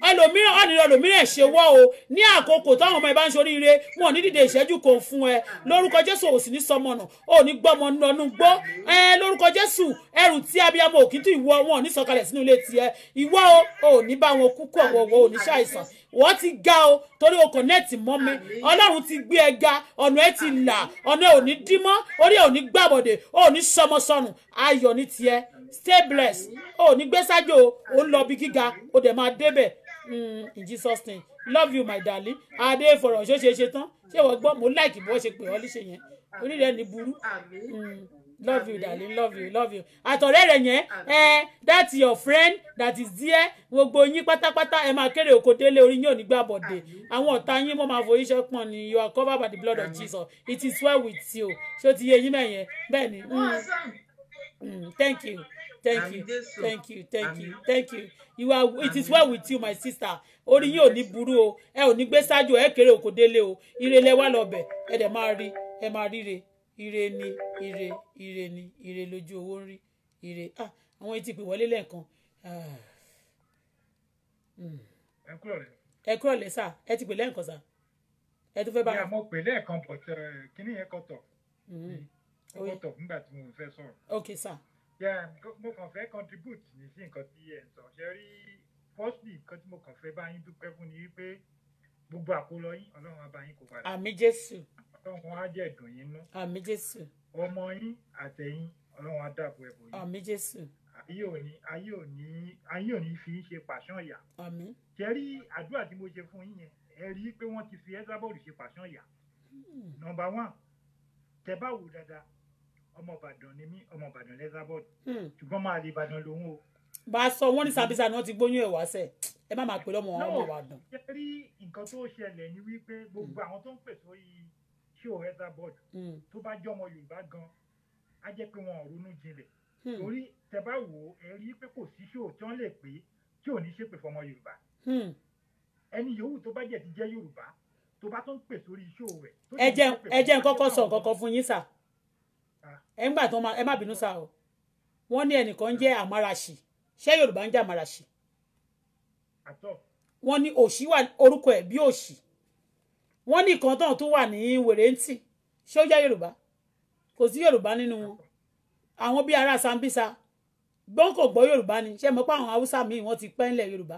hàn ẹlòmíràn ọ̀nì ẹlòmíràn ṣe wọ́ o ní àkókò táwọn ọmọ ẹ bá ń ṣoríire wọn ò ní dìde ìṣẹ́jú kan fún ẹ lórúkọ jésù ò sì ní sọmọnà ò ní gbọ́mọ nínú gbó ẹ lórúkọ jésù ẹrù tí abiyamọ òkìtì ìwọ wọn ò ní sọ̀kalẹ̀ sínú ilé tiẹ̀ ìwọ o ò ní bá wọn kú kọ ò ní ṣàìsàn wọ́n ti ga o torí o connect mọ́ mi ọlọ́run ti gbé ẹ ga ọ̀nà ẹ ti là ọ̀nà ẹ ò ní dí mọ́ orí ẹ ò ní gbàbọ̀dẹ̀ o ò ní sọmọ sọnù ayọ̀ ní tiẹ̀ stay blessed o ò ní gbé sájò o ò ń lọ bí gíga o dẹ̀ máa débẹ̀ mm, in Jesus name love you my darling adé fọ̀rọ̀ ṣó ṣe ṣe tán ṣé wọ́n gbọ́ mo like bí wọ́n ṣe pè ọ́ léṣe yẹn orí rẹ̀ ní burú love you darling love you love you àtọ̀rẹ́ rẹ̀ yẹn ẹ eh, that's your friend that is there gbogbo yín pátápátá ẹ máa kéré òkò délé orí yín ò ní gbà bọ̀dé àwọn ọ̀tá yín mo máa foyín ṣẹ́pọ̀n ni you are covered by the blood of Jesus it is well with you ṣé o ti yé yín mẹ́yẹn bẹ́ẹ̀ ni thank you thank you thank you thank you thank you you are it is well with you my sister orí yín ò ní burú o ẹ ò ní gbé ṣáájú ẹ kéré òkò délé o ìrẹ̀lẹ̀ wà lọ́bẹ̀ ẹ dẹ̀ máa rí ẹ máa ríre ire ni ire ire ni ire lójú owó ń rí ire ah àwọn etí ìpè wọlé lẹ́ẹ̀kan. Ah. Hmm. ẹ kúrò lẹ. ẹ kúrò lẹ sá ẹ ti pè lẹ́ẹ̀kan sá ẹ tún fẹ́ bá. ìyá mo pè lẹ́ẹ̀kan bọ̀ eh, kíní yẹn kọ́ tọ̀ kọ́ tọ̀ nígbà tí mo fẹ́ sọ̀rọ̀. ok sá. mo kàn fẹ́ contribute ní sí nǹkan tí ẹ̀ ń sọ ṣe rí firstly nǹkan tí mo kàn fẹ́ bá yín dúpẹ́ fún ni wípé gbogbo àkólọ yín ọlọ́run á bá yín kó padà. àmín jésù ọlọ́run á jẹ́ ìdùn yín nú. àmì jésù. ọmọ yín àtẹ̀yìn ọlọ́run á dàbò ẹ̀bùn yín. àmì jésù. ayé òní ayé òní ayé òní fi ń ṣe pàṣán ìyà. àmì. jẹ́rí àdúrà tí mo ṣe fún yín yẹn ẹ rí i pé wọ́n ti fi ẹ́sàbọ̀lù ṣe pàṣán ìyà. Hmm. nọ́mbà wán tẹ bá wò dáadáa ọmọ ìbàdàn ni mí ọmọ ìbàdàn lẹ́sàbọ̀lù hmm. ṣùgbọ́n máa lè ìbàdàn lòun o. bá a sọ wọn ní sàbísà ni wọn ti gbóyún ẹ wá sẹ ẹ má máa pè lọmọ ọmọ ìbàdàn. náà ṣe rí nǹkan tó ṣẹlẹ̀ ni wípé gbogbo hmm. àwọn tó ń pè sórí secure Esabod hmm. tó bá jọmọ Yorùbá gan á jẹ́ pé wọn ò ronú jinlẹ̀ hmm. torí tẹ bá wò ó ẹ rí pé kò sí ṣòó tí wọ́n lè pé tí ò ní ṣépè fọmọ Yorùbá hmm. ẹni yòówù tó bá jẹ́ ti jẹ́ Yorùbá tó bá tún pè sórí iṣẹ́ òwe. ẹ jẹ́ ẹ jẹ́ n kọ́kọ́ sọ nǹkan fún yín sà ẹ ń gbà tó ẹ má bínú sà o wọ́n ní ẹnìkan ń jẹ́ àmárasì ṣé yorùbá ń jẹ́ àmárasì. wọ́n ní òṣì wà orúkọ ẹ̀ bí òṣì wọ́n ní ìkan tán tó wà ní wèrèǹtì ṣé ó jẹ́ yorùbá kò sí yorùbá nínú wọn àwọn bíi ará sambisa gbọ́n kò yorùbá ni ṣé mọ̀ pé àwọn haúsá míì wọ́n ti pẹ́ ńlẹ̀ yorùbá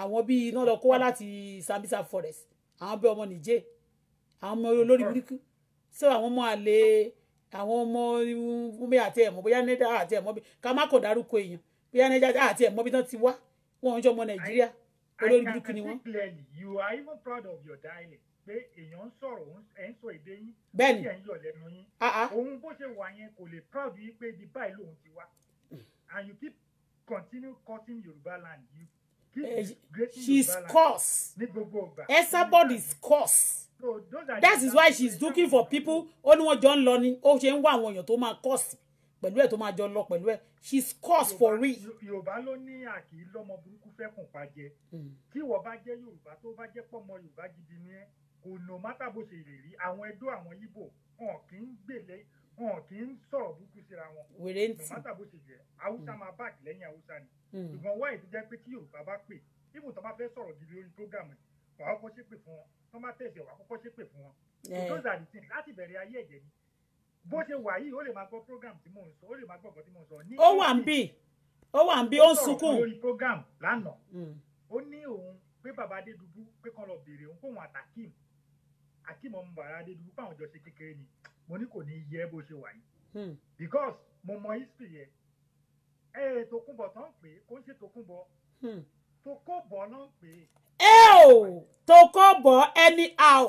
àwọn bíi iná lọ kó wá láti sambisa forest àwọn bíi ọmọ nìjẹ́ àwọn ọmọ olórí burúkú so àwọn ọmọ àlè àwọn ọmọ wúmi àti ẹ̀mọ́ bóyá nẹ́jà àti ẹ̀mọ́ bí ká má kò dárúkọ èèyàn bóyá nẹ́jà àti ẹ̀mọ́ bí tán ti wá wọn ò jọ ọmọ nàìjíríà olórí burúkú ni wọn. I can see clearly you are even proud of your dialect pé èèyàn ń sọ̀rọ̀ ẹ̀ ń sọ èdè yín bẹ́ẹ̀ni ẹ̀ ń yọ̀ lẹ́nu yín òun ah, ah. bó ṣe wà yẹn kò lè proud yín pé ibi báyìí lòun ti wá mm. and you keep continue cutting Yorùbá land you keep eh, disgrating uh, Yorùbá land ní gbogbo ọgbà. Esabod is coarse. So that is why she is looking for people ó ní wọ́n jọ ń lọ ni ó ṣe ń wá àwọn èèyàn tó máa coarse pẹ̀lú ẹ̀ tó máa jọ lọ pẹ̀lú ẹ̀ she is coarse for real. Yorùbá ló ní àkì lọ́mọ burúkú fẹ́ kùn pa jẹ mm. tí ìwọ bá jẹ́ Yorùbá tó bá jẹ́ pọ́mọ Yorùbá gidi ni ẹ́ kò nà mátà bó ṣe lè rí àwọn Ẹdó àwọn Ìgbò wọn kì í gbèlè wọn kì í sọ̀rọ̀ burúkú síra wọn nà mátà bó ṣe jẹ́ haúsá hmm. máa báàgì lẹ́yìn haúsá ni hmm. ṣùgbọ́n wáyé tó jẹ́ pé tí Yorùbá bá pè ibùn tó bá fẹ́ sọ̀rọ̀ gidi lórí program ẹ̀ wàá kọ́kọ́ ṣépè fún wọn tó bá tẹ̀sẹ̀ wàá kọ́kọ́ ṣépè fún wọn those eh. are the things láti bẹ̀rẹ̀ ayé ẹ̀jẹ̀ ni bó ṣe wà yìí ó lè máa gbọ́ program tí mò ń sọ ó lè máa gbọ́ ọ̀kan tí mò ń sọ. ó wà ń bì ó wà ń bì ó ń sunkún. ó lórí program lánàá hmm. ó ní òun pé bàbá Adédùbú pé kan lọ bèrè òun kóun àtàkìm akeem ọmọbàrà adédúró pé àwọn jọ ṣe kékeré ni mo ní kò ní yẹ bó ṣe wà yìí hmm. because mo mọ history yẹn ẹ ẹ tòkunbọ̀ tó ń pè é kó ń ṣe tòkunbọ̀ hmm. tòkóbọ̀ ló ń pè é ẹ ò tó kó bọ̀ ẹni a ò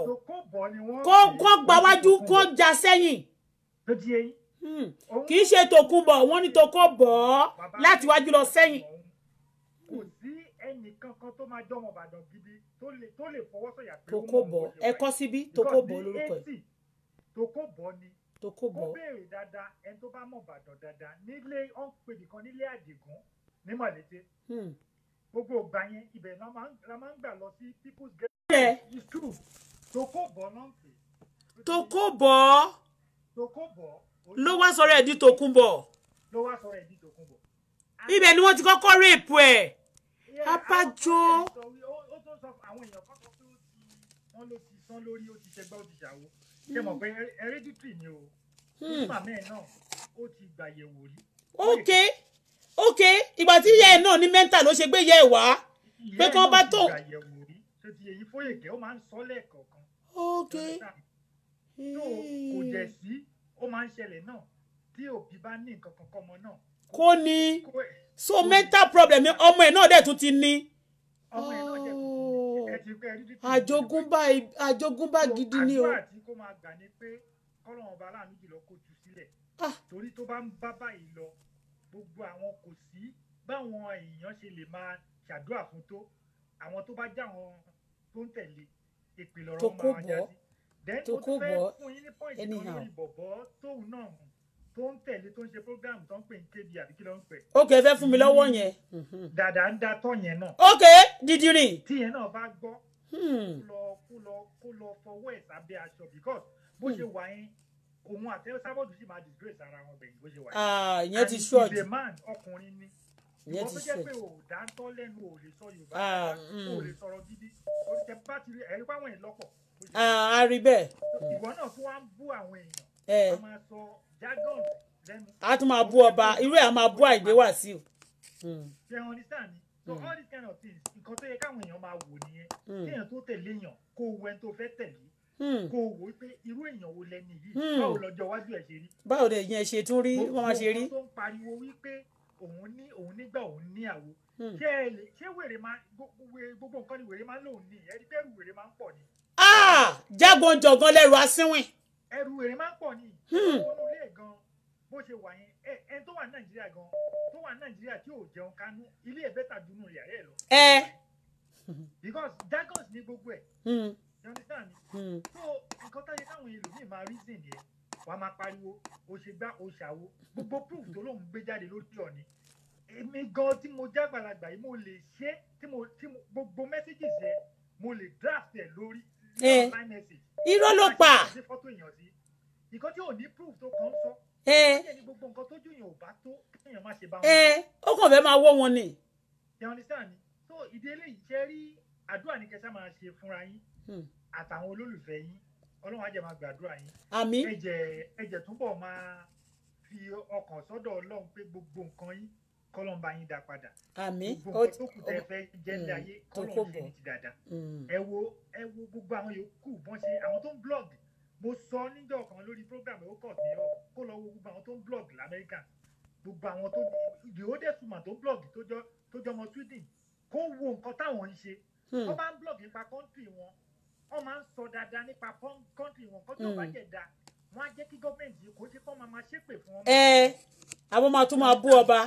kó kó gbáwájú kó já sẹ́yìn hmm. kì í ṣe tòkun bọ̀ wọ́n ní láti wájú lọ sẹ́yìn. kò sí ẹnìkan kan tó máa jọmọ Ìbàdàn gidi tó lè fọwọ́ sọ̀yà pé ó mọ̀ ọ́ bọ̀ ẹ kọ́ síbí Tókòbọ̀ lórúkọ ẹ̀ Tókòbọ̀ ni Tókòbọ̀ kó béèrè dáadáa ẹni tó bá mọ̀ Ìbàdàn dáadáa nílé ọ̀n pè nìkan nílé Àdìgún ní Mọ̀lété hmm. gbogbo ògbà yẹn ibẹ̀ la máa ń gbà lọ sí people's gate it's true Tókòbọ̀ náà pè. Tókòbọ̀ Tókòbọ̀ ló ló wá sọ̀rọ̀ ẹ̀ di Tòkunbọ̀. ibẹ̀ ni wọ́n ti kọ́kọ́ rèpù ẹ̀ abájọ. ó tó sọ àwọn èèyàn hmm. ni o hmm. nípa mẹ́ẹ̀ náà ó ti gbàyẹ̀wò rí. ok ok ìgbà tí ìyá ẹ náà ní mẹ́ńtà ló ṣe gbé ìyá ẹ wá pé kí wọ́n bá tó. ok kò ní so mental problem ọmọ ẹ̀ náà dẹ̀ tún ti ní. ọmọ ẹ̀ náà dẹ̀ oh. àjogúnbá àjogúnbá gidi ni o. àdúrà tí kò máa ni pé kọ́lọ́run ọba aláàánú jùlọ kó tu sílẹ̀ ah. torí tó bá ń bá báyìí lọ gbogbo àwọn kò sí báwọn èèyàn ṣe lè máa ṣàdúrà fún tó àwọn tó bá jáwọn tó ń tẹ̀lé ìpìlẹ̀ ọ̀rọ̀ máa wájà sí. tó kó bọ̀ anyhow. tó kó bọ̀ tóun tó ń tẹ̀lé tó ń ṣe program tó ń pè ní kébì àbí kí ló ń pè. ok ẹ fẹ́ fún mi lọ́wọ́ yẹn. dàdà ń da tọ́ yẹn náà. ok dídìrín. tí yẹn náà bá gbọ́ hmm. kó lọ kó lọ fọwọ́ ẹ̀ sábẹ́ aṣọ because bó ṣe hmm. wà yẹn òun àti sábọ̀dù sì máa disgrace ara wọn bẹ̀yìn bó ṣe wà yẹn. Ah, ìyẹn ti short. and the man ọkùnrin ni ìwọ tó jẹ́ pé o dáńtọ́ lẹ́nu ò lè sọ Yorùbá ah, o lè hmm. sọ̀rọ̀ gidi o ti tẹ a tún máa bú ọba irú ẹ̀ a máa bú àìgbé wá sí o. ṣe wọn ní sáà so hmm. all these kind of things nǹkan tó yẹ káwọn èèyàn máa wò nìyẹn hmm. kéèyàn tó tẹ̀lé èèyàn kó wo ẹni tó fẹ́ tẹ̀lé hmm. kó wo pé irú èèyàn wo lẹni yìí báwo lọ́jọ́ iwájú ẹ̀ ṣe rí. báwo lè yẹn ṣe tún rí wọ́n máa ṣe rí. mo tó ń pariwo wípé òun ní òun nígbà òun ní àwo ṣé ẹ lè ṣé wèrè máa gbogbo nǹkan ni wèrè máa lóun ní ẹni ẹrù èrè máa ń pọ̀ ní ìwọnú hmm. ilé gan bó ṣe wà yẹn ẹ tó wà ní nàìjíríà gan tó wà ní nàìjíríà tí ò jẹun kánú ilé ẹ bẹ́tà dunú rẹ̀ àárẹ̀ lọ. ẹ. because dragons ní gbogbo ẹ. Hmm. you understand mi. Hmm. so nǹkan tó yẹ káwọn ẹlòmíì máa reason yẹn wàá máa pariwo o ṣe gbá o ṣàwo gbogbo proof tó lóun gbé jáde lórí ọ̀ni èmi gan tí mo jágbàlagbà yìí mo lè ṣe tí mo gbogbo messages yẹn mo lè draft ẹ lórí Eh. irọ́ ló pa nǹkan tí ò ní proof tó kàn ń sọ eh. eh. ó kàn fẹ́ máa wọ́ wọn ni. you understand so ìdílé yìí ṣe rí àdúrà ní kẹsàn-án máa ṣe fúnra yín hmm. àtàwọn olólùfẹ́ yín ọlọ́run á jẹ́ máa gbàdúrà yín. àmín ẹ̀jẹ̀ ẹ̀jẹ̀ túbọ̀ máa fi ọkàn sọ́dọ̀ ọlọ́run pé gbogbo nǹkan yín kọ́lọ́n bá yín dá padà. àmì ó ti ó kùtẹ́ fẹ́ jẹ́lẹ̀ ayé mm, kọ́lọ́n ṣe ti dáadáa. Mm. ẹ wo ẹ wo gbogbo àwọn yòókù bọ́n ṣe àwọn tó ń blog mo sọ níjọ́ kan lórí program ó kọ̀ sí ọ kó lọ wo gbogbo àwọn tó ń blog lamẹ́ríkà gbogbo àwọn tó the oldest woman tó ń blog tó jọmọ Sweden kó wo nǹkan táwọn ń ṣe hmm. wọ́n máa ń blog nípa country wọn wọ́n máa ń sọ dáadáa nípa country wọn kọ́ńtì ọ̀bá jẹ̀ dáa wọ́n á jẹ́ kí gọ́ọ̀mẹ̀ntì kò ṣe kọ́ máa máa ṣépè fún wọn. ẹ eh, àwọn máa tún máa bú ọba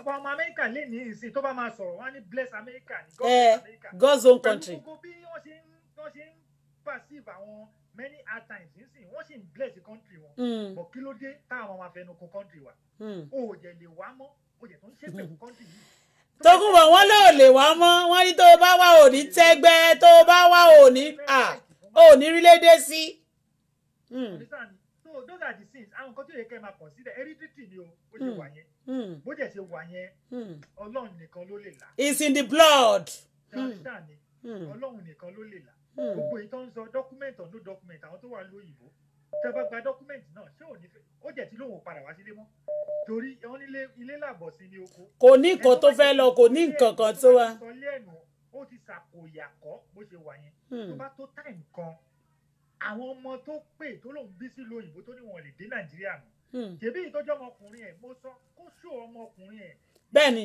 ọba ọmọ amẹ́ríkà lè ní ìsìn tó bá máa sọ̀rọ̀ wọ́n á ní bless america ní eh, god's own country. pẹ̀lú gbogbo bí wọ́n ṣe ń wọ́n ṣe ń perceive àwọn many hard times nísìn wọ́n sì ń bless the country wọn. Hmm. bọ̀ kí ló dé táwọn máa fẹnu country wa. Hmm. o ò jẹ̀ lè wá mọ́ o jẹ̀ tó ń ṣépè fún country yìí. tókùnbọ̀ wọn lè lè wá mọ́ wọ́n ní tó bá wà ò ní tẹ́gbẹ́ tó bá wà ò ní ò ní rí lédè sí. Hmm. so those are the things àwọn kan tó yẹ kẹ́ máa consider heredity ni o ó ṣe wà yẹn. Hmm. bó dẹ̀ ṣe wà yẹn hmm. ọlọ́run nìkan ló lè là. it's in the blood. Hmm. ọlọ́run nìkan ló lè là. gbogbo èyí tó ń sọ document or no document àwọn tó wà lóyìnbó tẹ́ bá gba document náà ṣé ò ní fẹ́ ó jẹ́ tí lóun ò padà wá sílé mọ́ torí wọn nílé ilé làbọ̀ sí ní oko. kò ní nǹkan tó fẹ́ lọ kò ní nǹkan kan tó wá. ó ti ṣàkóyàkọ́ bó ṣe wà yẹn tó bá tó táì nǹkan àwọn ọmọ tó pè tó lóun bí sílùú òyìnbó tó ní wọn lè dé nàìjíríà mọ́ Hmm. ṣèbí ìtọ́jú ọmọkùnrin ẹ̀ mo sọ kó ṣó ọmọkùnrin ẹ̀ bẹ́ẹ̀ni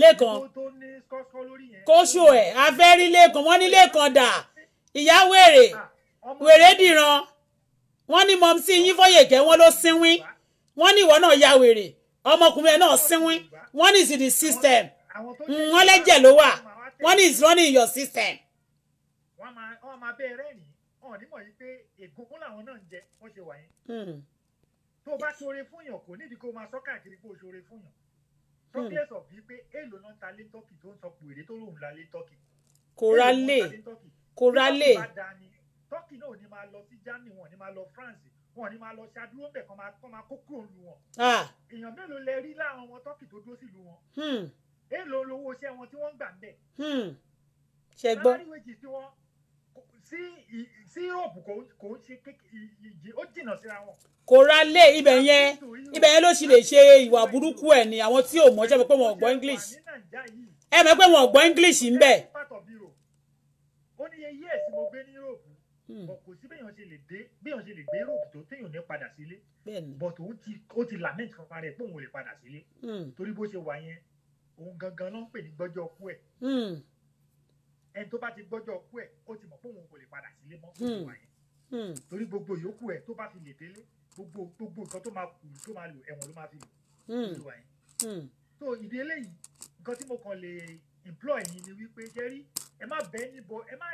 lẹ́kan kó ṣó ẹ̀ afẹ́rí lẹ́kan wọ́n ní lẹ́kan dà ìyá wèrè ah, wèrè dìran wọ́n ní mọ̀mísí yín fọ́yẹ̀kẹ́ wọ́n ló sínwín wọ́n ní ìwọ náà ya wèrè ọmọkùnrin náà sínwín wọ́n ní ìsìn system hmm, wọ́n lẹ́jẹ̀ ló wà wọ́n ní it's running your system. wọ́n máa bẹ́ẹ̀ rẹ́rìn-ín wọn ò ní mọ̀ pé ègún làwọn náà ń jẹ wọ́n ṣe wà yẹn. Hmm tó bá ṣoore fún yàn kò nídìí kó máa sọ káàkiri pé o ṣoore fún yàn tọ́kílẹ̀sì hmm. ọ̀bí pé èèlò náà ta lé tọ́kì tó ń sọ pèrè tó lòun la lé tọ́kì. kò ra lè kò ra lè. tọ́kì náà ò ní máa lọ sí Germany wọn ò ní máa lọ France wọn ò ní máa lọ ṣàdúró bẹ̀ kán máa kó kúrò lu wọn. èèyàn mélòó lẹ rí láwọn ọmọ tọ́kì tó dúró sílùú wọn. èèlò hmm. olówó iṣẹ́ wọn tí wọ́n ń gbà ń bẹ̀. ṣẹgbọ́n sí Europe kò ń ṣe ìjì ó jìnnà síra wọn. kò ra lé ibẹ̀ yẹn ibẹ̀ yẹn ló ṣì lè ṣe ìwà burúkú ẹ̀ ni àwọn tí ò mọ̀ ṣe pé wọn ò gbọ́ English ẹ mọ̀ pé wọn ò gbọ́ English ń bẹ̀. ó ní iye èsì mo gbé ní Europe hmm. bọ̀ kò sí béèyàn ṣe lè dé béèyàn ṣe lè gbé Europe tó téèyàn ní padà sílé but òun ti ó ti lament fúnra rẹ̀ pé òun ò lè padà sílé hmm. torí bó ṣe wà yẹn òun gangan ló ń pè ní gbọ́jọ́ ọkú ẹ̀. Hmm ẹni tó bá ti gbọ́jọ́ kú ẹ̀ ó ti mọ̀ pé òun kò lè padà sílé mọ́ tó ti hmm. yẹn hmm. torí gbogbo yòókù ẹ̀ tó bá fi lè délé gbogbo gbogbo nǹkan tó máa kù tó máa lò ẹ̀wọ̀n ló máa fi lò tó ti hmm. yẹn so ìdí eléyìí nǹkan tí mo kàn lè employ yín ni wípé jẹ́rí ẹ má bẹ́ẹ̀ níbo ẹ má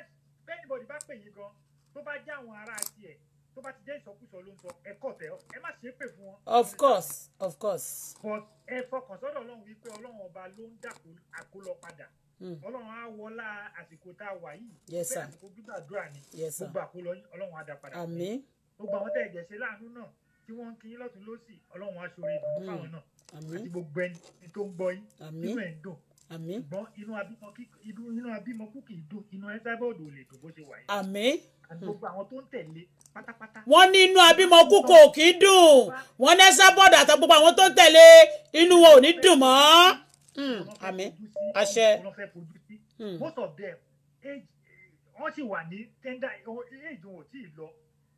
bẹ́ẹ̀ níbo ìbá pè yín gan tó bá já àwọn ará tiẹ̀ tó bá ti jẹ́ ìsọkúsọ ló ń sọ ẹ kọ̀ tẹ́ ẹ má ṣépè fún wọn. of course of course. but ẹ fọkàn sọ́dọ̀ ọlọ́run wípé ọlọ́run ọba ló ń dàkó àkólọ padà Hmm. ọlọ́run á wọlá àsìkò tá a wà yìí bẹ́ẹ̀ àsìkò gbígbàdúrà ni gbogbo àkólọ ọlọ́run á dá padà sí gbogbo àwọn tẹ̀ ẹ̀jẹ̀ ṣe láàánú náà tí wọ́n ń kí yín lọ́tún lọ́sì ọlọ́run á ṣoore ìdùnnú fáwọn hmm. náà àti gbogbo ẹni tó ń gbọ́ yín nínú ẹ̀ ń dùn ṣùgbọ́n inú abímọ kú kì í dùn inú ẹ́sábọ́ọ̀dù ò lè dùn bó ṣe wà yìí àti gbogbo àwọn tó ń tẹ̀lé pátápátá. wọ́n ní inú abímọ kú kò kì í dùn wọ́n ní ẹ́sábọ́ọ̀dù àti gbogbo àwọn tó ń tẹ̀lé inú wọn ò ní dùn mọ́. Mm. àmín àṣẹ. Mm. most of them age wọ́n ti wà ní tender age wọn ò tí ì lọ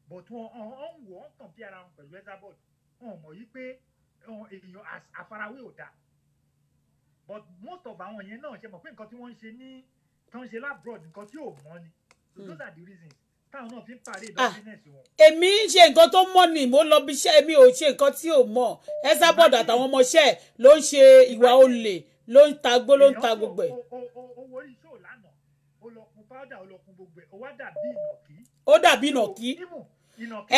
but wọn ọ̀hún wò ó ń compare ara wọn pẹ̀lú Esabod wọn ò mọ̀ yí pé èèyàn àfarawé ò dáa but most of àwọn yẹn náà ṣe mọ̀ pé nǹkan tí wọ́n ń ṣe ní tán ṣe labroad nǹkan tí ò mọ́ ni so mm. those are the reasons táwọn náà fi ń parí ìdá ah, bísínẹ́sì wọn. èmi ń ṣe nǹkan tó mọ̀ ni mo lọ bí iṣẹ́ mi ò ṣe nǹkan tí ò mọ̀ Esabod àtàwọn ọmọọṣẹ́ ló ń ṣe ìwà olè ló ń ta gbó ló ń ta gbogbo ẹ̀. owó orí iṣẹ́ ò lánàá ó lọ kun powder ó lọ kun gbogbo ẹ̀ ó wá dàbí ìnàkí. ó dàbí ìnàkí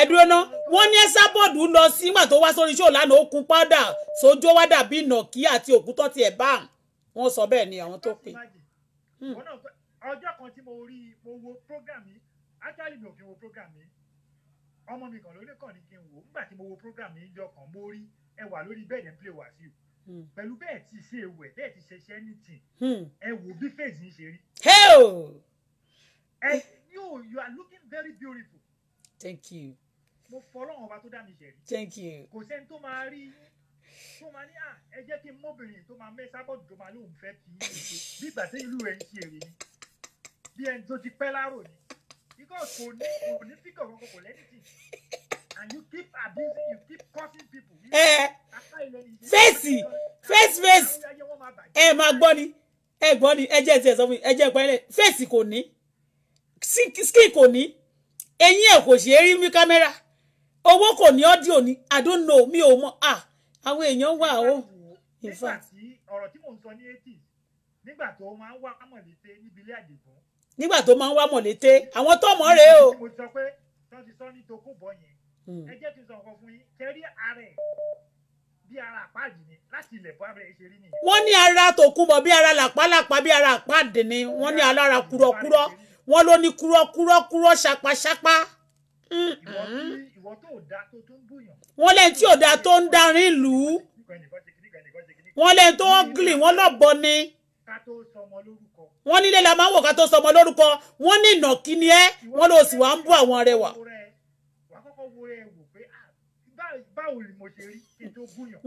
ẹ̀dúró náà wọ́n ní Esabod ń lọ sígbà tó wá sórí iṣẹ́ ò lánàá ó kun powder sójú ó wá dàbí ìnàkí àti òkútọ́ tiẹ̀ bá wọ́n sọ bẹ́ẹ̀ ni àwọn tó pè. Hmm. ọjọ́ kan tí mo rí mo wo program yìí actually mi ò kí wo program yìí ọmọ mi kan ló kàn ní kí n wò nígbà tí mo wo program yìí jọ kàn mo ẹ wà lórí bẹ́ẹ̀ yẹn play Wasiu hmm. pẹ̀lú bẹ́ẹ̀ ti ṣe ewẹ̀ bẹ́ẹ̀ ti ṣe ṣe anything hmm. ẹ wò bí face yìí ṣe rí. ẹ yóò you are looking very beautiful. thank you. mo fọlọ́run ọba tó dá mi ṣẹ̀rí. thank you. kò sẹ́ni tó máa rí tó máa ní ẹ jẹ́ kí n mọ́bìnrin tó máa mẹ́ sábọ̀dù tó máa lóun fẹ́ kí n ṣe bí ìgbà tí ìlú rẹ̀ ń ṣe èrè ni bí ẹni tó ti pẹ́ láàrò ni because kò ní kò ní fíkọ̀ kankan kò lẹ́nìtì and you keep abusing you keep cursing people. ẹ fèsì fèsì fèsì ẹ máa gbọ́ ni ẹ gbọ́ ni ẹ jẹ́ ẹ sọ fún mi ẹ jẹ́ ẹ pẹ́lẹ́ fèsì kò ní skin kò ní eyín ẹ̀ kò ṣeé rí mi kámẹ́rà owó kò ní ọ́díò ní i don't know mi ò mọ ah àwọn èèyàn wà ó in fact. nígbà tí ọ̀rọ̀ tí mò ń sọ ní eighty nígbà tó máa ń wá amọ̀lẹ́tẹ̀ níbi ilé àdìgbò nígbà tó máa ń wá mọ̀lété àwọn tó mọ̀ rèé o. mo sọ pé wọ́n sọ ní tokóbọ̀ yẹn hmm. ẹ jẹ́ kí n sọ nǹkan fún yín kẹrí ààrẹ bí ara àpáàdì ni láti ilẹ̀ bọ́ abẹ́rẹ́ ṣe rí wọ́n ní ara tòkunbọ̀ bí ara làpálàpá bí ara àpáàdì ni wọ́n ní alára kúrọ́kúrọ́ wọ́n ló ní kúrọ́kúrọ́kúrọ́ ṣapaṣapa. Hmm. wọ́n lẹ́yìn tí ò da tó ń darí ìlú. wọ́n lẹ́yìn tó ń gìlì wọ́n lọ́bọ ni wọ́n nílé la máa ń wò ká tó sọmọ lórúkọ wọ́n ní ìnàkí ni ẹ́ wọ́n ló sì wá ń bú àwọn rẹwà. Ah,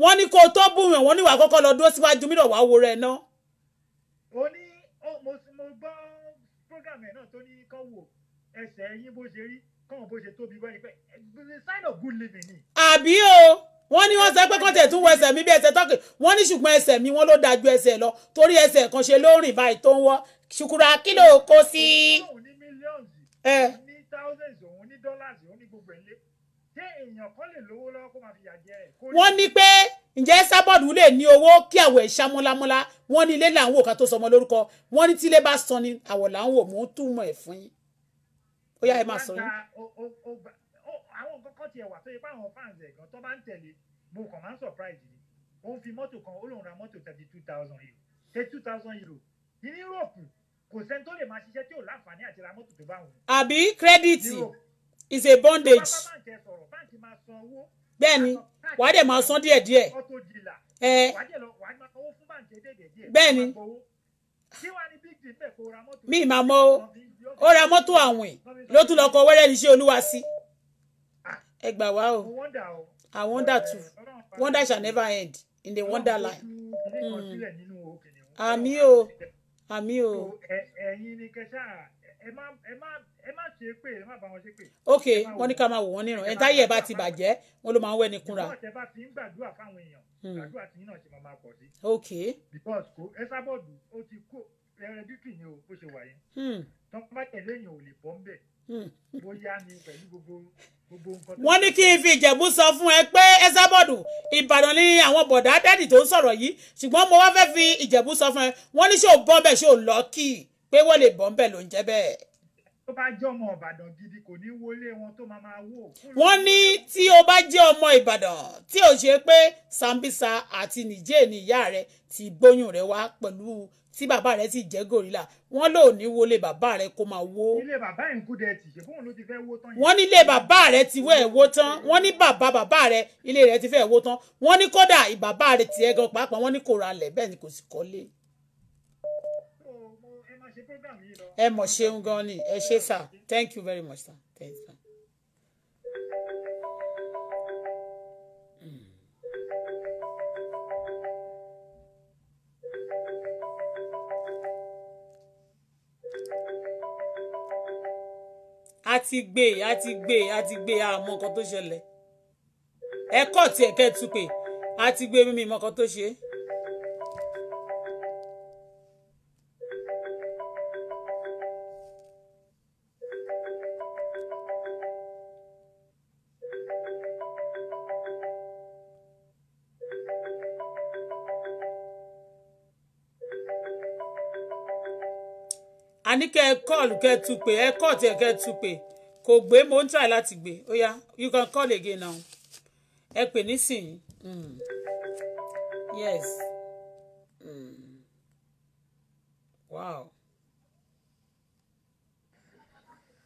wọ́n ní kó o tó búyàn wọ́n ní wàá kọ́kọ́ lọ dúró síwájú mìíràn wàá wo rẹ̀ náà. ó ní mo gbọ́ program ẹ̀ náà tó ní kọ́ wò ẹsẹ̀ yín bó ṣe rí kọ́ bó ṣe tóbi wẹ́n ni eh, the sign of good living ni. àbí o wọ́n ní wọ́n sọ pé kọ́ńtẹ̀ tún wọ ẹsẹ̀ mi bí ẹsẹ̀ tọ́kì wọ́n ní ṣùgbọ́n ẹsẹ̀ mi wọ́n ló dájú ẹsẹ̀ lọ torí ẹsẹ̀ kan ṣe ló ń rìn báyìí tó ń wọ́ ṣùkúrà kí ló kó sí. òun ní mílíọ̀nù òun ní thousands òun ní dollars òun ní gbogbo ẹ̀lẹ́ ṣé èèyàn kan lè lówó lọ́wọ́ kó máa fi yà jẹ ẹ̀. wọ́n ní pé ǹjẹ́ sábọ̀dù lè ní owó kí àwọ̀ ẹ̀ ṣá mọ́lámọ́lá wọ́n ní ilé là ń tó sọmọ lórúkọ wọ́n ní tílé bá sọ ni àwọ̀ là ń ń túmọ̀ ẹ̀ fún yín ó yá ẹ máa sọ yín tiẹ̀ wà tó yẹ pé àwọn fans ẹ̀ gan tó bá ń tẹ̀lé mo kàn máa ń surprise ni ó fi mọ́tò kan ó lòun ra mọ́tò thirty two thousand euro thirty two thousand euro ní Europe kò sẹ́ni tó lè máa ṣiṣẹ́ tí ò láǹfààní àti ra mọ́tò tó bá wọn. àbí kírẹ́dìtì is a bondage. bẹ́ẹ̀ni wàá dẹ̀ máa san díẹ̀díẹ̀. bẹ́ẹ̀ni mi máa mọ ó ra mọ́tò àwìn ló tún lọ́kọ̀ wẹ́rẹ́ ní iṣẹ́ olúwa sí ẹ gbà wá o a wonder too wonder shall never end in the wonder line. Hmm. àmì o àmì o. ẹ̀yin ni kẹsà ẹ má ok wọn ní ká máa wò wọn níran ẹni táyé bá ti bàjẹ́ wọn ló máa ń wẹni kúnra. Hmm. ok ni o bó hmm. tọ́pọ̀ tẹ̀lé èèyàn ò lè bọ́ ń bẹ̀ bóyá ni pẹ̀lú gbogbo wọ́n ní kí n fi ìjẹ̀bú sọ fún ẹ pé ẹsẹ́bọ̀dù ìbàdàn ni àwọn bọ̀dá dádì tó ń sọ̀rọ̀ yìí ṣùgbọ́n mo wá fẹ́ fi ìjẹ̀bú sọ fún ẹ wọ́n ní ṣé ò bọ́ bẹ́ẹ̀ ṣé ò lọ́kì pé wọ́n lè bọ́ bẹ́ẹ̀ ló ń jẹ́ bẹ́ẹ̀. tó bá jẹ́ ọmọ ìbàdàn gidi kò ní wọlé wọn tó máa máa wò. wọ́n ní tí o bá jẹ́ ọmọ ìbàdàn tí ò ṣe pé sambisa àti nìjẹ́ ni ìyá rẹ ti gbóyún rẹ wá pẹ̀lú tí bàbá rẹ̀ ti jẹ́ gòrílà wọ́n lò ní wo lè bàbá rẹ̀ kó máa wó. ilé bàbá ẹ̀ ń kú dẹ tì ṣe fóun ló ti fẹ́ wó tán. wọ́n ní ilé bàbá rẹ̀ ti wẹ́ ẹ̀ wó tán wọ́n ní bàbá bàbá rẹ̀ ilé rẹ̀ ti fẹ́ wó tán wọ́n ní kódà ìbàbá rẹ̀ tiẹ̀ gan pàápàá wọ́n ní kò ra lẹ̀ bẹ́ẹ̀ ni kò sì kọ́lé. ẹ mọ̀ ṣeun gan ni ẹ ṣe sà thank you very much sir. a ti gbé a ti gbé a ti gbé àmọ́ nǹkan tó ṣẹlẹ̀ ẹ̀kọ́ tiẹ̀ kẹ́ ẹ tún pé a ti gbé mímí mọ́kàn tó ṣe é. a ní kẹ́ ẹ call kẹ́ ẹ tún pé ẹ call tiẹ̀ kẹ́ ẹ tún pé kò gbé mo ń try láti gbé ó yá you can call again now ẹ pè nísìnyí hmm. yes mm. wow.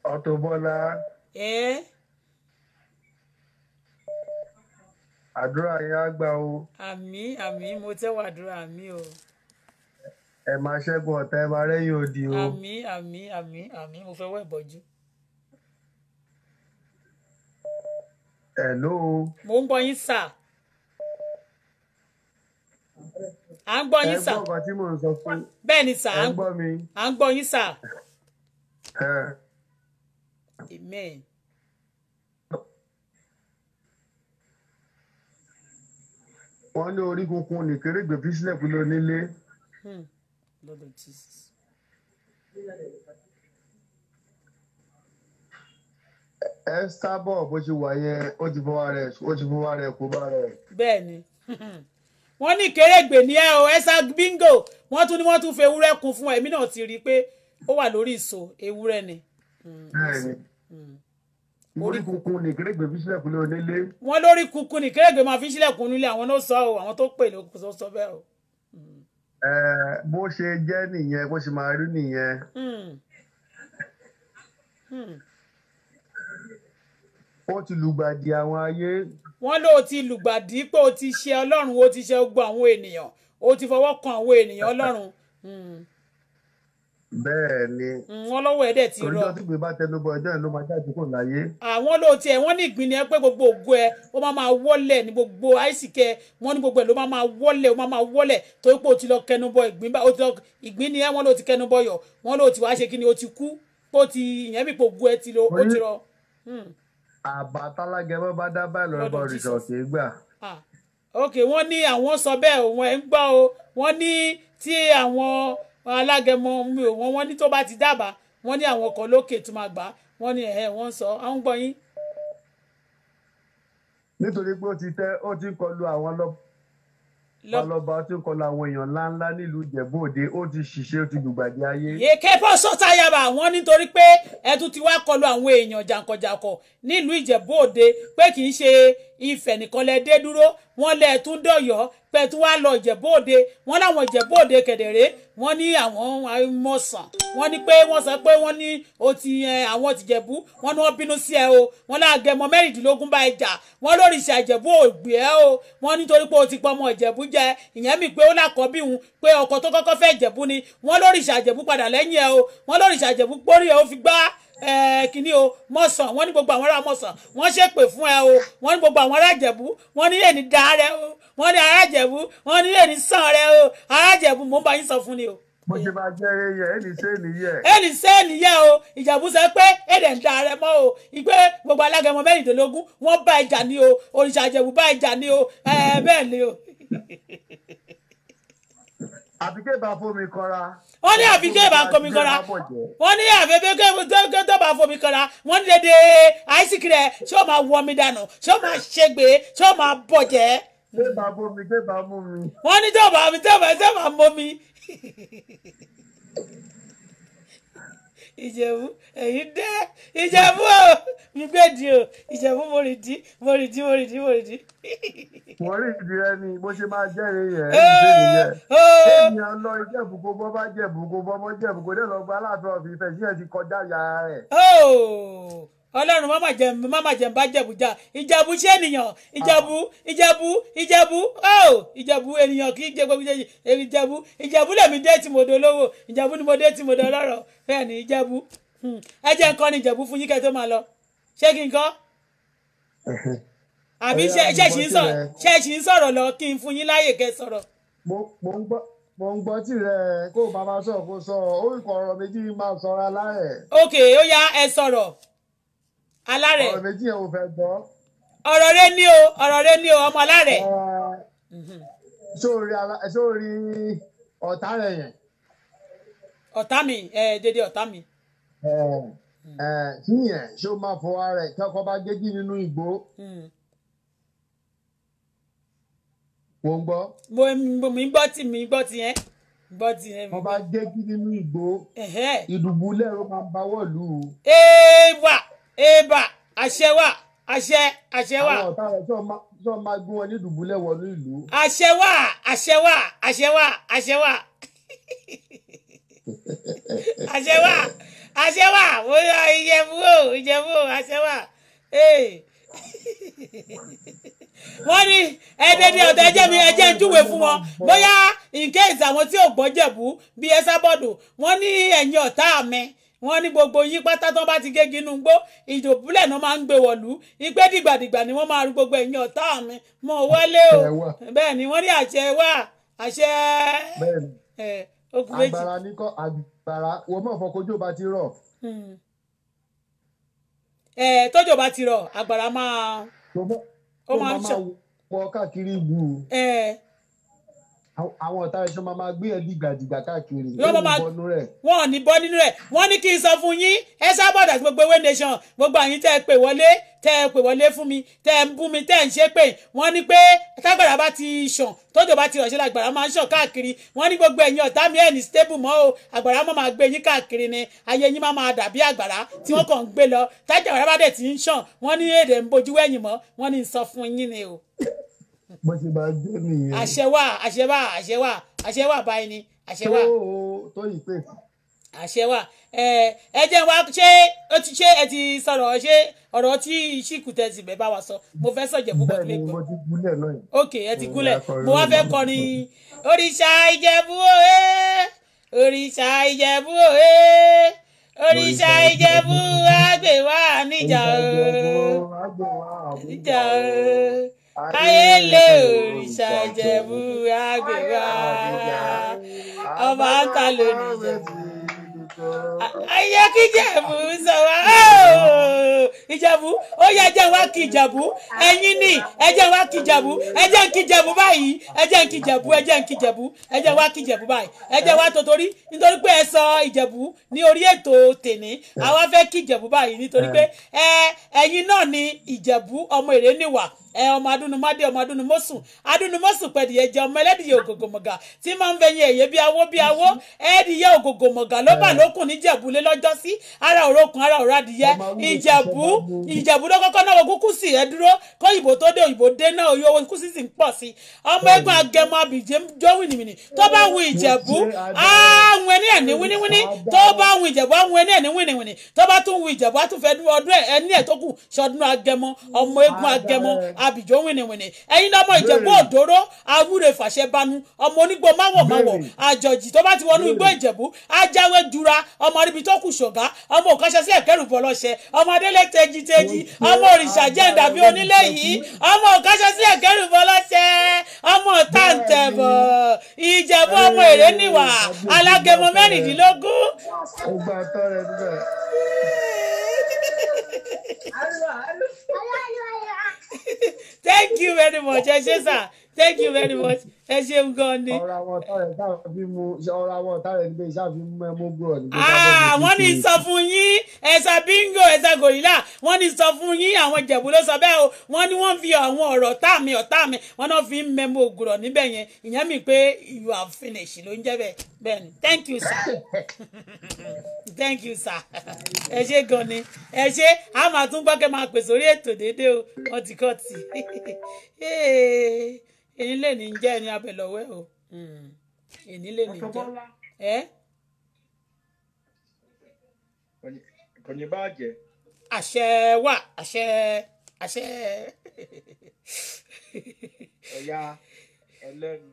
Auto Bola. ẹ. àdúrà yẹn á gbà o. àmín àmín mo tẹ́wọ́ àdúrà mi o. Eh? ẹ máa ṣẹ́gun ọ̀tá ẹ máa rẹ́yìn odi o. àmín àmín àmín àmín mo fẹ́ wẹ̀ bọ́jú. hello. mo ń gbọ́ yín sà. à ń gbọ́ yín sà. ẹ gbọ́ nǹkan tí mò ń sọ fún. bẹ́ẹ̀ ni sà. à ń gbọ́ yín sà. amen. wọ́n ní orí kunkun nìkéré gbèbí sílẹ̀ kúlò nílé. Hmm. Blood of Jesus. ẹ sábọ̀ bó ti wà yẹn ó ti fọwọ́ rẹ̀ ó ti fọwọ́ rẹ̀ kó bá rẹ̀. bẹ́ẹ̀ni wọ́n ní kérègbè ní ẹ o ẹsà bingo wọ́n tún ní wọ́n tún fi ewúrẹ́ kún fún ẹmí náà ti rí i pé ó wà lórí ìso ewúrẹ́ ni. bẹ́ẹ̀ni mm. orí kunkun ní kérègbè fi sílẹ̀kùn ní onílé. wọ́n lórí kunkun ní kérègbè máa fi sílẹ̀kùn nílé àwọn ló sọ ọ àwọn tó pè ló sọ bẹ́ẹ̀ o bó ṣe jẹ́ nìyẹn bó ṣe máa rí nìyẹn. Hmm. Hmm. ó ti lùgbàdì àwọn ayé. wọ́n ló ti lùgbàdì pé o ti ṣe ọlọ́run o ti ṣe gbogbo àwọn ènìyàn o ti fọwọ́ kan àwọn ènìyàn ọlọ́run. Hmm bẹ́ẹ̀ ni mm, wọ́n lọ́wọ́ ẹ̀dẹ̀ ti rọ oríjọ́ tí bá tẹnu ẹjọ́ ẹ̀ ló máa jáde kó láyé. àwọn ah, ló tiẹ̀ wọ́n ní ìgbín ẹ pé gbogbo ògo ẹ ó máa máa wọ́lẹ̀ ní gbogbo àìsíkẹ́ wọ́n ní gbogbo ẹ̀ ló máa máa wọ́lẹ̀ ó máa máa wọ́lẹ̀ torí pé o ti lọ kẹnu bọ ẹ wọ́n ló ti kẹnu yọ wọ́n ló ti wá ṣe kí ni o ti kú pé o ti ìyẹn bí gbogbo ẹ ti lọ o ti rọ. Hmm. àbátálágẹ alágẹmọ mi ò wọ́n wọ́n ní tó bá ti dábàá wọ́n ní àwọn ọkọ̀ lókè tó máa gbà wọ́n ní ẹ̀hẹ́ wọ́n sọ àwọn ń gbọ́ yín. nítorí pé ó ti tẹ́ ó ti kọlu àwọn lọ́ba ó ti kọlu àwọn èèyàn ńláńlá nílùú Ìjẹ̀bú Òde ó ti ṣiṣẹ́ ó ti dùgbàdì ayé. yèké fọ́ sọ́tà yaba wọ́n nítorí pé ẹ tún ti wá kọlu àwọn èèyàn jàǹkànjàǹkàn nílùú Ìjẹ̀bú Òde pé kì í ṣe Ifẹ̀ nìkan lẹ wọ́n lẹ̀ tún dọ̀yọ́ pẹ̀ tún wá lọ ìjẹ̀bóde wọ́n láwọn ìjẹ̀bóde kẹ̀dẹ̀rẹ́ wọ́n ní àwọn mọ̀sán wọ́n ní pé wọ́n sọ pé wọ́n ní o ti àwọn tìjẹ̀bú wọ́n ní wọ́n bínú sí ẹ o wọ́n láàgẹ̀mọ mẹ́rìndínlógún bá ẹ jà wọ́n lórí ìṣà ìjẹ̀bú ògbé ẹ o wọ́n nítorí pé o ti pọ̀ ọmọ ìjẹ̀bú jẹ ìyẹn mi pé ó làkọ́ bí òun pé ọkọ tó kọ́kọ́ fẹ́ ìjẹ̀bú ni wọ́n lórí ìṣà ìjẹ̀bú padà lẹ́yìn ẹ o wọ́n lórí ìṣà ìjẹ̀bú pórí ẹ ó fi gbá kínní o mọ̀sán wọ́n ní gbogbo àwọn ará mọ̀sán wọ́n ṣépè fún ẹ o wọ́n ní gbogbo àwọn ará ìjẹ̀bú wọ́n ní lè ní da rẹ o wọ́n ní ará ìjẹ̀bú wọ́n ní lè ní sàn rẹ o ará ìjẹ̀bú mò ń bá yín sọ fún ni o. mo ti máa jẹ eyẹ ẹnì sẹ nìyẹ. ẹnì sẹ nìyẹ o ìjẹ̀bú sọ pé èdè ń da rẹ mọ́ o ìgbé gbogbo alágẹmọ mẹ́rìndínlógún wọ́n bá ìjà ni o òrìṣà ìjẹ̀bú bá ìjà ni o bẹ́ẹ̀ ni o. àbíké bá fomi kọra. wọ́n ní àbíké bá fomi kọra wọ́n ní àbíké tó bá fomi kọra wọ́n ní dédé àìsíkì rẹ̀ ṣé o máa wọmi dànù ṣé o máa ṣègbè ṣé o máa bọ̀jẹ́. ṣé bá bomi ṣé bá mú mi. wọ́n ní tó bá mi tó bá mi tó bá mú mi ìjẹ̀bú ẹ̀yin dé ìjẹ̀bú o mi gbé di o ìjẹ̀bú mo rì dí mo rì dí mo rì dí mo rì dí. mo rì dí ẹni bó ṣe máa jẹ́rìí yẹn ìbéèrè yẹn ènìyàn lọ ìjẹ̀bú kó bọ́ bá jẹ̀bú kó bọ́ bọ́ jẹ̀bú kó dé lọ aláàfin ọ̀fìn ìfẹ́ sí ẹ̀ ti kọjá yàrá rẹ̀ ọlọ́run má mà jẹ́ má mà jẹ́ bá jẹ̀bù jà ìjẹ̀bù ṣé ènìyàn ìjẹ̀bù ìjẹ̀bù ìjẹ̀bù ó oh! ìjẹ̀bù ènìyàn kì í jẹ gbogbo ìjẹ̀bù ìjẹ̀bù lèmi dé tí mo dolówó ìjẹ̀bù ni mo dé tí mo dolọ́rọ̀ bẹ́ẹ̀ ni ìjẹ̀bù hmm. ẹ jẹ́ nǹkan ni ìjẹ̀bù fún yín kẹ́ tó máa lọ ṣé kí n kọ́ àbí ṣẹ́ẹ̀ṣì ń sọ̀rọ̀ lọ kí n fún yín láyè kẹ́ sọ̀rọ̀. mo ń gbọ́ tirẹ̀ kó bàbá sọ̀ kó sọ ó ìkọ̀ ọ̀rọ̀ méjì máa sọra láyẹ̀. ok ó yá ẹ sọ̀rọ̀ alárẹ ọ̀rọ̀ méjì yẹn mo fẹ́ gbọ́. ọ̀rọ̀ rẹ ni o ọ̀rọ̀ rẹ ni o ọmọ alárẹ. sórí ọ̀tá rẹ yẹn. ọ̀tá mi dédé ọ̀tá mi. kíyẹn ṣó máa fọ ara ẹ kẹ́kọ̀ọ́ bá gégí nínú igbó. Hmm. mo ń gbọ́. mo mi gbọ́ tí mi gbọ́ tí yẹn gbọ́ ti ẹ̀ mi. ọba gẹ́gí nínú ìgbó ìdùbúlẹ̀ ló máa ń bawọ́ lù ẹ wà eba àṣẹ wà àṣẹ àṣẹ wà. àwọn ọ̀tá rẹ̀ sọ ma gún wọn ní dùbúlẹ̀ wọnú ìlú. àṣẹ wà àṣẹ wà àṣẹ wà àṣẹ wà àṣẹ wà àṣẹ wà mo yọ ìjẹ̀bú o ìjẹ̀bú o àṣẹ wà wọ́n ní ẹ̀ẹ́dẹ́dẹ́ ọ̀tọ̀ ẹjẹ́ mi ẹjẹ́ ń júwèé fún wọn bóyá in case àwọn tí ò gbọ́ jẹ̀bú bíi ẹ sábọ̀dù wọ́n ní ẹ̀yin ọ̀tá mi wọ́n ní gbogbo yín pátá tó bá ti gégi inú gbó ìdòbúlẹ̀ náà máa ń gbé wọ̀lú ìgbé dìgbàdìgbà ni wọ́n máa ru gbogbo ẹ̀yin ọ̀tá mi mọ̀ wọlé o bẹ́ẹ̀ ni wọ́n ní àṣẹ wà àṣẹ okùn méjì. agbára ní kọ́ agbára wọ́n mọ̀ fọkójó bá ti rọ̀. Hmm. ẹ tójò bá ti rọ̀ agbára máa ó máa ń ṣàn. wọ́n máa wọ káàkiri ìlú àwọn ọ̀tá ẹ̀ṣọ́ máa máa gbé ẹ dìgbàdìgbà káàkiri wọ́n máa bọ́ nínú rẹ̀. wọ́n ò ní bọ́ nínú rẹ̀ wọ́n ní kí n sọ fún yín ẹ sábọ̀dà sí gbogbo ewé nation gbogbo àyín tẹ́ ẹ pè wọlé tẹ́ ẹ pè wọlé fún mi tẹ́ ẹ ń bú mi tẹ́ ẹ ń ṣe pé wọ́n ní pé tágbàrá bá ti ṣàn tójò bá ti rọ̀ṣẹ́ làgbàrá máa ń ṣàn káàkiri wọ́n ní gbogbo ẹ̀yin ọ̀tá mi ẹ̀ ní stable mọ́ o àgbàrá mọ́ máa gbé yín káàkiri ni ayé yín máa máa dàbí àgbàrá tí wọ́n kàn ń gbé lọ tájà àgbàrá bá dẹ̀ ti ń ṣàn wọ́n ní èdè ń bojú wẹ̀yìn mọ́ wọ́n ní sọ fún yín ni o bó ṣe máa jẹ́ nìyẹn. àṣẹwà àṣẹwà àṣẹwà àṣẹwà báyìí ni àṣẹwà. tó tó yìí pé. àṣẹwà ẹ ẹ jẹ́ wá ṣé ó ti ṣe ẹ ti sọ̀rọ̀ ṣé ọ̀rọ̀ tí ṣìkù tẹ̀sí bẹ́ẹ̀ bá wa sọ mo fẹ́ sọ̀jẹ̀ púpọ̀ tó lè gbọ́. mo ti gúnlẹ̀ lọ́yìn. ok ẹ ti gúnlẹ̀ mo wá fẹ́ kọrin òrìṣà ìjẹ̀bú òwe òrìṣà ìjẹ̀bú òwe òrìṣà ìjẹ̀bú àgbèwà níjà òò níjà òò ayélé òrìṣà ìjẹ̀bú àgbèrà ọba ta lónìí ayé kí ìjẹ̀bú sọ wá oh! ìjẹ̀bú ó yẹ ẹjẹ̀ wá kí ìjẹ̀bú ẹ̀yin ni ẹjẹ̀ wá kí ìjẹ̀bú ẹjẹ̀ ń kí ìjẹ̀bú báyìí ẹjẹ̀ ń kí ìjẹ̀bú ẹjẹ̀ ń kí ìjẹ̀bú ẹjẹ̀ wá kí ìjẹ̀bú báyìí ẹjẹ̀ wá tó torí nítorí pé ẹ sọ ìjẹ̀bú ní orí ètò tèní àwa fẹ́ kí ìjẹ̀bú báyìí nítorí eh. pé ẹ ẹ̀yin náà ni ìjẹ̀bú ọmọ èrè níwà ẹ ọmọ adúnumádé ọmọ adúnumọ́sùn adúnumọ́sùn pẹ̀dìyẹ jẹ ọmọ ẹlẹ́dìyẹ ògògò mọ̀gà tí máa ń bẹyìn ẹ̀yẹ bí awó bí awó ẹ̀ẹ́dìyẹ ògògò mọ̀gà ló bà lókùn níjẹ̀búlé lọ́jọ́ sí ara òrókùn ara òrò adìyẹ ìjẹ̀bú ìjẹ̀bú ló kọ́kọ́ náà ogún kùsì ẹ dúró kó ìbò tó dé òyìnbó dé náà oyè owó kùsì sì ń pọ̀ sí ọmọ ẹgbẹ́ agẹmọ abìjẹ jó wìnìwìnì tó bá wù ìjẹ̀bú àwọn ẹni ẹni wíníwíní tó bá wù ìjẹ̀bú àwọn àbìjọ wìnìwìnì ẹ̀yin lọ́mọ ìjẹ̀bú òdòró awúre fàṣẹ banu ọmọ onígbò máwọ̀máwọ̀ àjọjì tó bá ti wọnú igbó ìjẹ̀bú ajáwé dura ọmọ ríbi tó kù ṣọ̀gá ọmọ òkàṣẹ sí ẹ̀kẹ́rù bọ́lọ́ṣẹ ọmọ adélé tejiteji ọmọ òrìṣà jẹ́ ǹdàbí onílé yìí ọmọ òkàṣẹ sí ẹ̀kẹ́rù bọ́lọ́ṣẹ ọmọ tàǹtẹ̀bọ̀ ìjẹ̀bú ọmọ èrè níwà alágẹmọ mẹ́rìndínlógún. ó gba tọrẹ níbẹ̀. thank you very much ẹ ṣé sà thank you very much ẹ ṣeun gan ni. ọ̀rọ̀ àwọn ọ̀tá rẹ̀ ṣàfi mú ọ̀rọ̀ àwọn ọ̀tá rẹ̀ níbi ìṣàfi mú ẹ mú gbúrọ̀ níbi ìṣàfi mú. Ah, wọ́n ní sọ fún yín ẹ̀sà bíngò ẹ̀sà gòrílà wọ́n ní sọ fún yín àwọn ìjẹ̀bú ló sọ bẹ́ẹ̀ o wọ́n ní wọ́n fi àwọn ọ̀rọ̀ ọ̀tá mi ọ̀tá mi wọ́n náà fi ń mẹ́mú ògùrọ̀ níbẹ̀ yẹn ìyẹn mi pé you have finished ló ń jẹ́ bẹ́ẹ̀ ni thank you sir. thank you sir ẹ ṣe gan ni ẹ ṣe a máa tún gbọ́ kẹ́ máa pè sórí ètò déédéé o wọ́n ti kọ́ tì èyí lè ní jẹ́ ẹni abẹ́lọ́wẹ́ o èyí hmm. lè ní jẹ́ ẹ. kò bá jẹ. àṣẹ wà àṣẹ àṣẹ. ọ̀ya ẹlẹ́nu.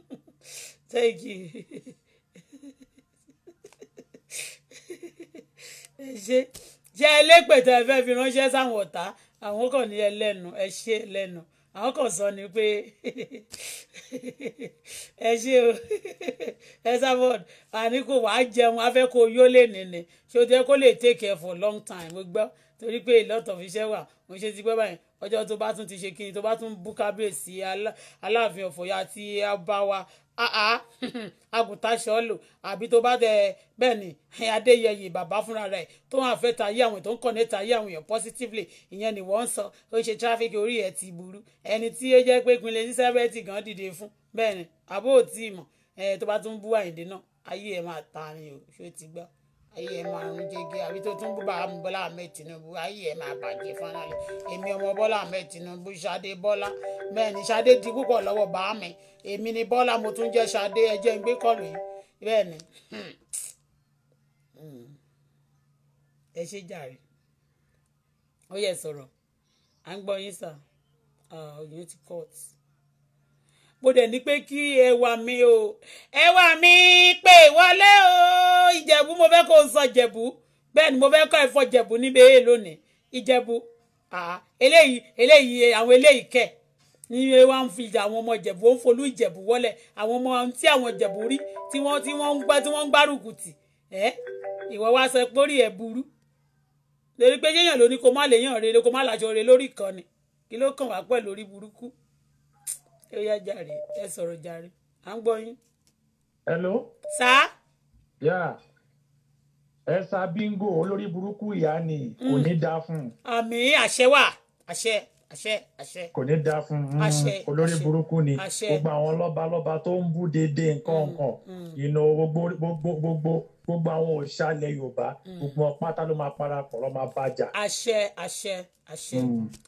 thank you. ṣe ṣe elépètè ẹ fẹ́ fi ránṣẹ́ sáwọn ọ̀tá àwọn kàn ní ẹlẹ́nu ẹ ṣe lẹ́nu àwọn kan sọ ni pé ẹ ṣe o ẹ sábọọdù àní kò wàá jẹun afẹ kó yó lè nìní ṣé o jẹ kó lè take care for long time mo gbọ́ torí pé ìlọtọ fi ṣẹ wà mo ṣe ti gbẹ báyìí ọjọ́ tó bá tún ti ṣe kí ni tó bá tún bú kábíyèsí aláàfin ọ̀fọ̀yà àti ọba wa Ah, ah. àgùntàn ṣọlù àbí tó bá dẹ bẹ́ẹ̀ ni adéyẹyẹ bàbá fúnra rẹ̀ tó hàn fẹ́ ta ayé àwọn èèyàn tó ń kọ̀ ní ta ayé àwọn èèyàn positively ìyẹn ni wọ́n ń sọ ó ṣe tráfíkì orí ẹ̀ ti burú ẹni tí ó jẹ́ pé Queen Elizabeth gan dìde fún bẹ́ẹ̀ ni àbó ò tí ì mọ̀ tó bá tún bú àyìndé náà ayé ẹ̀ máa ta ni o ṣó ti gbọ́ ayé ẹ máa ń jẹgẹ àbí tó tún bú bàbá mi Bọ́lá Ahmed Tinubu ayé ẹ máa bàjẹ́ fúnrarẹ èmi ọmọ Bọ́lá Ahmed Tinubu Ṣadé Bọ́lá bẹ́ẹ̀ ni Ṣadé di púpọ̀ lọ́wọ́ bàá mi èmi ni Bọ́lá mo tún jẹ́ Ṣadé ẹ jẹ́ ń gbé kọlù yìí bẹ́ẹ̀ ni hmm. Hmm. ẹ ṣe jàre ó yẹ sọ̀rọ̀ à ń gbọ́ yín sà ọ̀yìn ah, ti court mo dẹ̀ ní pé kí ẹwà mi o ẹwà mi pè wọlé o ìjẹ̀bú mo fẹ́ kó o sọ jẹ̀bú bẹ́ẹ̀ ni mo fẹ́ kọ́ ẹ̀fọ́ jẹ̀bú níbẹ̀ èè lónìí ìjẹ̀bú eléyìí eléyìí àwọn eléyìí kẹ̀ ní wá ń fi àwọn ọmọ ìjẹ̀bú ó ń folú ìjẹ̀bú wọlé àwọn ọmọ tí àwọn ìjẹ̀bú rí tí wọ́n tí wọ́n ń gbá tí wọ́n ń gbárùkù tì ẹ́ ìwọ wá sọ pé orí ẹ̀ burú lórí pé yéèyàn ló kó má lè yàn rere kó má láṣọ rere lórí ìkànnì kí ló kàn wá pẹ̀ lórí burúkú ó jàre ẹ sọ̀rọ̀ jàre à ń gbọ́ yín. hello. sá. yà ẹ sa bingo olórí burúkú ìyá ni kò mm. ní dáa fún àmì àṣẹ wà àṣẹ kò ní dáa fún olórí burúkú ni gbogbo àwọn lọ́ba lọ́ba tó ń bú dédé nǹkan mm, nǹkan mm. ìnà gbogbo gbogbo àwọn òòṣà ilẹ̀ yorùbá mm. gbogbo pátá ló máa parapọ̀ ló máa bàjá. àṣẹ àṣẹ àṣẹ.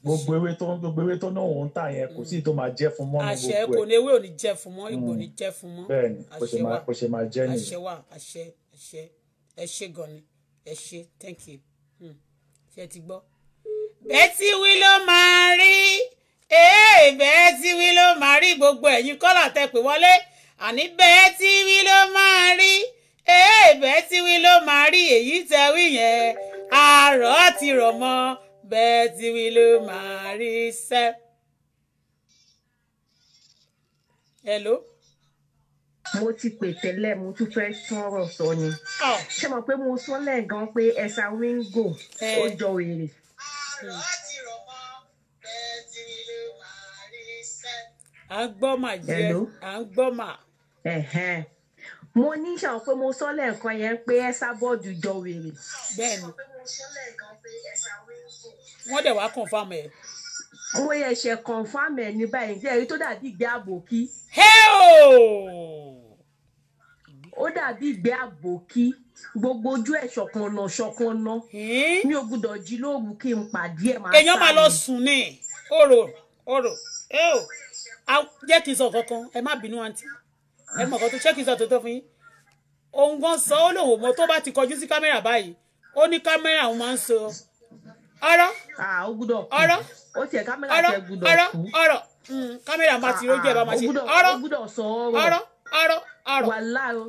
gbogbo ewé tó gbogbo ewé tó náà òun tà yẹn kò sí tó máa jẹ́ fún mọ́ ní gbogbo ẹ̀. àṣẹ kò ní ewé ò ní jẹ́ fún mọ́ ipò ní jẹ́ fún mọ́. bẹ́ẹ̀ni kò ṣe máa kò ṣe máa jẹ́ nìyẹn. àṣẹ wa àṣẹ àṣẹ ẹ ṣé gan ni ẹ ṣé thank you ṣe ti gbọ́ bẹ́tí wí ló máa rí ee bẹ́tí wí ló máa rí gbogbo ẹ̀yin kọ́là tẹ pè wọlé àní bẹ́tí wí ló máa rí ee bẹ́tí wí ló máa rí èyí tẹ wí yẹn àárọ̀ ti rọ̀ mọ́ bẹ́tí wí ló máa rí sẹ́. hello mo ti pè tẹ́lẹ̀ mo tún fẹ́ sọ̀rọ̀ sọ ni ṣé mo pé mo sọ lẹ́ẹ̀gan pé ẹ̀sà wíńgò ó jọ èrè à ń gbọ́ mà jẹ́ à ń gbọ́ mà. mo ní sàn pé mo sọ lẹ́ẹ̀kan yẹn pé ẹ́sà bọ́ọ̀dù jọ wèrè. bẹ́ẹ̀ni wọ́n dẹ̀ wá confam ẹ̀. mo yẹ ṣe confam ẹ̀ ní báyìí jẹ́ èyí tó dàbí ìgbé àbòkí. ó dàbí ìgbé àbòkí gbogbo ojú ẹ̀ ṣọ̀kanná ṣọ̀kanná mi ò gbúdọ̀ jí lóòrù kí n pàdé ẹ̀ máa sáré. èèyàn máa lọ sùn ní òrò òrò èèò jẹ́ kí n sọ kankan ẹ má bínú àǹtí ẹ mọ̀ kan tó ṣé kí n sọ tó tó fún yín òun gan sọ ó lòun mọ tó bá ti kọjú sí kámẹ́rà báyìí ó ní kámẹ́rà òun máa ń sọ ọ̀rọ̀ ọ̀rọ̀ ọ̀rọ̀ ọ̀rọ̀ ọ̀rọ̀ mm, kámẹ́rà máa ti rójú ẹ̀ bá máa ṣe ọ̀rọ̀ ọ̀rọ̀ ọ̀rọ̀ ọ̀rọ̀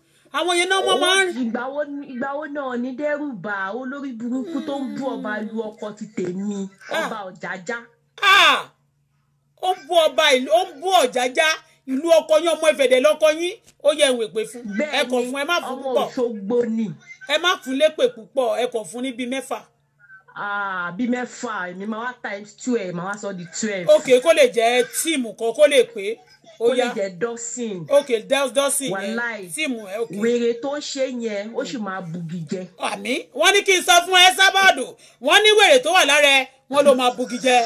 àwọn yẹn náà wọ́n máa ń. ìgbàwo ìgbàwo náà ní dẹ́rùbà olórí burúkú tó ń bú ọba lu ọkọ ti tèmi ah. ọba ọ̀jájá. Ah! ó ń bú ọba ìlú ó ń bú ọ̀jájá ìlú ọkọ yín ọmọ ìfẹ̀dẹ̀ lọ́kọ yín ó yẹ ìwé pé fún ẹ kọ̀ fún ẹ má fún púpọ̀ ẹ má fún lépè púpọ̀ ẹ kọ̀ fún níbi mẹ́fà. Ah, bí mẹ́fà èmi máa wá times twelve máa wá sọ di twelve. ok kó lè jẹ́ tíìmù kan kó lè pé ó lè jẹ́ dọ́sìn ok dọ́sìn yẹn síìmù ẹ ok wèrè tó ṣe yẹn ó sì máa bugi jẹ. àmì wọ́n ní kí n sọ fún ẹ sábàdù wọ́n ní wèrè tó wà lára ẹ wọ́n ló máa bugi jẹ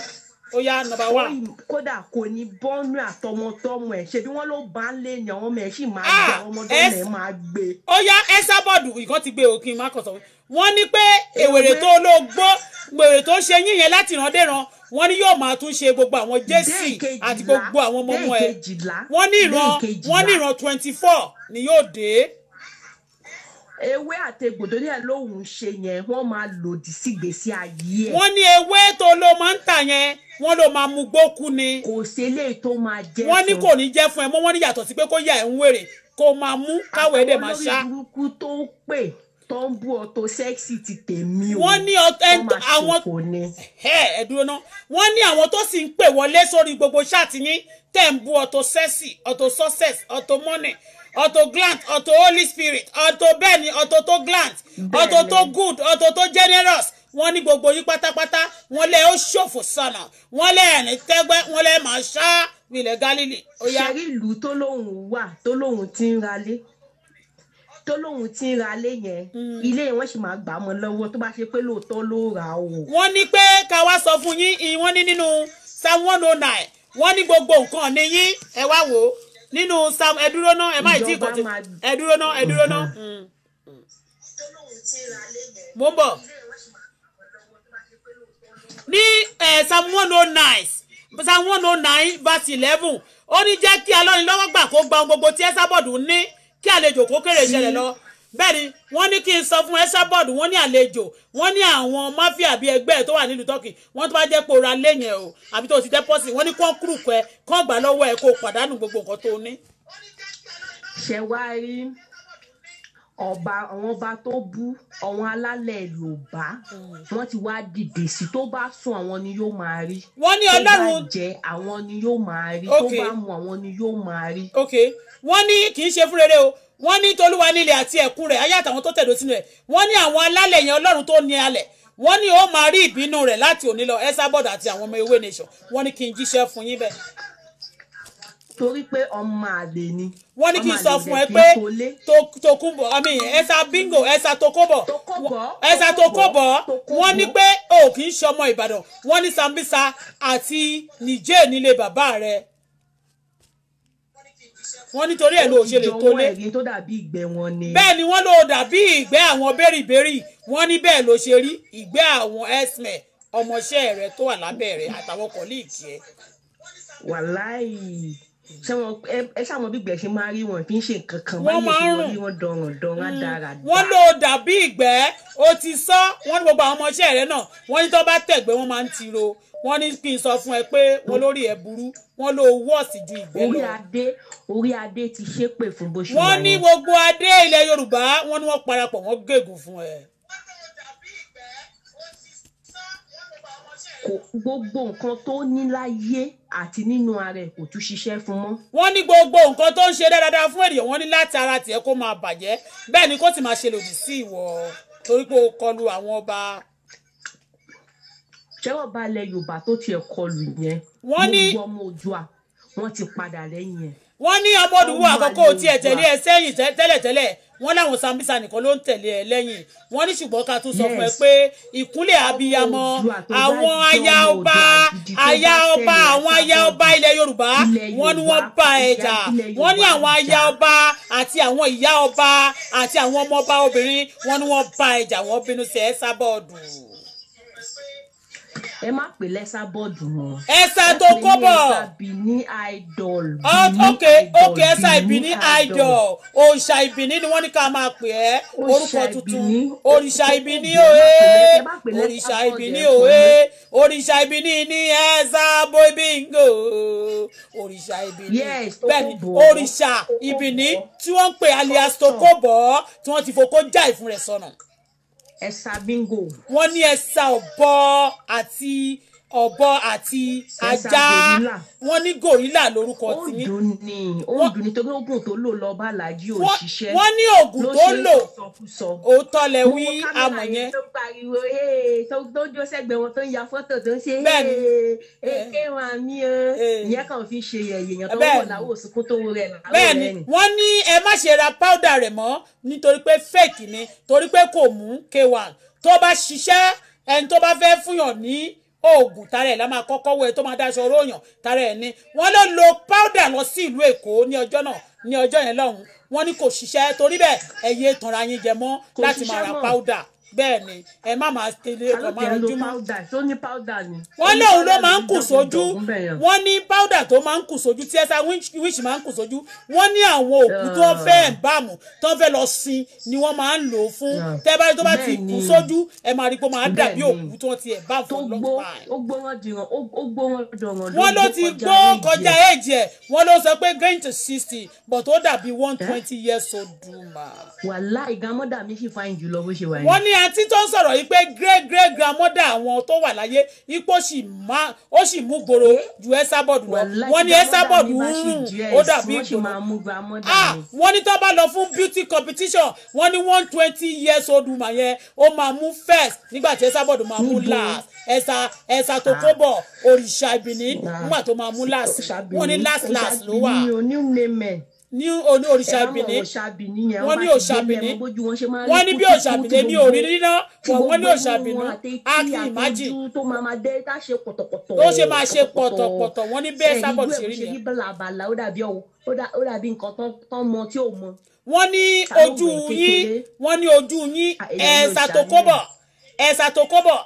ó yá nọ́mbà wá. kódà kò ní bọ́ọ̀nù àtọmọtọmọ ẹ̀ ṣebí wọ́n ló bá lé èèyàn ọmọ ẹ̀ sì máa gbé ah, ọmọdé ọmọ ẹ̀ máa gbé. ó yá ẹ sábàdù ìkan ti gbé òkè má kọ̀ sọ́wọ́ wọ́n ní pé èwèrè tó olóògbó gbèrè tó ṣe yín yẹn láti ràn dẹ́ran wọ́n ní yóò máa tún ṣe gbogbo àwọn jésì àti gbogbo àwọn ọmọ ọmọ ẹ̀ wọ́n ní ìran wọ́n ní ìran twenty four ni yóò dé ewé àtegbòdo ní ẹ lóhùn ṣe yẹn wọ́n máa lòdì sígbèsí ayé ẹ. wọ́n ní ewé tó ló máa ń tà yẹn wọ́n ló máa mú gbókú ni. kò ṣeléè tó máa jẹ fún. wọ́n ní kò ní jẹ fún ẹ mọ́ wọ́n ní yàtọ̀ sí pé kó yà ẹ ń wèrè kó máa mú káwé dẹ máa ṣá. àwọn olórí burúkú tó pè tó ń bú ọtọ sẹ́ẹ̀sì ti tèmi o wọ́n ní àwọn ẹ̀dúró náà wọ́n ní àwọn tó sì ń pè wọlé sórí gbogbo ṣáàtì yín tẹ̀ ń bú ọtọ sẹ́ẹ̀sì ọtọ success ọtọ money ọtọ glant ọtọ holy spirit ọtọ bẹ́ẹ̀ni ọtọ tó glant ọtọ tó good ọtọ tó generous wọ́n ní gbogbo yín pátápátá wọ́n lẹ́ ó ṣòfò sọ̀nà wọ́n lẹ́ ẹ̀ní tẹ́gbẹ́ wọ́n lẹ́ màá ṣáá ilẹ̀ Gálílì. ṣe ìlú tó lóun wà tó lóun ti ń ralé tó lóun ti ra hmm. ilé yẹn ilé yẹn sì máa gbà mọ́ lọ́wọ́ tó bá ṣe pé lóòótọ́ ló rà o. wọ́n ní pé ká wá sọ fún yín wọ́n ní nínú psalm one oh nine wọ́n ní gbogbo nǹkan ní yín ẹ wá wò ó nínú psalm ẹ dúró ná ẹ má ì tí ì kọ́ ti ẹ hmm. Hmm. mo bọ̀ ní psalm one oh nine psalm one oh nine verse eleven ó ní jẹ́ kí alọ́nilọ́wọ́ gbà kó gba ohun gbogbo tí ẹ sábọ̀dù ní kí àlejò kó kéré ìṣẹ̀lẹ̀ lọ bẹ́ẹ̀ ni wọ́n ní kí n sọ fún ẹ́sà bọ́ọ̀dù wọ́n ní àlejò wọ́n ní àwọn máfíà bíi ẹgbẹ́ tó wà nílùú tọ́kì wọ́n tó bá jẹ́ pòórá lẹ́yìn ẹ̀ o àbí tó ti dẹ́pọ́sì wọ́n ní kán kúrùkù ẹ kán gbà lọ́wọ́ ẹ kó pàdánù gbogbo nǹkan tó ní. ṣé wàá rí ọba àwọn ọba tó bú àwọn alálẹ̀ yorùbá hmm. wọ́n ti wá dìde sí tó bá sùn àwọn ni yóò máa rí tó bá jẹ àwọn ni yóò máa rí tó bá mu àwọn ni yóò máa rí wọ́n ní kì í ṣe fún rere o wọ́n ní tolúwa nílẹ̀ àti ẹ̀kún rẹ̀ ayé àtàwọn tó tẹ̀dó sínú rẹ̀ wọ́n ní àwọn alálẹ̀ yẹn ọlọ́run tó ní alẹ̀ wọ́n ní ó máa rí ìbínú rẹ̀ láti òní lọ Esabod àti àwọn ọmọ ewé nation wọ́n ní kí n jíṣẹ́ fún yín bẹ́ẹ̀. torí pé ọmọ àlè ni wọ́n ní kí n sọ fún ẹ pé tokunbo àmì ẹ̀sà bingo ẹ̀sà tokobo ẹ̀sà tokobo wọ́n ní pé o kì í ṣọmọ Ìbàdàn wọ́n ní Sambisa àti nìjẹ́ nílé bàbá rẹ̀ wọ́n nítorí ẹ̀ ló ṣe lè tó lé bẹ́ẹ̀ ni wọ́n lò dàbí ìgbẹ́ àwọn bẹ́rìbẹ́rì wọ́n ní bẹ́ẹ̀ ló ṣe rí ìgbẹ́ àwọn ẹ̀sìmẹ̀ ọmọọṣẹ́ rẹ̀ tó wà lábẹ́ rẹ̀ àtàwọn kọ́líìkì ẹ̀. wàláì sẹ́wọ̀n ẹ sàmọ́ bí gbẹ̀ṣẹ̀ máa rí wọn fi ń ṣe nǹkan kan wọ́n máa ń rùn wọ́n dọ̀rùn dọ̀rùn dára. wọ́n lò dàbí ìgbẹ́ o ti sọ wọ́n ní gbogbo àwọn ọmọọṣẹ́ rẹ̀ náà wọ́n ní tó bá tẹ̀gbẹ́ wọ́n máa ń tiro wọ́n ní kí n sọ fún ẹ pé wọ́n lórí ẹ burú wọ́n ló wọ́ọ̀sì ju ìgbẹ́ lọ. orí adé orí adé ti ṣépè fún bó ṣe wà yẹn. wọ́n ní gbogbo adé ilẹ̀ Yorùbá wọ́n ní wọ́n parapọ̀ wọ́n gégùn fún ẹ. gbogbo nǹkan tó ní láyé àti nínú ara ẹ kò tún ṣiṣẹ́ fún mọ́. wọ́n ní gbogbo nǹkan tó ń ṣe dáadáa fún ènìyàn wọ́n ní láti ara tiẹ̀ kó máa bàjẹ́ bẹ́ẹ̀ ni kó sì máa ṣe lòdì sí ìwọ torí pé o kọlu àwọn ọba ṣé ọba ilẹ̀ yorùbá tó tiẹ̀ kọlù yẹn wọ́n ní ọmọ Oòduà wọ́n ti padà lẹ́yìn ẹ̀. wọ́n ní ọmọ òdùwọ̀ àkọ́kọ́ tí ẹ tẹ̀lé ẹ sẹ́yìn tẹ́lẹ̀tẹ́lẹ̀ wọ́n láwọn sambisa nìkan ló ń tẹ̀lé ẹ lẹ́yìn wọ́n ní ṣùgbọ́n ká tún sọ fún ẹ pé ìkúnlẹ̀ abiyamọ àwọn aya ọba aya ọba àwọn aya ọba ilẹ̀ yorùbá wọ́n ní wọ́n bá ẹ jà wọ́n ní àwọn aya ọba àti àwọn ìyá ọba àti àwọn ọmọ ọba obìnrin wọ́n ní wọ́n bá ẹ jà wọ́n bínú sí ẹ sábọ́ọ̀dù ẹ má pè lẹ́sà bọ́ọ̀dù mọ́. ẹ̀sà tó kó bọ̀. ẹ̀sà Bìní idol. ok ok ẹ̀sà Ìbìní idol òòṣà Ìbìní ni wọ́n ní ká máa pè ẹ́ orúkọ tuntun òrìṣà Ìbìní òye òrìṣà Ìbìní òye òrìṣà Ìbìní ní ẹ̀sà bóbíngò òrìṣà Ìbìní bẹ́ẹ̀ni òrìṣà Ìbìní tí wọ́n ń pè alias tó kó bọ̀ tí wọ́n ti fokó já ìfun rẹ̀ sọnà ẹ̀sà bingo. wọ́n ní ẹ̀sà ọ̀bọ àti ọ̀bọ àti ajá wọ́n ní gòrílà lórúkọ tí ní. ó dùn ní ó dùn nítorí oògùn tó lò lọ bá làájì ò ṣiṣẹ́. wọ́n ní oògùn tó lò òótọ́ lẹ wí amọ̀ yẹn. tó pariwo tó jó sẹ́gbẹ̀ẹ́ wọn tó ń ya fọ́tò tó ń ṣe ké wọn mi o ìyẹn kan fi ṣe yẹ̀yẹ̀ tó wọ̀ láwọ̀ òsìkú tó rẹ̀ láwọ̀ rẹ̀ ni. bẹ́ẹ̀ni wọ́n ní ẹ má ṣe ra páúdà rẹ̀ mọ́ nítorí pé fake ni torí pé kò mú k1 tó bá ṣiṣẹ́ ẹni tó bá fẹ́ fúnyàn ní oògùn tara ẹ̀ la máa kọ́kọ́ wọ ẹ tó máa daṣọ róòyàn tara ẹ̀ ni wọ́n ló lo powder lọ sí ìlú èkó ní ọjọ́ náà ní ọjọ́ yẹn lọ́hùn-ún wọ́n ní kò ṣiṣẹ́ torí bẹ́ẹ̀ ẹ̀yẹ tanra yín jẹ mọ́ láti máa ra powder bẹ́ẹ̀ ni ẹ má máa tẹ̀lé ọkọ̀ máa rojú mọ́. wọ́n lóun ló máa ń kù sójú wọ́n ní powder tó máa ń kù sójú tí wíṣì máa ń kù sójú wọ́n ní àwọn òkú tó fẹ́ ẹ̀ tó fẹ́ lọ sin ni wọ́n máa ń lò ó fún tẹ́ bá tó bá ti kù sójú ẹ máa rí pé ó máa dàbí òkú tó ti ẹ̀ bá fún lọ́pàá wọ́n ló ti gbó kọjá èjì ẹ̀ wọ́n ló sọ pé going to sixty but ó dàbí one twenty years old duma. wàhálà ìgbàmọ́dà mi sì fáyín jùlọ bó ṣe wà àǹtí tó ń sọ̀rọ̀ yìí pé great great grandmother àwọn tó wà láyé ipò ó sì mú gbòòrò ju Esabod lọ wọ́n ní Esabod ń hmm, ó dàbí ìgbòho ah, wọ́n ní tó bá lọ fún beauty competition wọ́n ní one twenty years old woman yẹn ó máa mú first nígbà tí Esabod máa mú last ẹ̀sà ẹ̀sà tó kó bọ̀ òrìṣà ìbìní ah, nígbà tó máa mú last wọ́n ní last last ló wà ní òrìṣàbìní wọ́n ní òrìṣàbìní wọ́n ní bí òrìṣàbìní ní orí níná wọ́n ní òrìṣàbìní aki ìmájì tó ṣe máa ṣe pọ̀tọ̀pọ̀tọ̀ wọ́n ní bẹ́ẹ̀ sábọ̀ ti rí yẹn. ó dàbí nǹkan tán mọ tí ò mọ. wọ́n ní ojú yín wọ́n ní ojú yín ah, ẹ̀ẹ́sà tó kọ́bọ̀ ẹ̀ẹ́sà tó kọ́bọ̀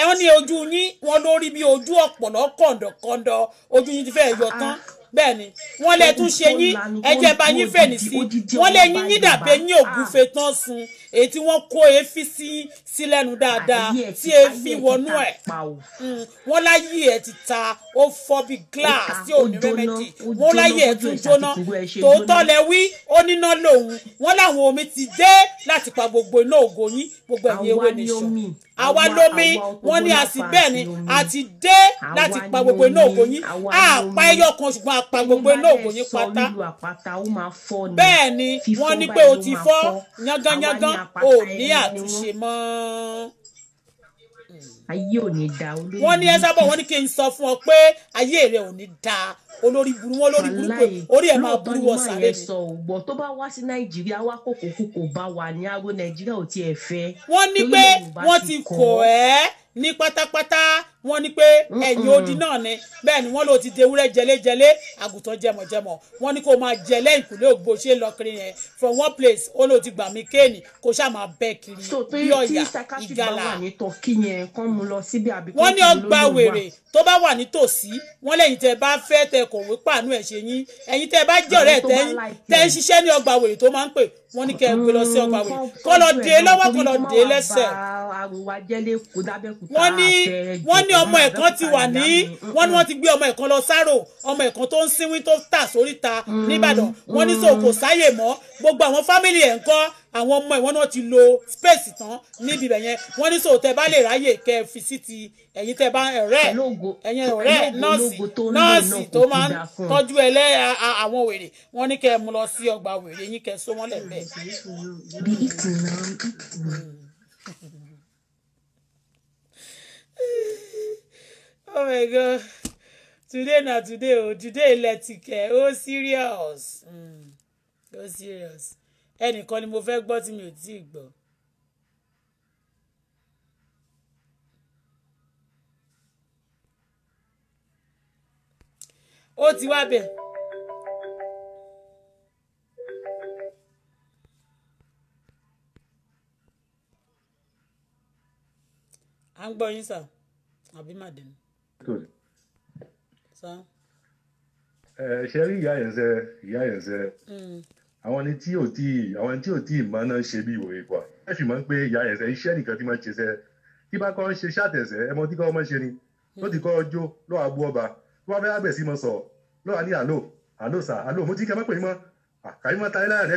ẹ̀ wọ́n ní ojú yín wọ́n lórí bí ojú ọ̀pọ̀lọ́ kọ̀ǹdọ̀kọ̀ǹdọ̀ ojú yín ti fẹ́ yọ ah, ah. tán bẹ́ẹ̀ ni wọ́n lè tún ṣe yín ẹ̀jẹ̀ bá yín fẹ̀ ní sí wọ́n lè yín yín dàbẹ́ yín ah. ògúnfe tán sun èyí tí wọ́n kó èéfín sí sí lẹ́nu dáadáa tí èéfín wọnú ẹ̀ hmm, wọ́n láyé ẹ̀ ti ta ó fọ́ bí glass tí ò ní rẹ́mẹ́dì wọ́n láyé ẹ̀ tún jóná tòótọ́ lẹ wí ó níná lòun wọ́n láwọn omi ti dé láti pa gbogbo iná ògo yín gbogbo ẹ̀yìn ewé nìṣọ́ àwa lómi wọ́n ní àti bẹ́ẹ̀ ni àti dé láti pa gbogbo iná ògo yín àpá ẹyọ kan ṣùgbọ́n àpá gbogbo iná ògo yín pátá bẹ́ẹ̀ ni wọ́n ní pé o ti fọ́ yángányángán ò ní àtúnṣe mọ́ ayé ò ní da olórí burúkú. ní ẹ sábọ̀ wọ́n ní kí n sọ fún ọ pé ayé rẹ̀ ò ní da olórí burú wọn lórí burúkú orí ẹ̀ máa burú wọn sáré ni. sọ ògbọ́n tó bá wá sí nàìjíríà wá kòkó kú bá wà ní aago nàìjíríà ò tiẹ̀ fẹ́. wọ́n ní pé wọ́n ti kọ̀ ẹ́ ní pátápátá wọ́n ní pé ẹ̀yìn odi náà ni bẹ́ẹ̀ ni wọ́n lò ti dewúrẹ́ jẹlẹ́jẹlẹ́ àgùntàn jẹmọ̀jẹmọ̀ wọ́n ní kó máa jẹ lẹ́yìn kùlé ògbó ṣe ń yẹn from one place ó lò ti gbà mí kéènì kó ṣáà máa bẹ́ kiri bí ọ̀yà ìgalà. wọ́n ní ọgbà wèrè tó bá wà nítòsí wọ́n lẹ́yìn tẹ́ bá fẹ́ tẹ kọ̀wé pàánù ẹ̀ ṣe yín ẹ̀yìn tẹ́ bá jẹ́ ọ̀rẹ́ tẹ́ ń ṣiṣẹ́ ní ọgbà wèrè tó máa ń pè wọ́n ní kẹ́ ẹ gbé lọ sí mm, ọgbà wèrè kọ́ lọ dé lọ́wọ́ kọ́ lọ dé lẹ́sẹ̀. wọ́n ní ọmọ ẹ̀kan ti wà ní wọ́n ní wọ́n ti gbé ọmọ ẹ̀kan lọ sáró ọmọ ẹ̀kan tó ń sínwín tó tà sóríta nìbàdàn wọ́n ní sòkò sáyè mọ́ gbogbo àwọn fámìlì ẹ̀ ń kọ́ àwọn ọmọ ìwọ́n náà ti lo space tán níbi ibẹ̀ yẹn wọ́n ní sòtẹ́ bá lè ráyè kẹ́ fi sí ti ẹ̀yin tẹ́ bá ọ̀rẹ́ ẹ̀yin ọ̀rẹ́ nọ́ọ̀sì tó máa ń tọ́jú ẹ lẹ́ wèrè wọ́n ní kẹ́ mú lọ sí ọgbà wèrè yín kẹ́ ẹ wọ́n lẹ̀ bẹ́ẹ̀. oh my god today na today o today lẹtìkẹ o oh, serious mm. o oh, serious ẹnìkan ni mo fẹ́ gbọ́ tí mi ò tí ì gbọ́. ó ti wá bẹ̀. à ń gbọ́ yín sà àbí màdìmí ṣe rí ìyá yẹn ṣe ìyá yẹn ṣe hmm. àwọn ẹni tí ò tí àwọn ẹni tí ò tí ìmọ̀ náà ṣe bí ìwòye pọ̀ ẹ sì mọ̀ pé ìyá yẹn ṣe iṣẹ́ nìkan tí máa ṣe ṣe tí bá kọ́ ń ṣe ṣàtẹ̀sẹ̀ ẹmọ tí kọ́ ọmọ ṣe ni ló ti kọ́ ọjọ́ ló wàá bú ọba tó bá fẹ́ àgbẹ̀ sí mọ sọ̀rọ̀ ló wà ní àlò àlò sà àlò mo ti kẹ́ mọ́ pé mọ́ àkàrí mọ́ táyé láyà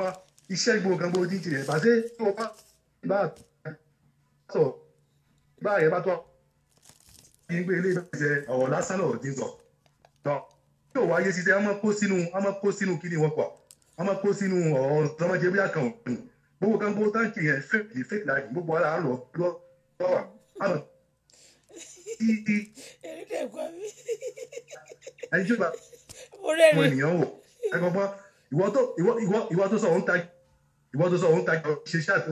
rẹ iṣẹ́ gbogbo kan gbogbo títì rẹ̀ pàṣẹ tí o bá bá sọ bá rẹ̀ bá tọ́ ní pé ilé ìgbésẹ̀ ọ̀rọ̀ lásán lọ̀rọ̀ ti sọ. tí ò wáyé ṣiṣẹ́ ọmọ kó sínú ọmọ kó sínú kí ni wọ́n pọ̀ ọmọ kó sínú ọ̀rọ̀ ọmọdé bí àkàn òkun gbogbo kan gbogbo táǹkì yẹn fèkì fèkì láàyè gbogbo ara lọ lọ lọ wà àmọ́ tí tí. ẹni tẹ kọ mi. ẹni tí ó bá ọmọ ènìyàn wò ẹ gbọ́ ìwọ tó sọ òun ta ìwọ́n tó sọ òun tajà ó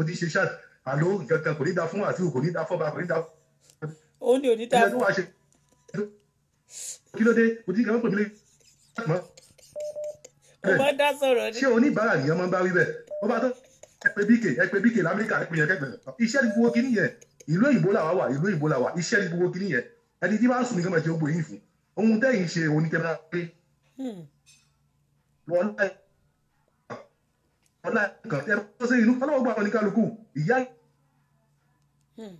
ti ṣe ṣáàt àló kankan kò ní da fún àtúwò kò ní da fọba kò ní da fún. ó ní òní ta fún. kí ló dé kò tí kàn ń pè mí lé. mo máa dá sọ̀rọ̀ ni. ṣé oníbàárà nìyẹn máa ń bá wí bẹ́ẹ̀ ó bá tó ẹgbẹ́ bíkè ẹgbẹ́ bíkè lamẹ́ríkà ẹgbẹ́ yẹn kẹgbẹ́ iṣẹ́ ní gbogbo kìíní yẹn ìlú òyìnbó làwa wà ìlú òyìnbó làwa iṣẹ́ ní gbogbo kìíní yẹn ẹni tí bá ń sùn nìkan máa jẹ́ gbogbo yìí fún ohun tẹ́yìn ṣe onítẹ̀mẹ́ra pé hmm. wọ́n náà ọlá kan ẹ bá sí inú ọlọ́wọ́ gbà wọn ní kálukú ìyá. Hmm.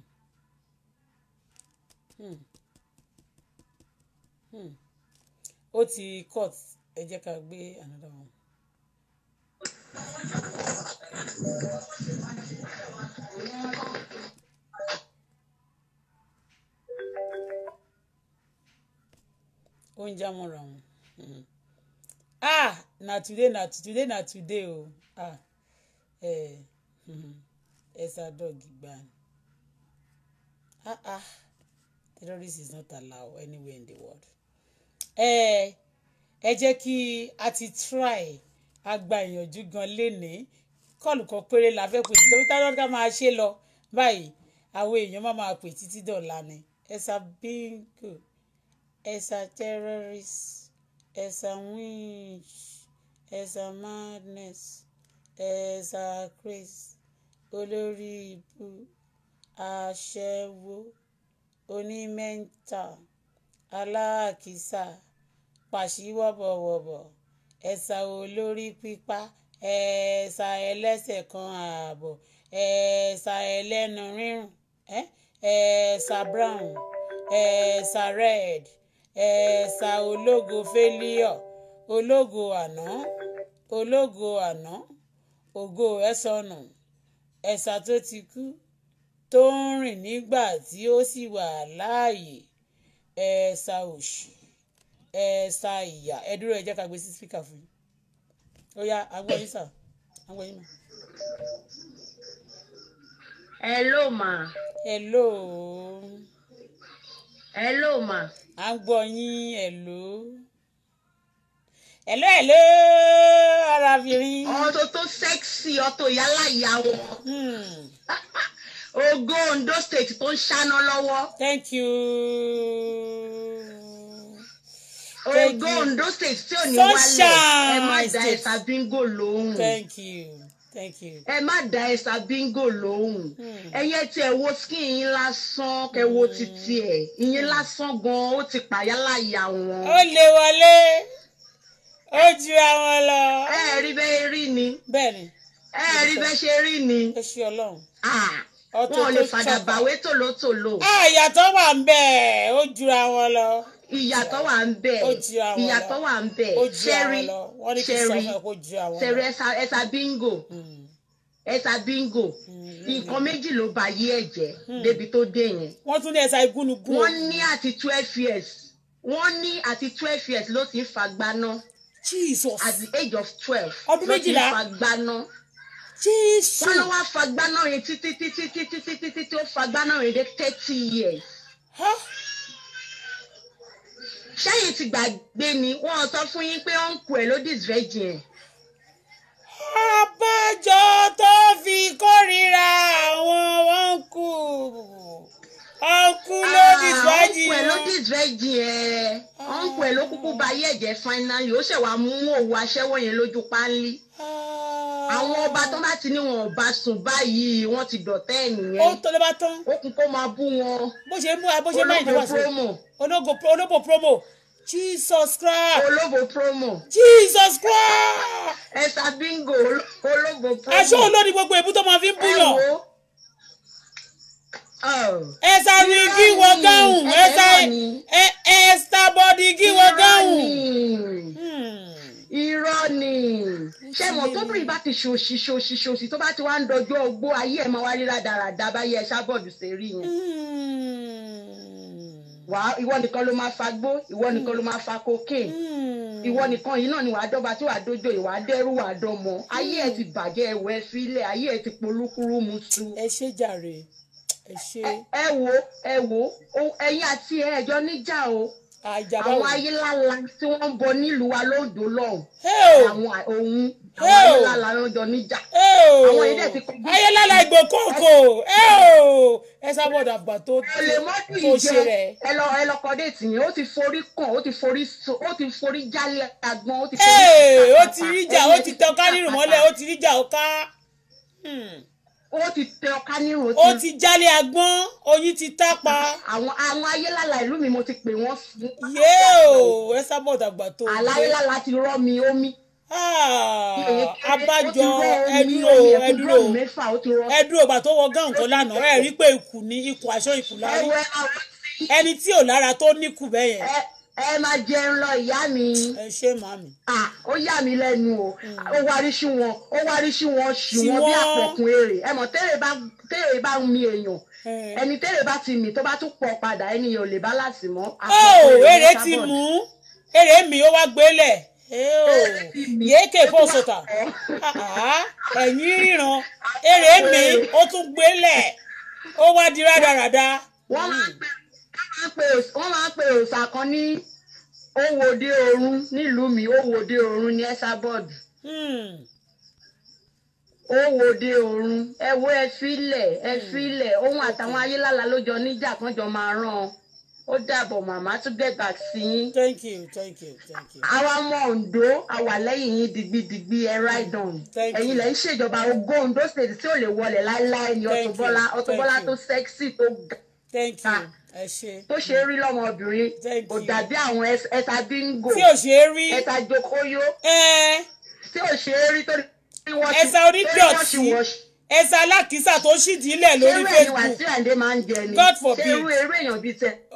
Hmm. Hmm. ó ti court ẹ jẹ́ ká gbé another one. ó ń já mọ́ra wọn. Mm-hmm ah na today na today na today o ah ẹsà eh, mhm. dog gbani ah ah terrorist is not allowed anywhere in the world. Eh, ẹ jẹ́ kí a ti try a gba ìyànjú gan lénìí kọ́ọ̀lù kan péré la fẹ́ pè nítorí táwọn ká máa ṣe lọ báyìí àwọn èèyàn máa máa pè títí dọ̀la ni ẹ̀sà bíngò ẹ̀sà terrorist as a witch as a madness as a craze olórí ibu aṣẹ́wó a Olori pàṣíwọ́bọ̀wọ̀bọ̀ ẹ̀sà a pípa ẹ̀ẹ̀sà ẹlẹ́sẹ̀ kan ààbọ̀ ẹ̀ẹ̀sà Eh? rírùn a brown a red ẹ̀ẹ̀sà ológo fẹ́líọ̀ ológo àná ológo àná ògo ẹ̀ sọnù ẹ̀sà tó ti kú tó ń rìn nígbà tí ó sì wà láàyè ẹ̀ẹ̀sà òṣì ẹ̀ẹ̀sà ìyà ẹ̀dúró ẹ̀jẹ̀ ká gbé sí spíkà fún yín ó yá agbọ́ yín sà agbọ́ yín mà. hello ma. hello. hello ma à ń gbọ́ yín ẹ̀lò ẹ̀lò ẹ̀lò arábìnrin. ọ̀tọ̀ tó sẹ́ksì ọ̀tọ̀ yálà ìyá wọn. Hmm. ògo Ondo State tó ń ṣáná lọ́wọ́. thank you. ògo Ondo State tí ò ní wálẹ̀ ẹ má da ẹ̀ka bíngò lóhùn. thank you ẹ má da ẹsà bíngò lóhùn hmm. ẹyẹ tí ẹ wo skin yín lásán kẹ wo hmm. títí ẹ ìyín hmm. lásán gan ó ti pàyà láyà wọn. ó lè wọlé ó ju àwọn lọ. ẹ rí bẹ́ẹ̀ rí ni. bẹ́ẹ̀ ni. ẹ rí bẹ́ẹ̀ ṣe rí ni. ẹ ṣe Ọlọ́run wọn ò lè fàdà bàwé tòlótòló. ẹ ah, ìyàtọ̀ wà ń bẹ́ẹ̀ ó jura wọn lọ ìyàtọ̀ wà ń bẹ̀ ìyàtọ̀ wà ń bẹ̀ ṣẹ́rí ṣẹ́rí ṣẹ́rí ẹ̀sà bíngò ẹ̀sà bíngò nǹkan méjì ló ba yí ẹ̀ jẹ́ hmm. débi tó dé yẹn. wọ́n tún ní ẹ̀sà igúnnugún. wọ́n ní àti twelve years wọ́n ní àti twelve years ló ti ń fa gbaná. Jesus at the age of twelve ló ti ń fa gbaná jésù. wọn lọ wá fagbá náà yẹn títí títí títí títí títí ó fagbá náà yẹn dé thirty years. Huh? ṣáyè ti gbàgbé ni wọ́n sọ fún yín pé ó ẹ̀ ló disvirgin ẹ̀. abájọ tó fi kórìíra àwọn wọn ọ̀nkùn ah, ló dìsvẹ́jì ẹ̀. ọ̀nkùn ẹ̀ ló dìsvẹ́jì ẹ̀ ọ̀nkùn ẹ̀ kúkú ba ayé ẹ̀jẹ̀ finally ó ṣẹ̀ wàá mú òwò aṣẹ́wó yẹn lójú páálí. Ah. àwọn ọba tó bá ti ní wọn ọba sùn báyìí wọ́n ti dọ̀tẹ́ ẹ̀ nìyẹn. ó tó bá tán. ó kún kó máa bú wọn. bó promo jesus christ. olóbò promo. jesus christ. ẹ̀sà bingo olóbò promo. aṣọ olórí gbogbo èbú tó máa fi ń bú ẹ wo Oh. ẹsà ni kí wọ́n gáhùn ẹsà ẹsà bọ́dí kí wọ́n gáhùn. Hmm. irọ́ ni ṣé mo tóbìnrin bá ti ṣòṣì ṣòṣì ṣòṣì tó bá ti wá ń dọjọ́ ogbó ayé ẹ̀ máa wá rí rádaràda báyé ẹ̀ ṣàbọ̀dù ṣe rí yẹn hmm. wà á ìwọ nìkan ló máa fa gbó ìwọ nìkan ló máa fa cocaine hmm. ìwọ nìkan yìí náà ni wàá dọ́ba tí wàá dojo ìwà dẹ́rù wàá dọ́mọ ayé ẹ̀ ti bàjẹ́ ẹ̀wẹ̀ sílẹ̀ ayé ẹ̀ ti polúkúrú mu su. ẹ ṣe jàre ẹ wo ẹ wo ẹ̀yin àti ẹjọ níjà o àwọn ayélála tí wọ́n ń bọ nílùú wa lóòdó lọ́hùn àwọn ohun àwọn ayélála ló jọ níjà àwọn ilé ti kọ́. ayélála ìgbò kòkò ẹ sábọ̀dà àgbà tó ṣe rẹ̀. ẹ lọ ẹ lọ kọ́dé tì yín ó ti forí kàn ó ti forí so ó ti forí jálẹ̀ àgbọn ó ti forí. ó ti ríjà ó ti tọ́ka nírùmọ́lẹ̀ ó ti ríjà ọ̀ka. Hmm ó ti tẹ ọká ní ìròtí. ó ti jálé agbọ́n oyin ti tápa. àwọn àwọn ayélálà ìlú mi mo ti pè wọ́n fún. yéèo ẹ sábọ̀ dàgbà tó. àláyélálà ti rọ́ mi omi. abájọ ẹdúró ẹdúró ẹdúró gbà tó wọ gán nǹkan lánàá ẹ rí pé ikù ní ikù aṣọ ikù lárí ẹni tí ò lára tó níkù bẹ́yẹn ẹ máa jẹun lọ ìyá mi. ẹ ṣe màmí. ó yà mí lẹ́nu o hmm. ó wárí sí wọn ó wárí sí wọn sí wọn bí àpọ̀kùn èrè ẹ mọ̀ téèrè bá ń mi èèyàn ẹni téèrè bá ti mì tó bá tún pọ̀ padà ẹni yẹn ò lè bálàsì mọ́. ó èrè ti mú èrè mi ó wá gbélé yéèké fòsòtà ẹ̀yìn ríran èrè mi ó tún gbélé ó wá di rádaràda. wọ́n máa ń gbé wọ́n máa ń pe òòṣà kan ní owóde ọ̀run nílùú mi owóde ọ̀run ní ẹ̀sà bọ́ọ̀dù. owóde ọ̀run ẹ wo ẹ filẹ̀ ẹ filẹ̀ hmm. òun àtàwọn ló jọ níjà kan jọ máa rán ó dàbọ̀ màmá tún get back sí yín. thank you thank you àwa ọmọ Ondo àwa lẹ́yìn yín digbidigbi ẹ ride hmm. ẹ̀yin lẹ́yìn ṣèjọba ogó Ondo state tí ò lè wọlé láéláé ni Auto Bola tó sexy tó ga. thank you. Ah, bó ṣe rí lọ́mọbìnrin kò dàbí àwọn ẹta bíngò ẹta jokoyo tí ò ṣe é rí torí wọ́n ti wọ́n ti wọ́n ṣe ẹsẹ alákìísà tó ṣìdí ilẹ̀ lórí facebook god forbid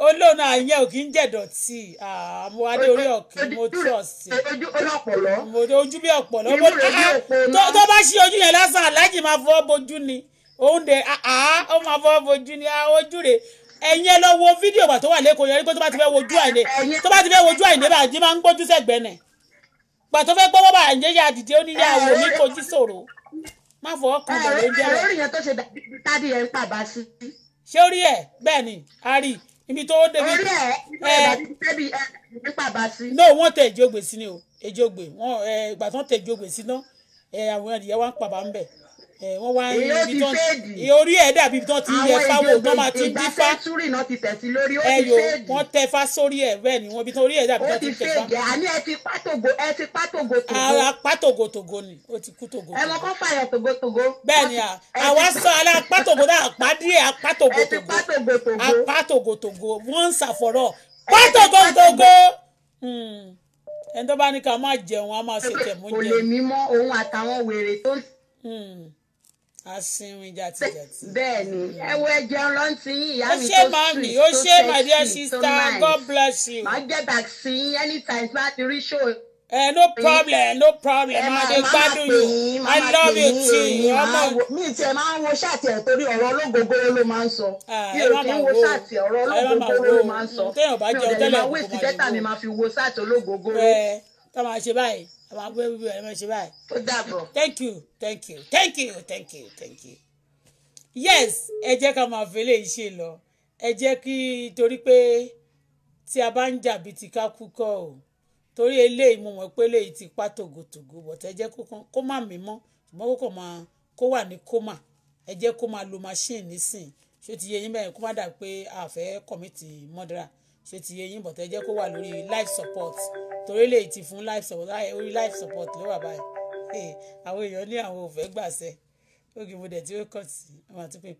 olóòna àyẹ̀ ò kì í jẹ̀dọ̀tì àmọ́ adé orí ọ̀kìn mo trust mo ojú bí ọ̀pọ̀lọ́ ah, tó bá ṣe ojú yẹn lásán aláàjì máa fọwọ́ bojú ni òun dẹ̀ ah, ah, ó máa fọwọ́ bojú ni ojú rẹ̀ ẹ̀yin ẹ lọ wo fídíò ìgbà tó wà lẹ́kọ̀ọ́ yẹn pé tó bá ti fẹ́ wojú àìní tó bá ti fẹ́ wojú àìní bá àjí máa ń gbójú sẹ́gbẹ́ nẹ̀ gbà tó fẹ́ gbọ́wọ́ bá àjẹ́ yá dìde ó ní yá wò ní kojú sòrò má fọwọ́ kan lọ lóúnjẹ rẹ̀. lórí yẹn tó ṣe dádì yẹn ń pa bá sí. ṣé orí ẹ bẹ́ẹ̀ ni a rí ibi tó débi. orí ẹ ẹ débi ẹ ń pa bá sí. no wọn tẹ èjògbè sí ni o èjògbè wọn ẹ eh, ìgbà tó tẹ èjògbè sí ná ẹ eh, àwọn ènìyàn wa ń pa bá ń bẹ̀. Eh, wọ́n wá ń ibi tán eh, orí ẹ̀ dàbí tán ti yẹ fáwọn ògbọ́n máa ti dí fá ẹyọ wọ́n tẹ fá sórí ẹ̀ bẹ́ẹ̀ ni wọ́n ibi tán orí ẹ̀ dàbí tán ti tẹ fá. ti fèèjì àní ẹ ti pátògò ẹ ti pátògò tògò. ara pátògò tògò ni ó ti kú tògò. ẹ mọ kó fàyọ tògò tògò. bẹ́ẹ̀ ni àwa sọ ara pátògò náà àpádìí ẹ apátògò tògò apátògò tògò once and for all pátògò tògò hmm. ẹni tó bá ní ká máa jẹun á máa ṣètẹ̀mú jẹ. kò lè mímọ́ òun àtàwọn wèrè tó. Hmm asinrin jàtijàti. bẹ́ẹ̀ni ẹ wo ẹjẹ ọlọ́ntì yín ìyá mi tó sweet tó sexy tó nice God bless you. máa jẹ́ tàkisí yín anytime bá ti rí ṣó. Eh, no problem no problem ẹ eh, máa you, yìí i love you too ọmọ. mi ti ẹ máa ń wo ṣáàtì ẹ torí ọ̀rọ̀ ológogoro ló máa ń sọ ah, mi ò kí ń wo ṣáàtì ọ̀rọ̀ eh, ológogoro ló máa ń sọ mi ò dẹ̀ máa wéṣì bẹ́tà mi máa fi wo ṣáàtì ológogoro. ẹ eh, tọ́ máa ṣe báyìí ẹ máa gbé bíbí ẹ máa ṣe báyìí. ó dàbọ̀. thank you thank you thank you thank you thank you. yes ẹ jẹ́ ká máa fi eléyìí ṣe lọ ẹ jẹ́ kí torí pé tí a bá ń jà bíi ti ká kú kọ́ o torí eléyìí mo mọ̀ pé eléyìí ti pa tògótògó bọ̀tẹ́ ẹ jẹ́ kó má mí mọ́ ṣùgbọ́n kó kàn máa kó wà ní kómà ẹ jẹ́ kó máa lo machine nísìn ṣé ti yẹ yín bẹ́ẹ̀ kó má dà pé a fẹ́ kọ̀mìtì mọ́dàrà ṣe ti eyín bọ̀tẹ́ jẹ́ kó wà lórí life support torí lè ti fún life support orí life support ló wà báyìí àwọn èèyàn ní àwọn ò fẹ́ gbàṣẹ oge mo dẹ̀ tí ó kọ̀ sí àwọn àtúnpè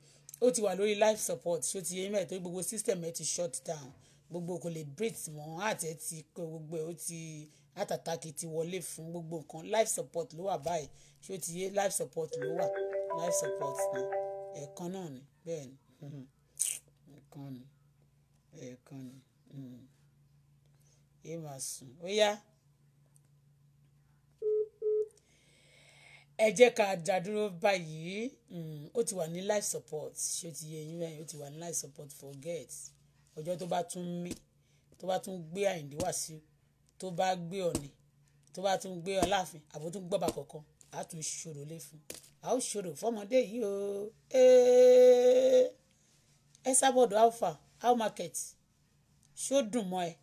ó ti wà lórí life support ṣe ti eyín mẹ́rin torí gbogbo system ẹ ti shut down gbogbo kò lè breathe mọ́ àtẹ ti pé gbogbo ẹ ó ti àtàtàkì ti wọlé fún gbogbo nǹkan life support ló wà báyìí ṣé ti yé life support ló wà life support ni ẹ̀ẹ̀kan náà ni bẹ́ẹ̀ ni mm-hmm. ẹ̀ẹ̀kan ni ẹ̀ẹ̀kan ni ẹ máa sùn ó yá. ẹ jẹ́ ká dádúró báyìí hmm, ó ti wà ní life support ṣé ó ti yẹ yín báyìí ó ti wà ní life support forget ọjọ́ tó bá tún mí tó bá tún gbé àyíndé wá sí tó bá gbé ọ̀nì tó bá tún gbé ọláàfin àbó tún gbọ́ba kọ̀ọ̀kan á tún ṣòro lé fún a ó ṣòro fọmọdé yìí o ẹ sábọ̀dọ̀ alpha how market ṣó dùn mọ́ ẹ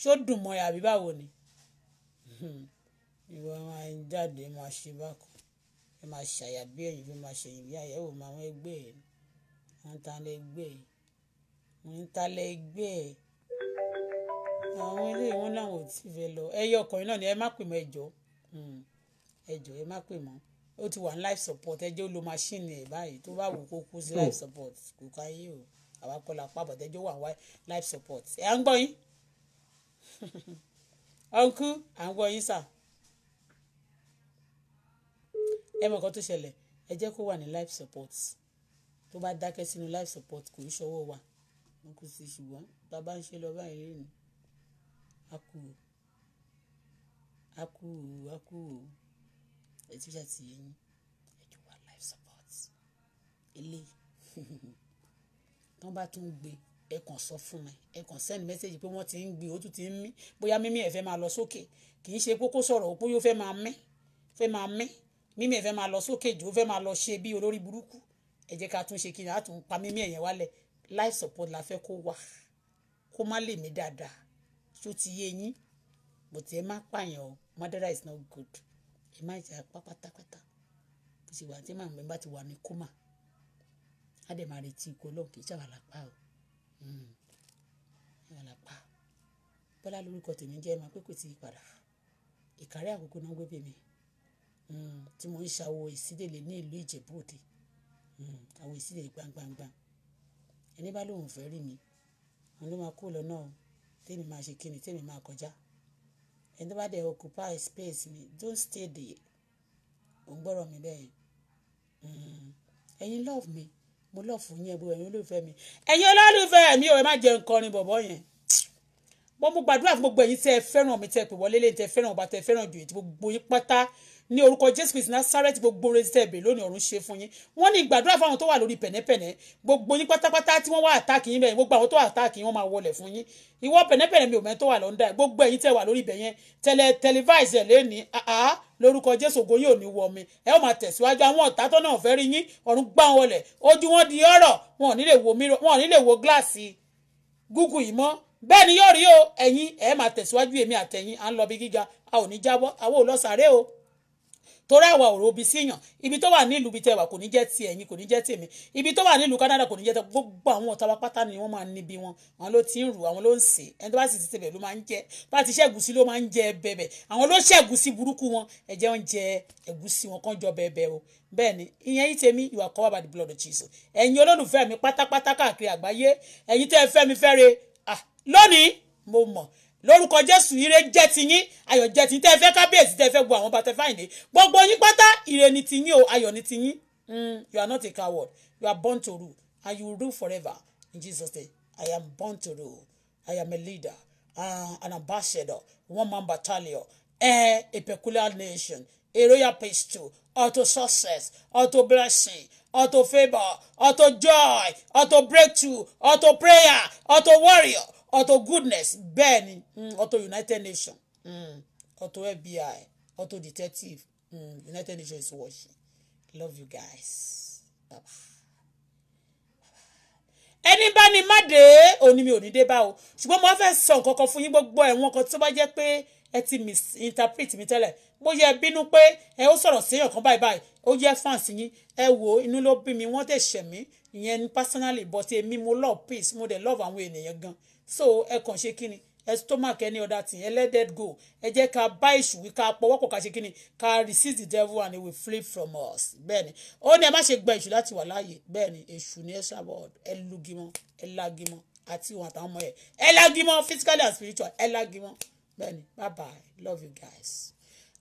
ṣó dùn mọ́ ẹ àbí báwo ni hmm. ìwọ máa ń jáde máa ṣe bákan ẹ máa ṣàyà bí ẹ̀yìn fi máa ṣẹ̀yìn bí àyẹ̀wò máa wọ́n ẹgbẹ́ ẹ̀ wọ́n ta lẹ́ gbẹ́ ẹ̀ wọ́n ta lẹ́ gbẹ́ ẹ̀ àwọn ilé wọn làwọn ò tí fẹ́ lọ ẹyẹ ọkùnrin náà ni ẹ má pè mọ́ ẹjọ́ hmm. ẹjọ́ ẹ má pè mọ́ ó ti wà ní life support ẹjọ́ ló máṣíìnì ẹ̀ báyìí tó bá wù kó kú sí life support kò káyé o àwa kọ́ la pàbọ̀ tẹ́jọ́ wà wá life support ẹ̀ à ń gbọ́ yín ọ̀nkú à ń gbọ́ yín sà ẹ mọ̀ kan tó ṣẹlẹ̀ ẹ jẹ́ kó wà ní life support tó bá dákẹ́ sínú life support kò ń ṣọwọ́ wa wọn kò sí ṣùgbọ́n tá a bá ń ṣe lọ báyìí rìn a kù a kù a kù ẹ ti ṣàtìyẹn ẹ jọ wà life support eléyìí. tí wọ́n bá tún gbé ẹ kàn sọ fún mi ẹ kàn send message pé wọ́n ti ń gbé ó tún ti ń mí bóyá mímí ẹ̀ fẹ́ máa lọ sókè kì í ṣe kókó sọ̀rọ̀ ó bóyá ó fẹ́ máa mí fẹ́ máa mí mímí ẹ̀ fẹ́ máa lọ sókè jù ó fẹ́ máa lọ ṣe bí olórí burúkú ẹ jẹ́ ká tún ṣe kí ni àtún pa mímí ẹ̀yẹn wálẹ̀ life support la fẹ́ kó wà kó má lè mí dáadáa tó ti yé yín bòtí ẹ má pààyàn o murderer is not good ẹ má jà pátápátá bó ti wà tí màmí bá ti wà ní kómà á dẹ̀ máa retí ikú ọlọ́run kì í ṣàwà lápá o ṣàwà hmm. bọ́lá lórúkọ tèmi jẹ́ máa pé kò padà ìkárí àkókò náà gbé bèmí hmm. tí mo ń ṣàwọ ìsídèlè ní ìlú ìjẹ̀bú òde hmm. àwọn ìsídèlè gbangbangba ẹni bá lóun fẹ́ rí mi wọn ló máa kó lọ́nà tèmi máa ṣe kíni tèmi máa kọjá ẹni tó bá dẹ̀ occupy space mi don't stay there ò ń gbọ́rọ̀ mi bẹ́ẹ̀ ẹ̀yin love me mo lọ fún yín ẹbú ẹ̀yin olólùfẹ́ mi ẹ̀yin olólùfẹ́ mi ò ẹ má jẹun kọrin bọ̀bọ̀ yẹn mo mú gbàdúrà fún gbogbo ẹ̀yin tẹ́ ẹ fẹ́ràn mi tẹ́ ẹ pè wọlé lẹ́yìn tẹ́ ẹ fẹ́ràn ọba tẹ́ ẹ fẹ́ràn jù èyí tí gbogbo yín pátá ní orúkọ jésù kristu násárẹ́tì gbogbo orin tẹ́ ẹ bè lónìí ọ̀run ṣe fún yín wọ́n ní ìgbàdúrà fáwọn tó wà lórí pẹ̀nẹ́pẹ̀nẹ́ gbogbo yín pátápátá tí wọ́n wá àtáàkì yín bẹ́ẹ̀ gbogbo àwọn tó wà àtáàkì yín wọ́n máa wọlẹ̀ fún yín ìwọ pẹ̀nẹ́pẹ̀nẹ́ mi ò mẹ́tọ́ wà lọ́ndà gbogbo ẹ̀yin tẹ́ wà lórí ibẹ̀ yẹn tẹlẹ tẹlifáìsì ẹ̀ lẹ́ni lórúkọ jésù ògo yóò ní wọ mi ẹ ó máa tẹ̀síwájú àwọn ọ̀tá tó náà fẹ́ rí yín ọ̀run gbá wọn wọlẹ̀ ojú wọn di ọ̀rọ̀ wọn ò ní lè wo glass gúgù yìí mọ́ bẹ́ẹ̀ ni yóò rí o ẹ̀yin ẹ̀ máa tẹ̀síwájú èmi àtẹ̀yin à ń lọ bí gíga a ò ní jábọ́ àwọn ò lọ sàárẹ̀ o torí àwa ò robi síyàn ibi tó wà nílùú ibi tẹ́ wà kò ní jẹ́ ti ẹ̀yin kò ní jẹ́ tèmi ibi tó wà nílùú Canada kò ní jẹ́ tẹ gbogbo àwọn ọ̀tá wa pátá ni wọ́n máa níbi wọn àwọn ló ti ń rù àwọn ló ń sè ẹni tó bá sì ti tẹ̀bẹ̀ ló máa ń jẹ bá ti ṣẹ́gùsí ló máa ń jẹ bẹ̀bẹ̀ àwọn ló ṣẹ́gùsí burúkú wọn ẹ̀jẹ̀ ń jẹ ẹ̀gúsí wọn kàn jọ bẹ̀bẹ̀ o bẹ́ẹ̀ ni ìyẹn yìí tèmi ìwà kọ́ wà by the blood of Jesus ẹ̀yin olólùfẹ́ mi pátápátá káàkiri àgbáyé ẹ̀yin tẹ́ fẹ́ mi fẹ́ re lónìí mo mọ̀ lórúkọ jésù ire jẹ́ tiyín ayọ̀ jẹ́ tiyín tẹ́ ẹ fẹ́ kábíyèsí tẹ́ ẹ fẹ́ gbọ́ àwọn bàtẹ fáìní gbogbo yín pátá ire ni tiyín o ayọ̀ ni tiyín mm, you are not a coward you are born to rule and you will rule forever in jesus name i am born to rule i am a leader uh, an ambassador one man battalion uh, a peculiar nation a royal priesthood auto success auto blessing auto favour auto joy auto breakthrough auto prayer auto warrior Auto Goodness bẹ́ẹ̀ ni mm, Auto United Nations mm, Auto FBI Auto Detective mm, United Nations watching love you guys bye bye ẹni bá ní má dé òní mi ò ní dé bá o ṣùgbọ́n mo fẹ́ sọ nǹkan kan fún yín gbogbo ẹ̀wọ̀n kan tó bá jẹ́ pé ẹ ti misinterpret mi tẹ́lẹ̀ bó yẹ bínú pé ẹ ó sọ̀rọ̀ séèyàn kan báyìí báyìí ó jẹ́ fans yín ẹ wò ó inú ló bí mi wọ́n tẹ̀ ṣẹ̀ mí ìyẹn personally but èmi mo love peace mo dẹ̀ love àwọn ènìyàn gan-an so ẹ kàn ṣe kí ni ẹ stomach any other thing ẹ let that go ẹ jẹ́ ká bá èṣù wí ká pọwọ́pọ̀ ká ṣe kí ni ká resist the devil and he will flee from us bẹ́ẹ̀ ni ó ní ẹ má ṣe gba èṣù láti wà láàyè bẹ́ẹ̀ ni èṣù ni ẹ sábọ̀ ẹ lugimọ́ ẹ lagimọ́ àti ìwọ̀n àtàwọn ọmọ ẹ ẹ lagimọ́ physically and spiritual ẹ lagimọ́ bẹ́ẹ̀ ni bye bye love you guys.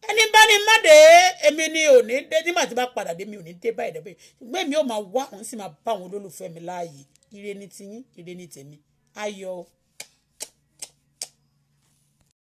ẹni bá ní má dé èmi ni ò ní dé nígbà tí bá padà dé mi ò ní dé báyìí dẹ́gbẹ́ mi ò máa wá òun sì máa bá àwọn olólùfẹ́ mi láàyè ire ni tiyín ire ni tèmi ayọ̀.